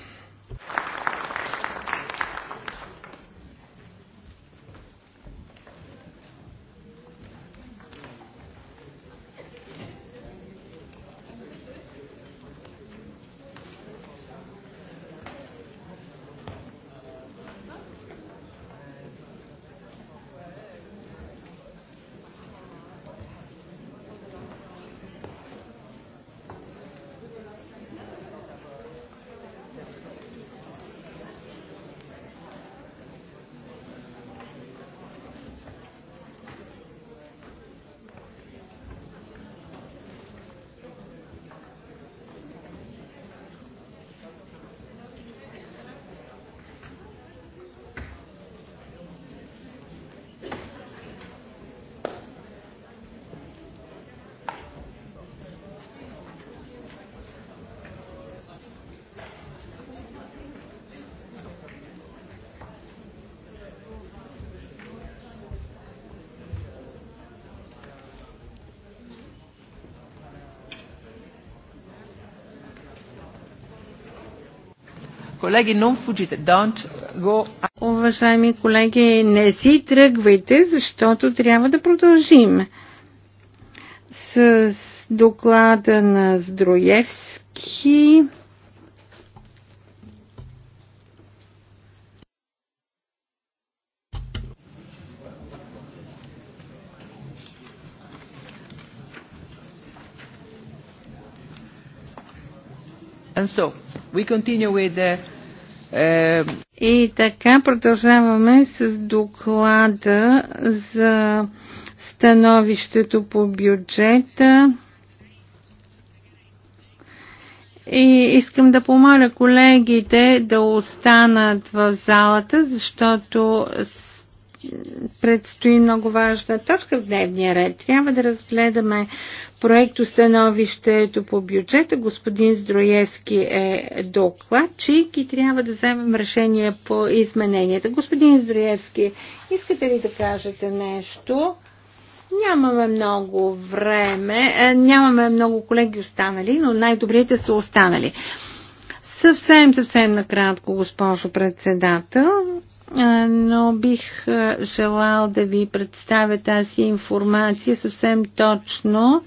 Speaker 1: колеги, non fugite, don't go... Уважаеми колеги, не си тръгвайте, защото трябва да продължим. С доклада на Здроевски... and so we continue with the е, и така продължаваме с доклада за становището по бюджета. И искам да помоля колегите да останат в залата, защото предстои много важна точка в дневния ред. Трябва да разгледаме становището по бюджета. Господин Здроевски е докладчик и трябва да вземем решение по измененията. Господин Здроевски, искате ли да кажете нещо? Нямаме много време, е, нямаме много колеги останали, но най-добрите са останали. Съвсем, съвсем накратко, госпожо председател, но бих желал да ви представя тази информация съвсем точно.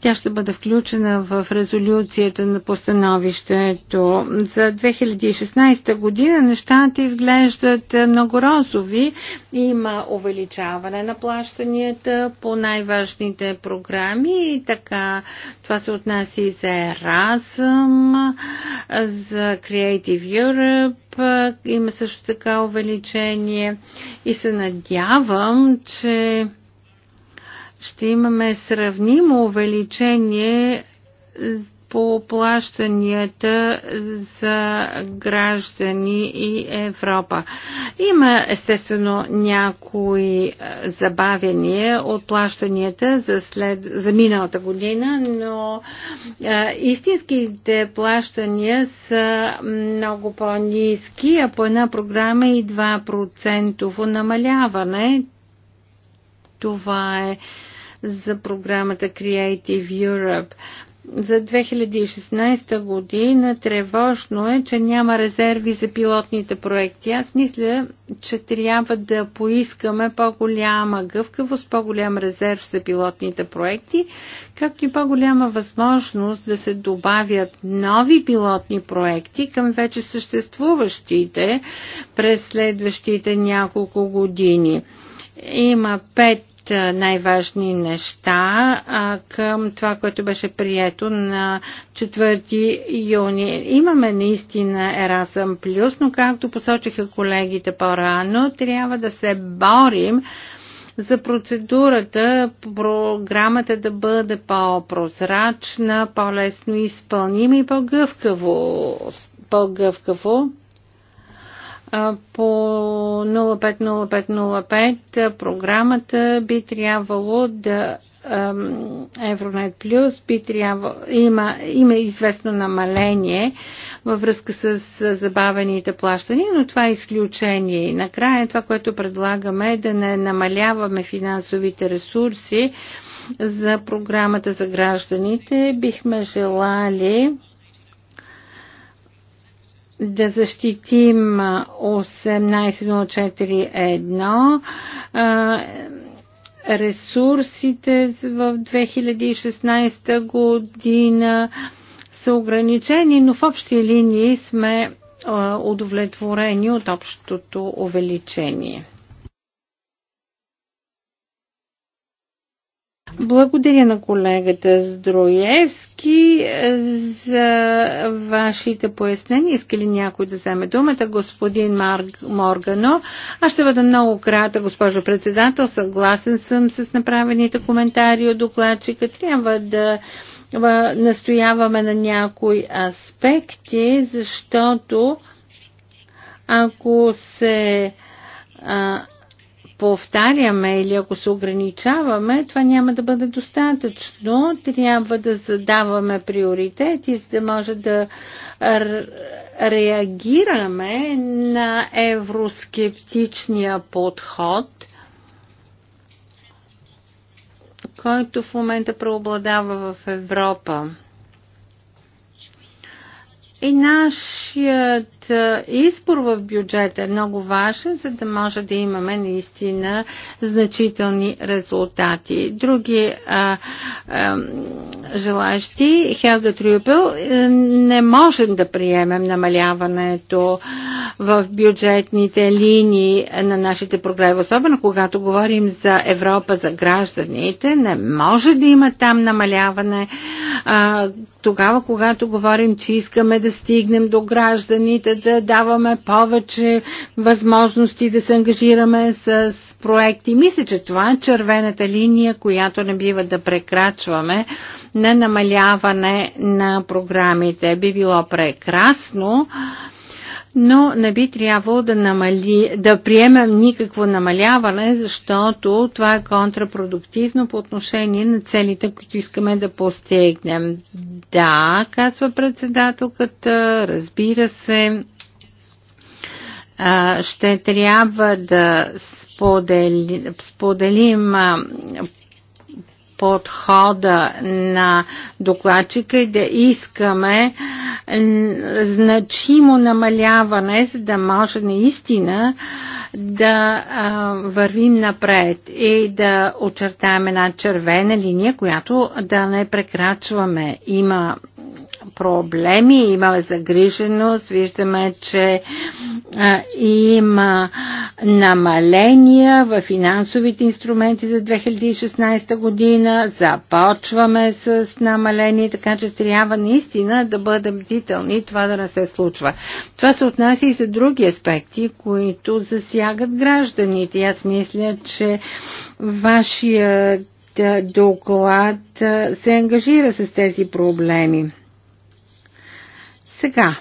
Speaker 1: Тя ще бъде включена в резолюцията на постановището. За 2016 година нещата изглеждат много розови. Има увеличаване на плащанията по най-важните програми и така това се отнася и за Erasm, за Creative Europe, има също така увеличение и се надявам, че ще имаме сравнимо увеличение по плащанията за граждани и Европа. Има естествено някои забавяния от плащанията за, след, за миналата година, но а, истинските плащания са много по-низки, а по една програма и 2% намаляване. Това е за програмата Creative Europe за 2016 година тревожно е, че няма резерви за пилотните проекти. Аз мисля, че трябва да поискаме по-голяма гъвкавост, по-голям резерв за пилотните проекти, както и по-голяма възможност да се добавят нови пилотни проекти към вече съществуващите през следващите няколко години. Има пет е, най-важни неща а, към това, което беше прието на 4 юни. Имаме наистина Еразъм Плюс, но както посочиха колегите по-рано, трябва да се борим за процедурата, програмата да бъде по-прозрачна, по-лесно изпълнима и по-гъвкаво. По-гъвкаво по 050505 програмата би трябвало да Евронет Плюс би трябвало, има, има известно намаление във връзка с забавените плащания, но това е изключение. И накрая това, което предлагаме е да не намаляваме финансовите ресурси за програмата за гражданите. Бихме желали да защитим 18.041 ресурсите в 2016 година са ограничени, но в общи линии сме удовлетворени от общото увеличение. Благодаря на колегата Здроевски е, за вашите пояснения. Иска ли някой да вземе думата? Господин Марк Моргано. Аз ще бъда много крата, госпожо председател. Съгласен съм с направените коментари от докладчика. Трябва да настояваме на някои аспекти, защото ако се а, повтаряме или ако се ограничаваме, това няма да бъде достатъчно. Трябва да задаваме приоритети, за да може да реагираме на евроскептичния подход, който в момента преобладава в Европа. И нашият избор в бюджета е много важен, за да може да имаме наистина значителни резултати. Други а, а, желащи, Хелга Трюбел, е, не можем да приемем намаляването в бюджетните линии на нашите програми, особено когато говорим за Европа, за гражданите. Не може да има там намаляване а, тогава, когато говорим, че искаме да стигнем до гражданите, да даваме повече възможности да се ангажираме с проекти. Мисля, че това е червената линия, която не бива да прекрачваме на намаляване на програмите. Би било прекрасно но не би трябвало да, намали, да приемем никакво намаляване, защото това е контрапродуктивно по отношение на целите, които искаме да постигнем. Да, казва председателката, разбира се, ще трябва да сподели, споделим подхода на докладчика и да искаме значимо намаляване, за да може наистина да а, вървим напред и да очертаем една червена линия, която да не прекрачваме. Има проблеми, имаме загриженост, виждаме, че а, има намаления в финансовите инструменти за 2016 година, започваме с намаление, така че трябва наистина да бъдем бдителни и това да не се случва. Това се отнася и за други аспекти, които засягат гражданите. Аз мисля, че вашия доклад се ангажира с тези проблеми. Сега,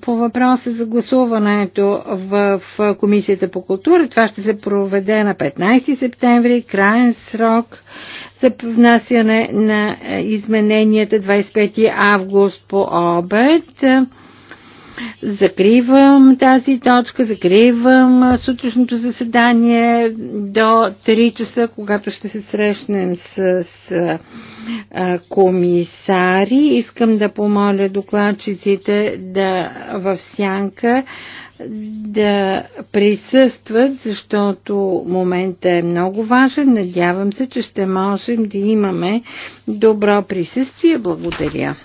Speaker 1: по въпроса за гласуването в Комисията по култура, това ще се проведе на 15 септември, крайен срок за внасяне на е, измененията 25 август по обед. Закривам тази точка, закривам сутрешното заседание до 3 часа, когато ще се срещнем с, с а, комисари. Искам да помоля докладчиците да в сянка да присъстват, защото момента е много важен. Надявам се, че ще можем да имаме добро присъствие. Благодаря.